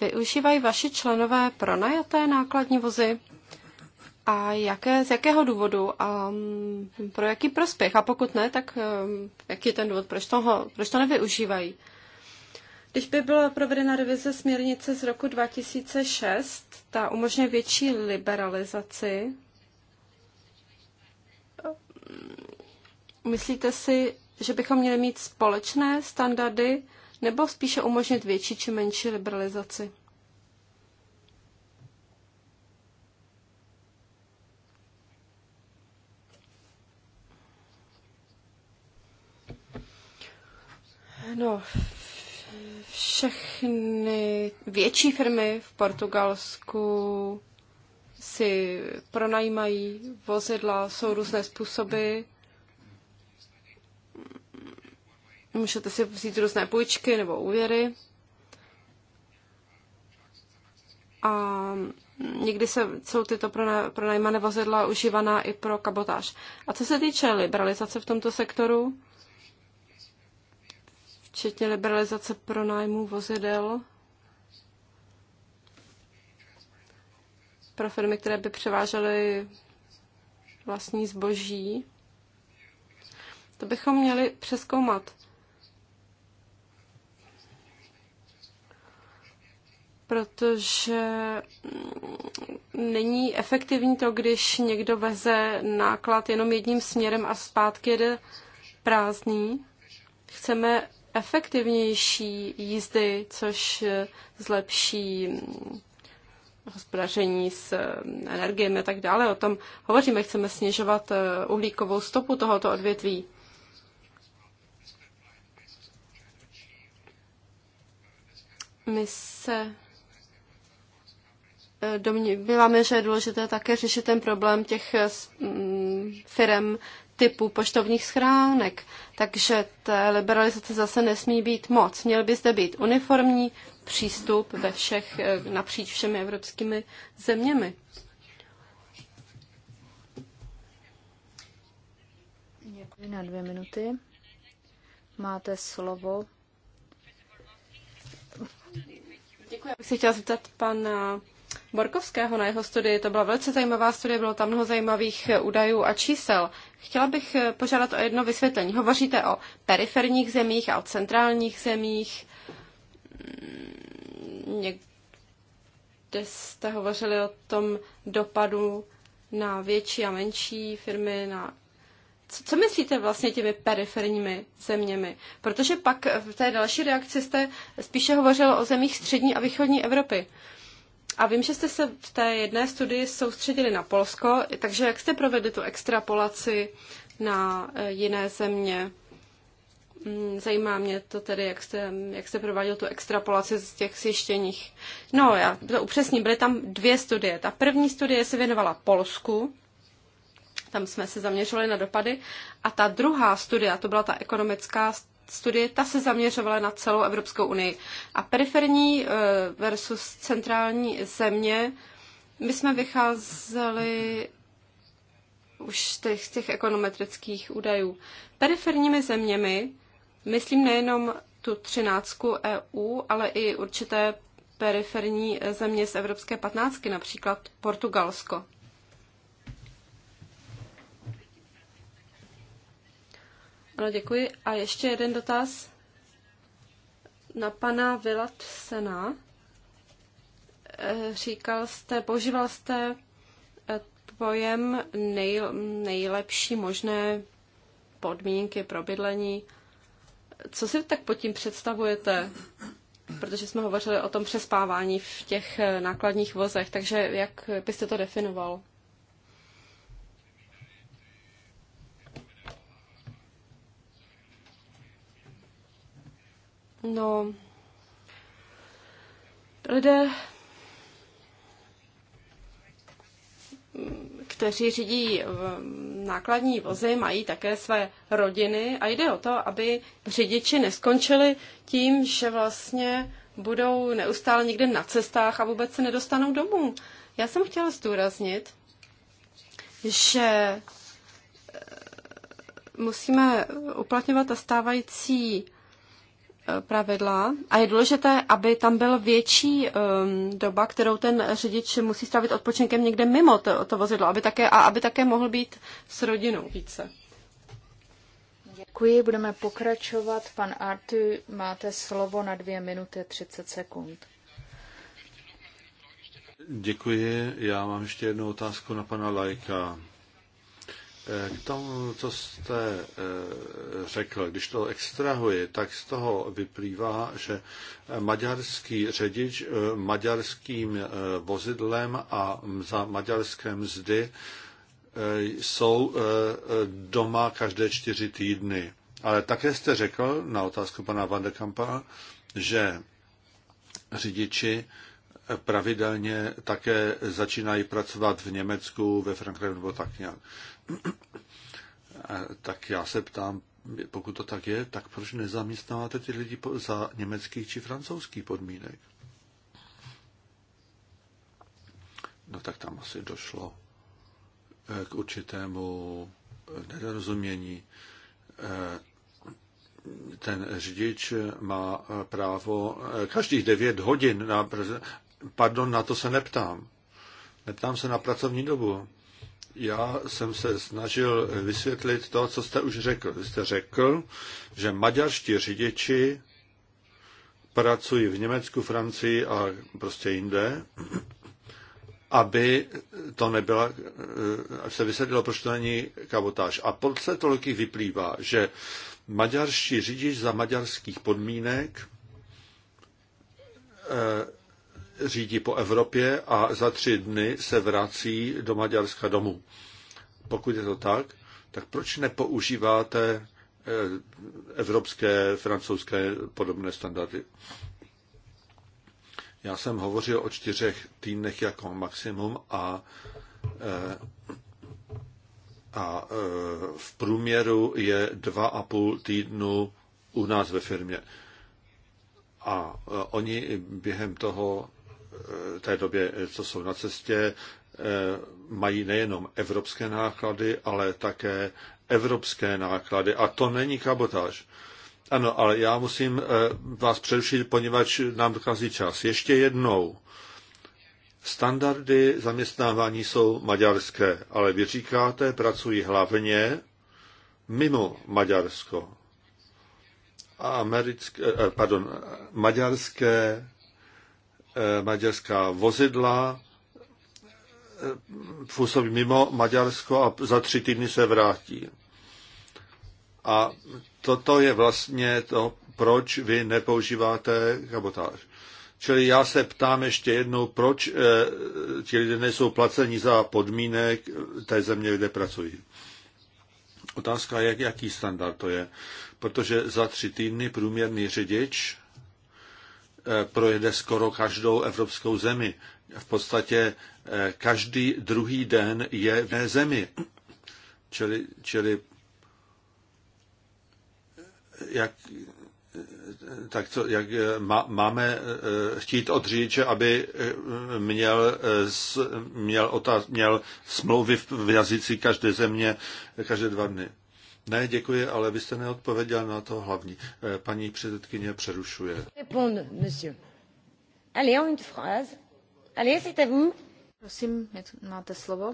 Využívají vaši členové pronajaté nákladní vozy? A jaké, z jakého důvodu a mm, pro jaký prospěch? A pokud ne, tak e, jaký je ten důvod, proč, toho, proč to nevyužívají? Když by byla provedena revize směrnice z roku 2006, ta umožňuje větší liberalizaci Myslíte si, že bychom měli mít společné standardy nebo spíše umožnit větší či menší liberalizaci? No, všechny větší firmy v Portugalsku si pronajímají vozidla, jsou různé způsoby. Můžete si vzít různé půjčky nebo úvěry. A někdy se, jsou tyto pronajímané vozidla užívaná i pro kabotáž. A co se týče liberalizace v tomto sektoru, včetně liberalizace pronájmu vozidel, pro firmy, které by převážely vlastní zboží. To bychom měli přeskoumat. protože není efektivní to, když někdo veze náklad jenom jedním směrem a zpátky jede prázdný. Chceme efektivnější jízdy, což zlepší hospodaření s eh, energiemi a tak dále. O tom hovoříme, chceme snižovat eh, uhlíkovou stopu tohoto odvětví. My se eh, domníváme, že je důležité také řešit ten problém těch mm, firm, typu poštovních schránek, takže ta liberalizace zase nesmí být moc. Měl by zde být uniformní přístup ve všech, eh, napříč všemi evropskými zeměmi. Děkuji na dvě minuty. Máte slovo. Děkuji, já bych se chtěla zeptat pana Borkovského na jeho studii. To byla velice zajímavá studie, bylo tam mnoho zajímavých eh, údajů a čísel. Chtěla bych eh, požádat o jedno vysvětlení. Hovoříte o periferních zemích a o centrálních zemích. Mm, někde jste hovořili o tom dopadu na větší a menší firmy, na co, co myslíte vlastně těmi periferními zeměmi? Protože pak v té další reakci jste spíše hovořil o zemích střední a východní Evropy. Uh, a vím, že jste se v té jedné studii soustředili na Polsko, takže jak jste provedli tu extrapolaci na eh, jiné země? Hmm, zajímá mě to tedy, jak jste, jak jste prováděl tu extrapolaci z těch zjištěních. No, já to upřesním, byly tam dvě studie. Ta první studie se věnovala Polsku, tam jsme se zaměřovali na dopady, a ta druhá studia, to byla ta ekonomická studie, ta se zaměřovala na celou Evropskou unii. A periferní eh, versus centrální země, my jsme vycházeli už z těch, těch ekonometrických údajů. Periferními zeměmi, myslím nejenom tu třináctku EU, ale i určité periferní eh, země z Evropské patnáctky, například Portugalsko. Ano, děkuji. A ještě jeden dotaz na pana Vilat Sena. Eh, říkal jste, používal jste eh, pojem nej, nejlepší možné podmínky pro bydlení. Co si tak pod tím představujete? Protože jsme hovořili o tom přespávání v těch eh, nákladních vozech, takže jak byste to definoval? No, lidé, kteří řídí eh, nákladní vozy, mají také své rodiny a jde o to, aby řidiči neskončili tím, že vlastně budou neustále někde na cestách a vůbec se nedostanou domů. Já jsem chtěla zdůraznit, že eh, musíme uplatňovat ta stávající pravidla a je důležité, aby tam byl větší um, doba, kterou ten řidič musí strávit odpočinkem někde mimo to, to vozidlo, aby také, a aby také mohl být s rodinou více. Děkuji, budeme pokračovat. Pan Artu, máte slovo na dvě minuty 30 sekund. Děkuji. Já mám ještě jednu otázku na pana Lajka. K tomu, co jste eh, řekl, když to extrahuji, tak z toho vyplývá, že maďarský řidič eh, maďarským eh, vozidlem a za maďarské mzdy jsou doma každé čtyři týdny. Ale také jste řekl na otázku pana Van de Kampa, že řidiči pravidelně také začínají pracovat v Německu, ve Frankfurtu nebo tak nějak tak já se ptám, pokud to tak je, tak proč nezaměstnáváte ty lidi za německých či francouzských podmínek? No tak tam asi došlo eh, k určitému eh, nedorozumění. Eh, ten řidič má právo každých devět hodin na... Pardon, na to se neptám. Neptám se na pracovní dobu já jsem se snažil vysvětlit to, co jste už řekl. Vy jste řekl, že maďarští řidiči pracují v Německu, Francii a prostě jinde, aby to nebyla, eh, aby se vysvětlilo, proč to není kabotáž. A podle to logiky vyplývá, že maďarští řidič za maďarských podmínek eh, řídí po Evropě a za tři dny se vrací do Maďarska domů. Pokud je to tak, tak proč nepoužíváte eh, evropské, francouzské podobné standardy? Já jsem hovořil o čtyřech týdnech jako maximum a, eh, a eh, v průměru je dva a půl týdnu u nás ve firmě. A oni během toho té době, co jsou na cestě, eh, mají nejenom evropské náklady, ale také evropské náklady. A to není kabotáž. Ano, ale já musím eh, vás přerušit, poněvadž nám dochází čas. Ještě jednou. Standardy zaměstnávání jsou maďarské, ale vy říkáte, pracují hlavně mimo Maďarsko. A americké, eh, pardon, maďarské Eh, maďarská vozidla eh, působí mimo Maďarsko a za tři týdny se vrátí. A toto je vlastně to, proč vy nepoužíváte kabotáž. Čili já se ptám ještě jednou, proč e, ti lidé nejsou placeni za podmínek té země, kde pracují. Otázka je, jaký standard to je. Protože za tři týdny průměrný řidič Eh, projede skoro každou evropskou zemi. V podstatě eh, každý druhý den je v zemi. Čili, čili eh, jak, tak co, jak má, máme chtít od řidiče, aby měl, měl, otáz měl smlouvy v jazyci každé země každé dva dny. Ne, děkuji, ale vy jste neodpověděl na to hlavní. Eh, paní předsedkyně přerušuje. Allez, une phrase. Allez, c'est vous. Prosím, máte slovo.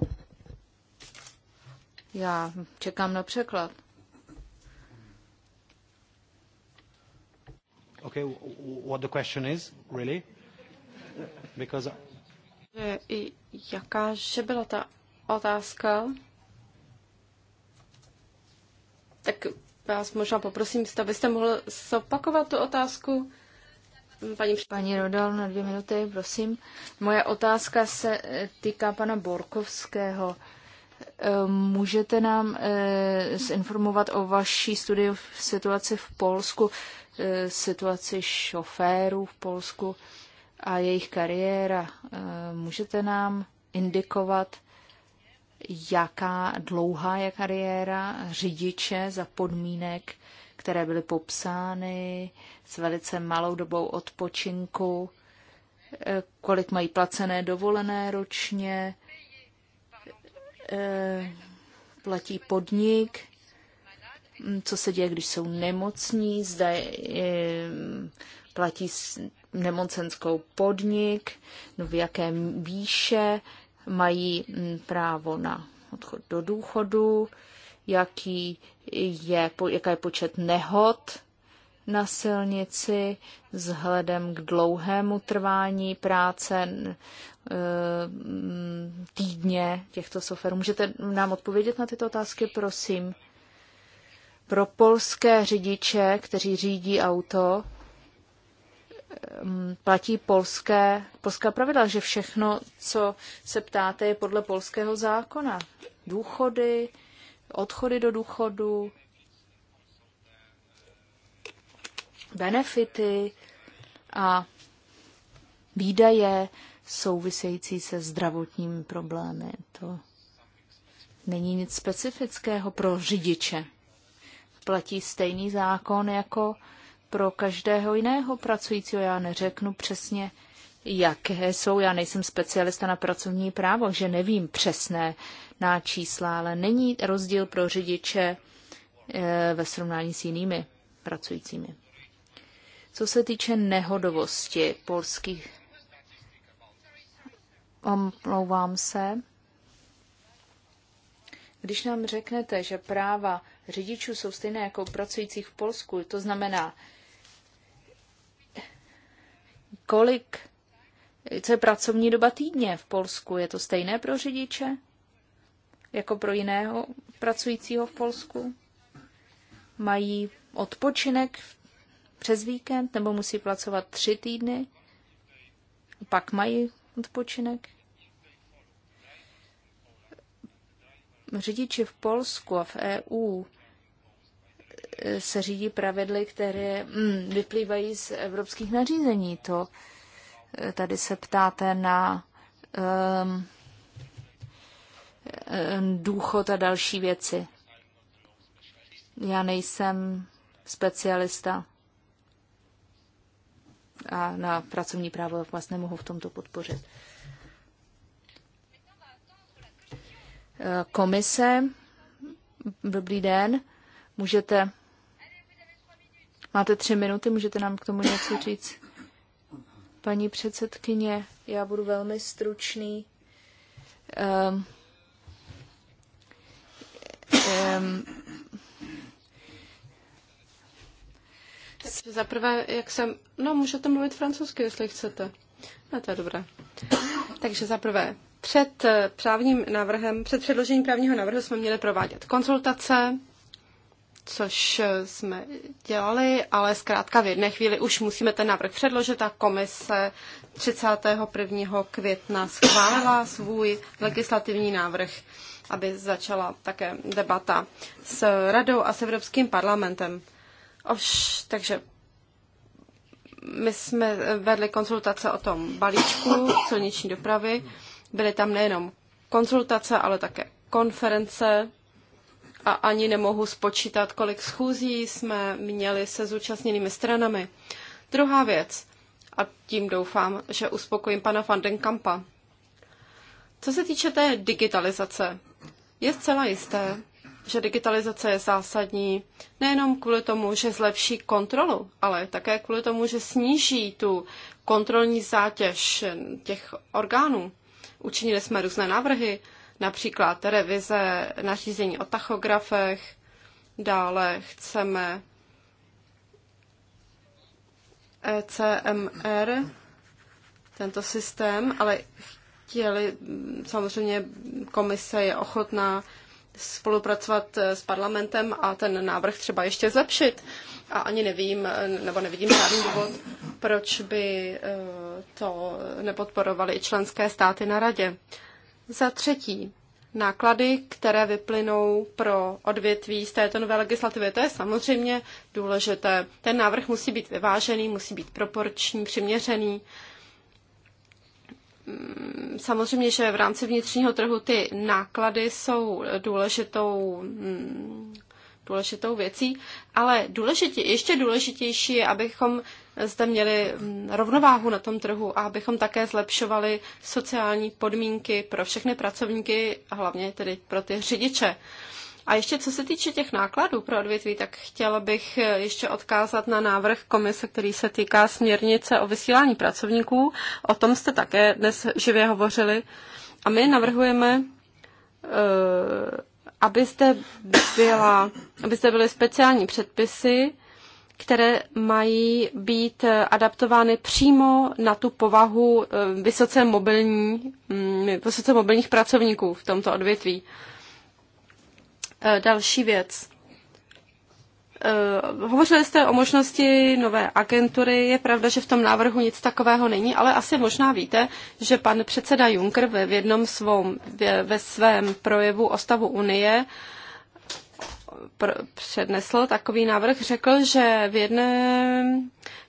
Já čekám na překlad. Okay, what the question is, really? Because... Jaká že byla ta otázka? tak vás možná poprosím, abyste mohl zopakovat tu otázku. Paní, paní Rodal na dvě minuty, prosím. Moje otázka se eh, týká pana Borkovského. Eh, můžete nám eh, zinformovat o vaší studii v situaci v Polsku, situaci šoférů v Polsku a jejich kariéra? Můžete nám indikovat, jaká dlouhá je kariéra řidiče za podmínek, které byly popsány s velice malou dobou odpočinku, eh, kolik mají placené dovolené ročně, eh, platí podnik, hm, co se děje, když jsou nemocní, zda eh, platí nemocenskou podnik, no v jakém výše, mají mm, právo na odchod do důchodu, jaký je, jaká je počet nehod na silnici vzhledem k dlouhému trvání práce e, mm, týdně těchto soferů. Můžete nám odpovědět na tyto otázky, prosím? Pro polské řidiče, kteří řídí auto, Ehm, platí polské, polská pravidla, že všechno, co se ptáte, je podle polského zákona. Důchody, odchody do důchodu, benefity a výdaje související se zdravotními problémy. To není nic specifického pro řidiče. Platí stejný zákon jako pro každého jiného pracujícího. Já neřeknu přesně, jaké jsou. Já nejsem specialista na pracovní právo, že nevím přesné na čísla, ale není rozdíl pro řidiče eh, ve srovnání s jinými pracujícími. Co se týče nehodovosti polských, omlouvám se, když nám řeknete, že práva řidičů jsou stejné jako pracujících v Polsku, to znamená, kolik, co je pracovní doba týdně v Polsku? Je to stejné pro řidiče jako pro jiného pracujícího v Polsku? Mají odpočinek přes víkend nebo musí pracovat tři týdny? Pak mají odpočinek? Řidiči v Polsku a v EU se řídí pravidly, které mm, vyplývají z evropských nařízení. To eh, tady se ptáte na um, důchod a další věci. Já nejsem specialista a na pracovní právo vás vlastně nemohu v tomto podpořit. Eh, komise, dobrý den. Můžete, máte tři minuty, můžete nám k tomu něco říct? Paní předsedkyně, já budu velmi stručný. Um, um, Za zaprvé, jak jsem... No, můžete mluvit francouzsky, jestli chcete. No, to je dobré. Takže zaprvé, před eh, právním návrhem, před předložením právního návrhu jsme měli provádět konzultace což jsme dělali, ale zkrátka v jedné chvíli už musíme ten návrh předložit a komise 31. května schválila svůj legislativní návrh, aby začala také debata s radou a s Evropským parlamentem. Ož, takže my jsme vedli konzultace o tom balíčku silniční dopravy. Byly tam nejenom konzultace, ale také konference a ani nemohu spočítat, kolik schůzí jsme měli se zúčastněnými stranami. Druhá věc, a tím doufám, že uspokojím pana van den Kampa. Co se týče té digitalizace, je zcela jisté, že digitalizace je zásadní nejenom kvůli tomu, že zlepší kontrolu, ale také kvůli tomu, že sníží tu kontrolní zátěž těch orgánů. Učinili jsme různé návrhy, například revize nařízení o tachografech, dále chceme ECMR, tento systém, ale chtěli, samozřejmě komise je ochotná spolupracovat s parlamentem a ten návrh třeba ještě zlepšit. A ani nevím, nebo nevidím žádný důvod, proč by eh, to nepodporovaly i členské státy na radě. Za třetí, náklady, které vyplynou pro odvětví z této nové legislativy. To je samozřejmě důležité. Ten návrh musí být vyvážený, musí být proporční, přiměřený. Mm, samozřejmě, že v rámci vnitřního trhu ty náklady jsou důležitou mm, důležitou věcí, ale důležitě, ještě důležitější je, abychom zde měli mm, rovnováhu na tom trhu a abychom také zlepšovali sociální podmínky pro všechny pracovníky a hlavně tedy pro ty řidiče. A ještě co se týče těch nákladů pro odvětví, tak chtěla bych ještě odkázat na návrh komise, který se týká směrnice o vysílání pracovníků. O tom jste také dnes živě hovořili. A my navrhujeme, eh, aby zde, byla, aby zde byly speciální předpisy, které mají být adaptovány přímo na tu povahu eh, vysoce, mobilní, mm, vysoce mobilních pracovníků v tomto odvětví. Eh, další věc. Eh, hovořili jste o možnosti nové agentury. Je pravda, že v tom návrhu nic takového není, ale asi možná víte, že pan předseda Juncker ve, v jednom svom, ve svém projevu o stavu Unie uh, přednesl takový návrh, řekl, že v jedné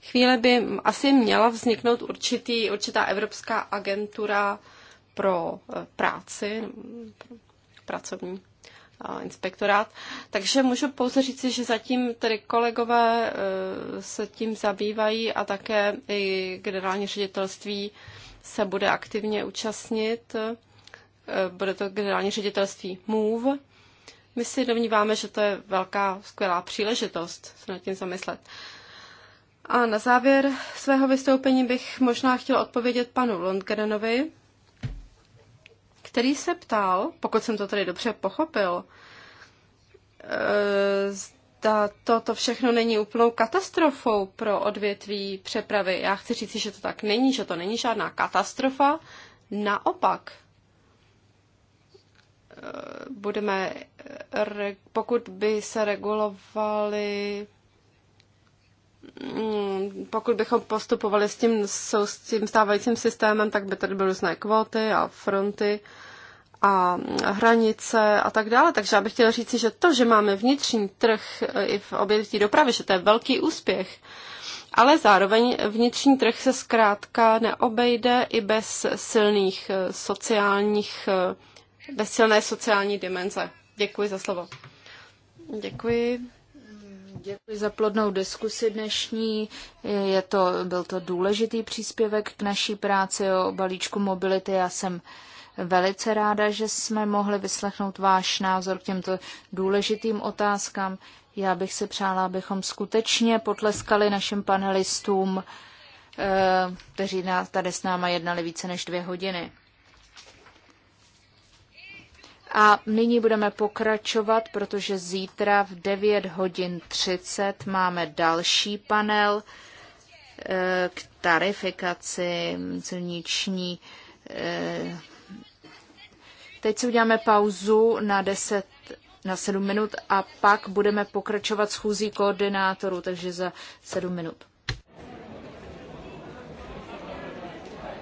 chvíli by asi měla vzniknout určitý, určitá evropská agentura pro eh, práci, pracovní eh, inspektorát. Takže můžu pouze říci, že zatím tedy kolegové eh, se tím zabývají a také i generální ředitelství se bude aktivně účastnit. Bude to generální ředitelství MOVE, my si domníváme, že to je velká, skvělá příležitost se nad tím zamyslet. A na závěr svého vystoupení bych možná chtěla odpovědět panu Lundgrenovi, který se ptal, pokud jsem to tady dobře pochopil, e, zda toto všechno není úplnou katastrofou pro odvětví přepravy. Já chci říct, že to tak není, že to není žádná katastrofa. Naopak, budeme, pokud by se regulovali, mm, pokud bychom postupovali s tím, s tím stávajícím systémem, tak by tady byly různé kvóty a fronty a hranice a tak dále. Takže já bych chtěla říci, že to, že máme vnitřní trh eh, i v obětí dopravy, že to je velký úspěch, ale zároveň vnitřní trh se zkrátka neobejde i bez silných eh, sociálních eh, bez silné sociální dimenze. Děkuji za slovo. Děkuji. Děkuji za plodnou diskusi dnešní. Je to, byl to důležitý příspěvek k naší práci o balíčku mobility. Já jsem velice ráda, že jsme mohli vyslechnout váš názor k těmto důležitým otázkám. Já bych si přála, abychom skutečně potleskali našim panelistům, eh, kteří tady s náma jednali více než dvě hodiny. A nyní budeme pokračovat, protože zítra v 9 hodin 30 máme další panel eh, k tarifikaci silniční. Eh, teď si uděláme pauzu na 10 na 7 minut a pak budeme pokračovat schůzí koordinátorů, takže za 7 minut.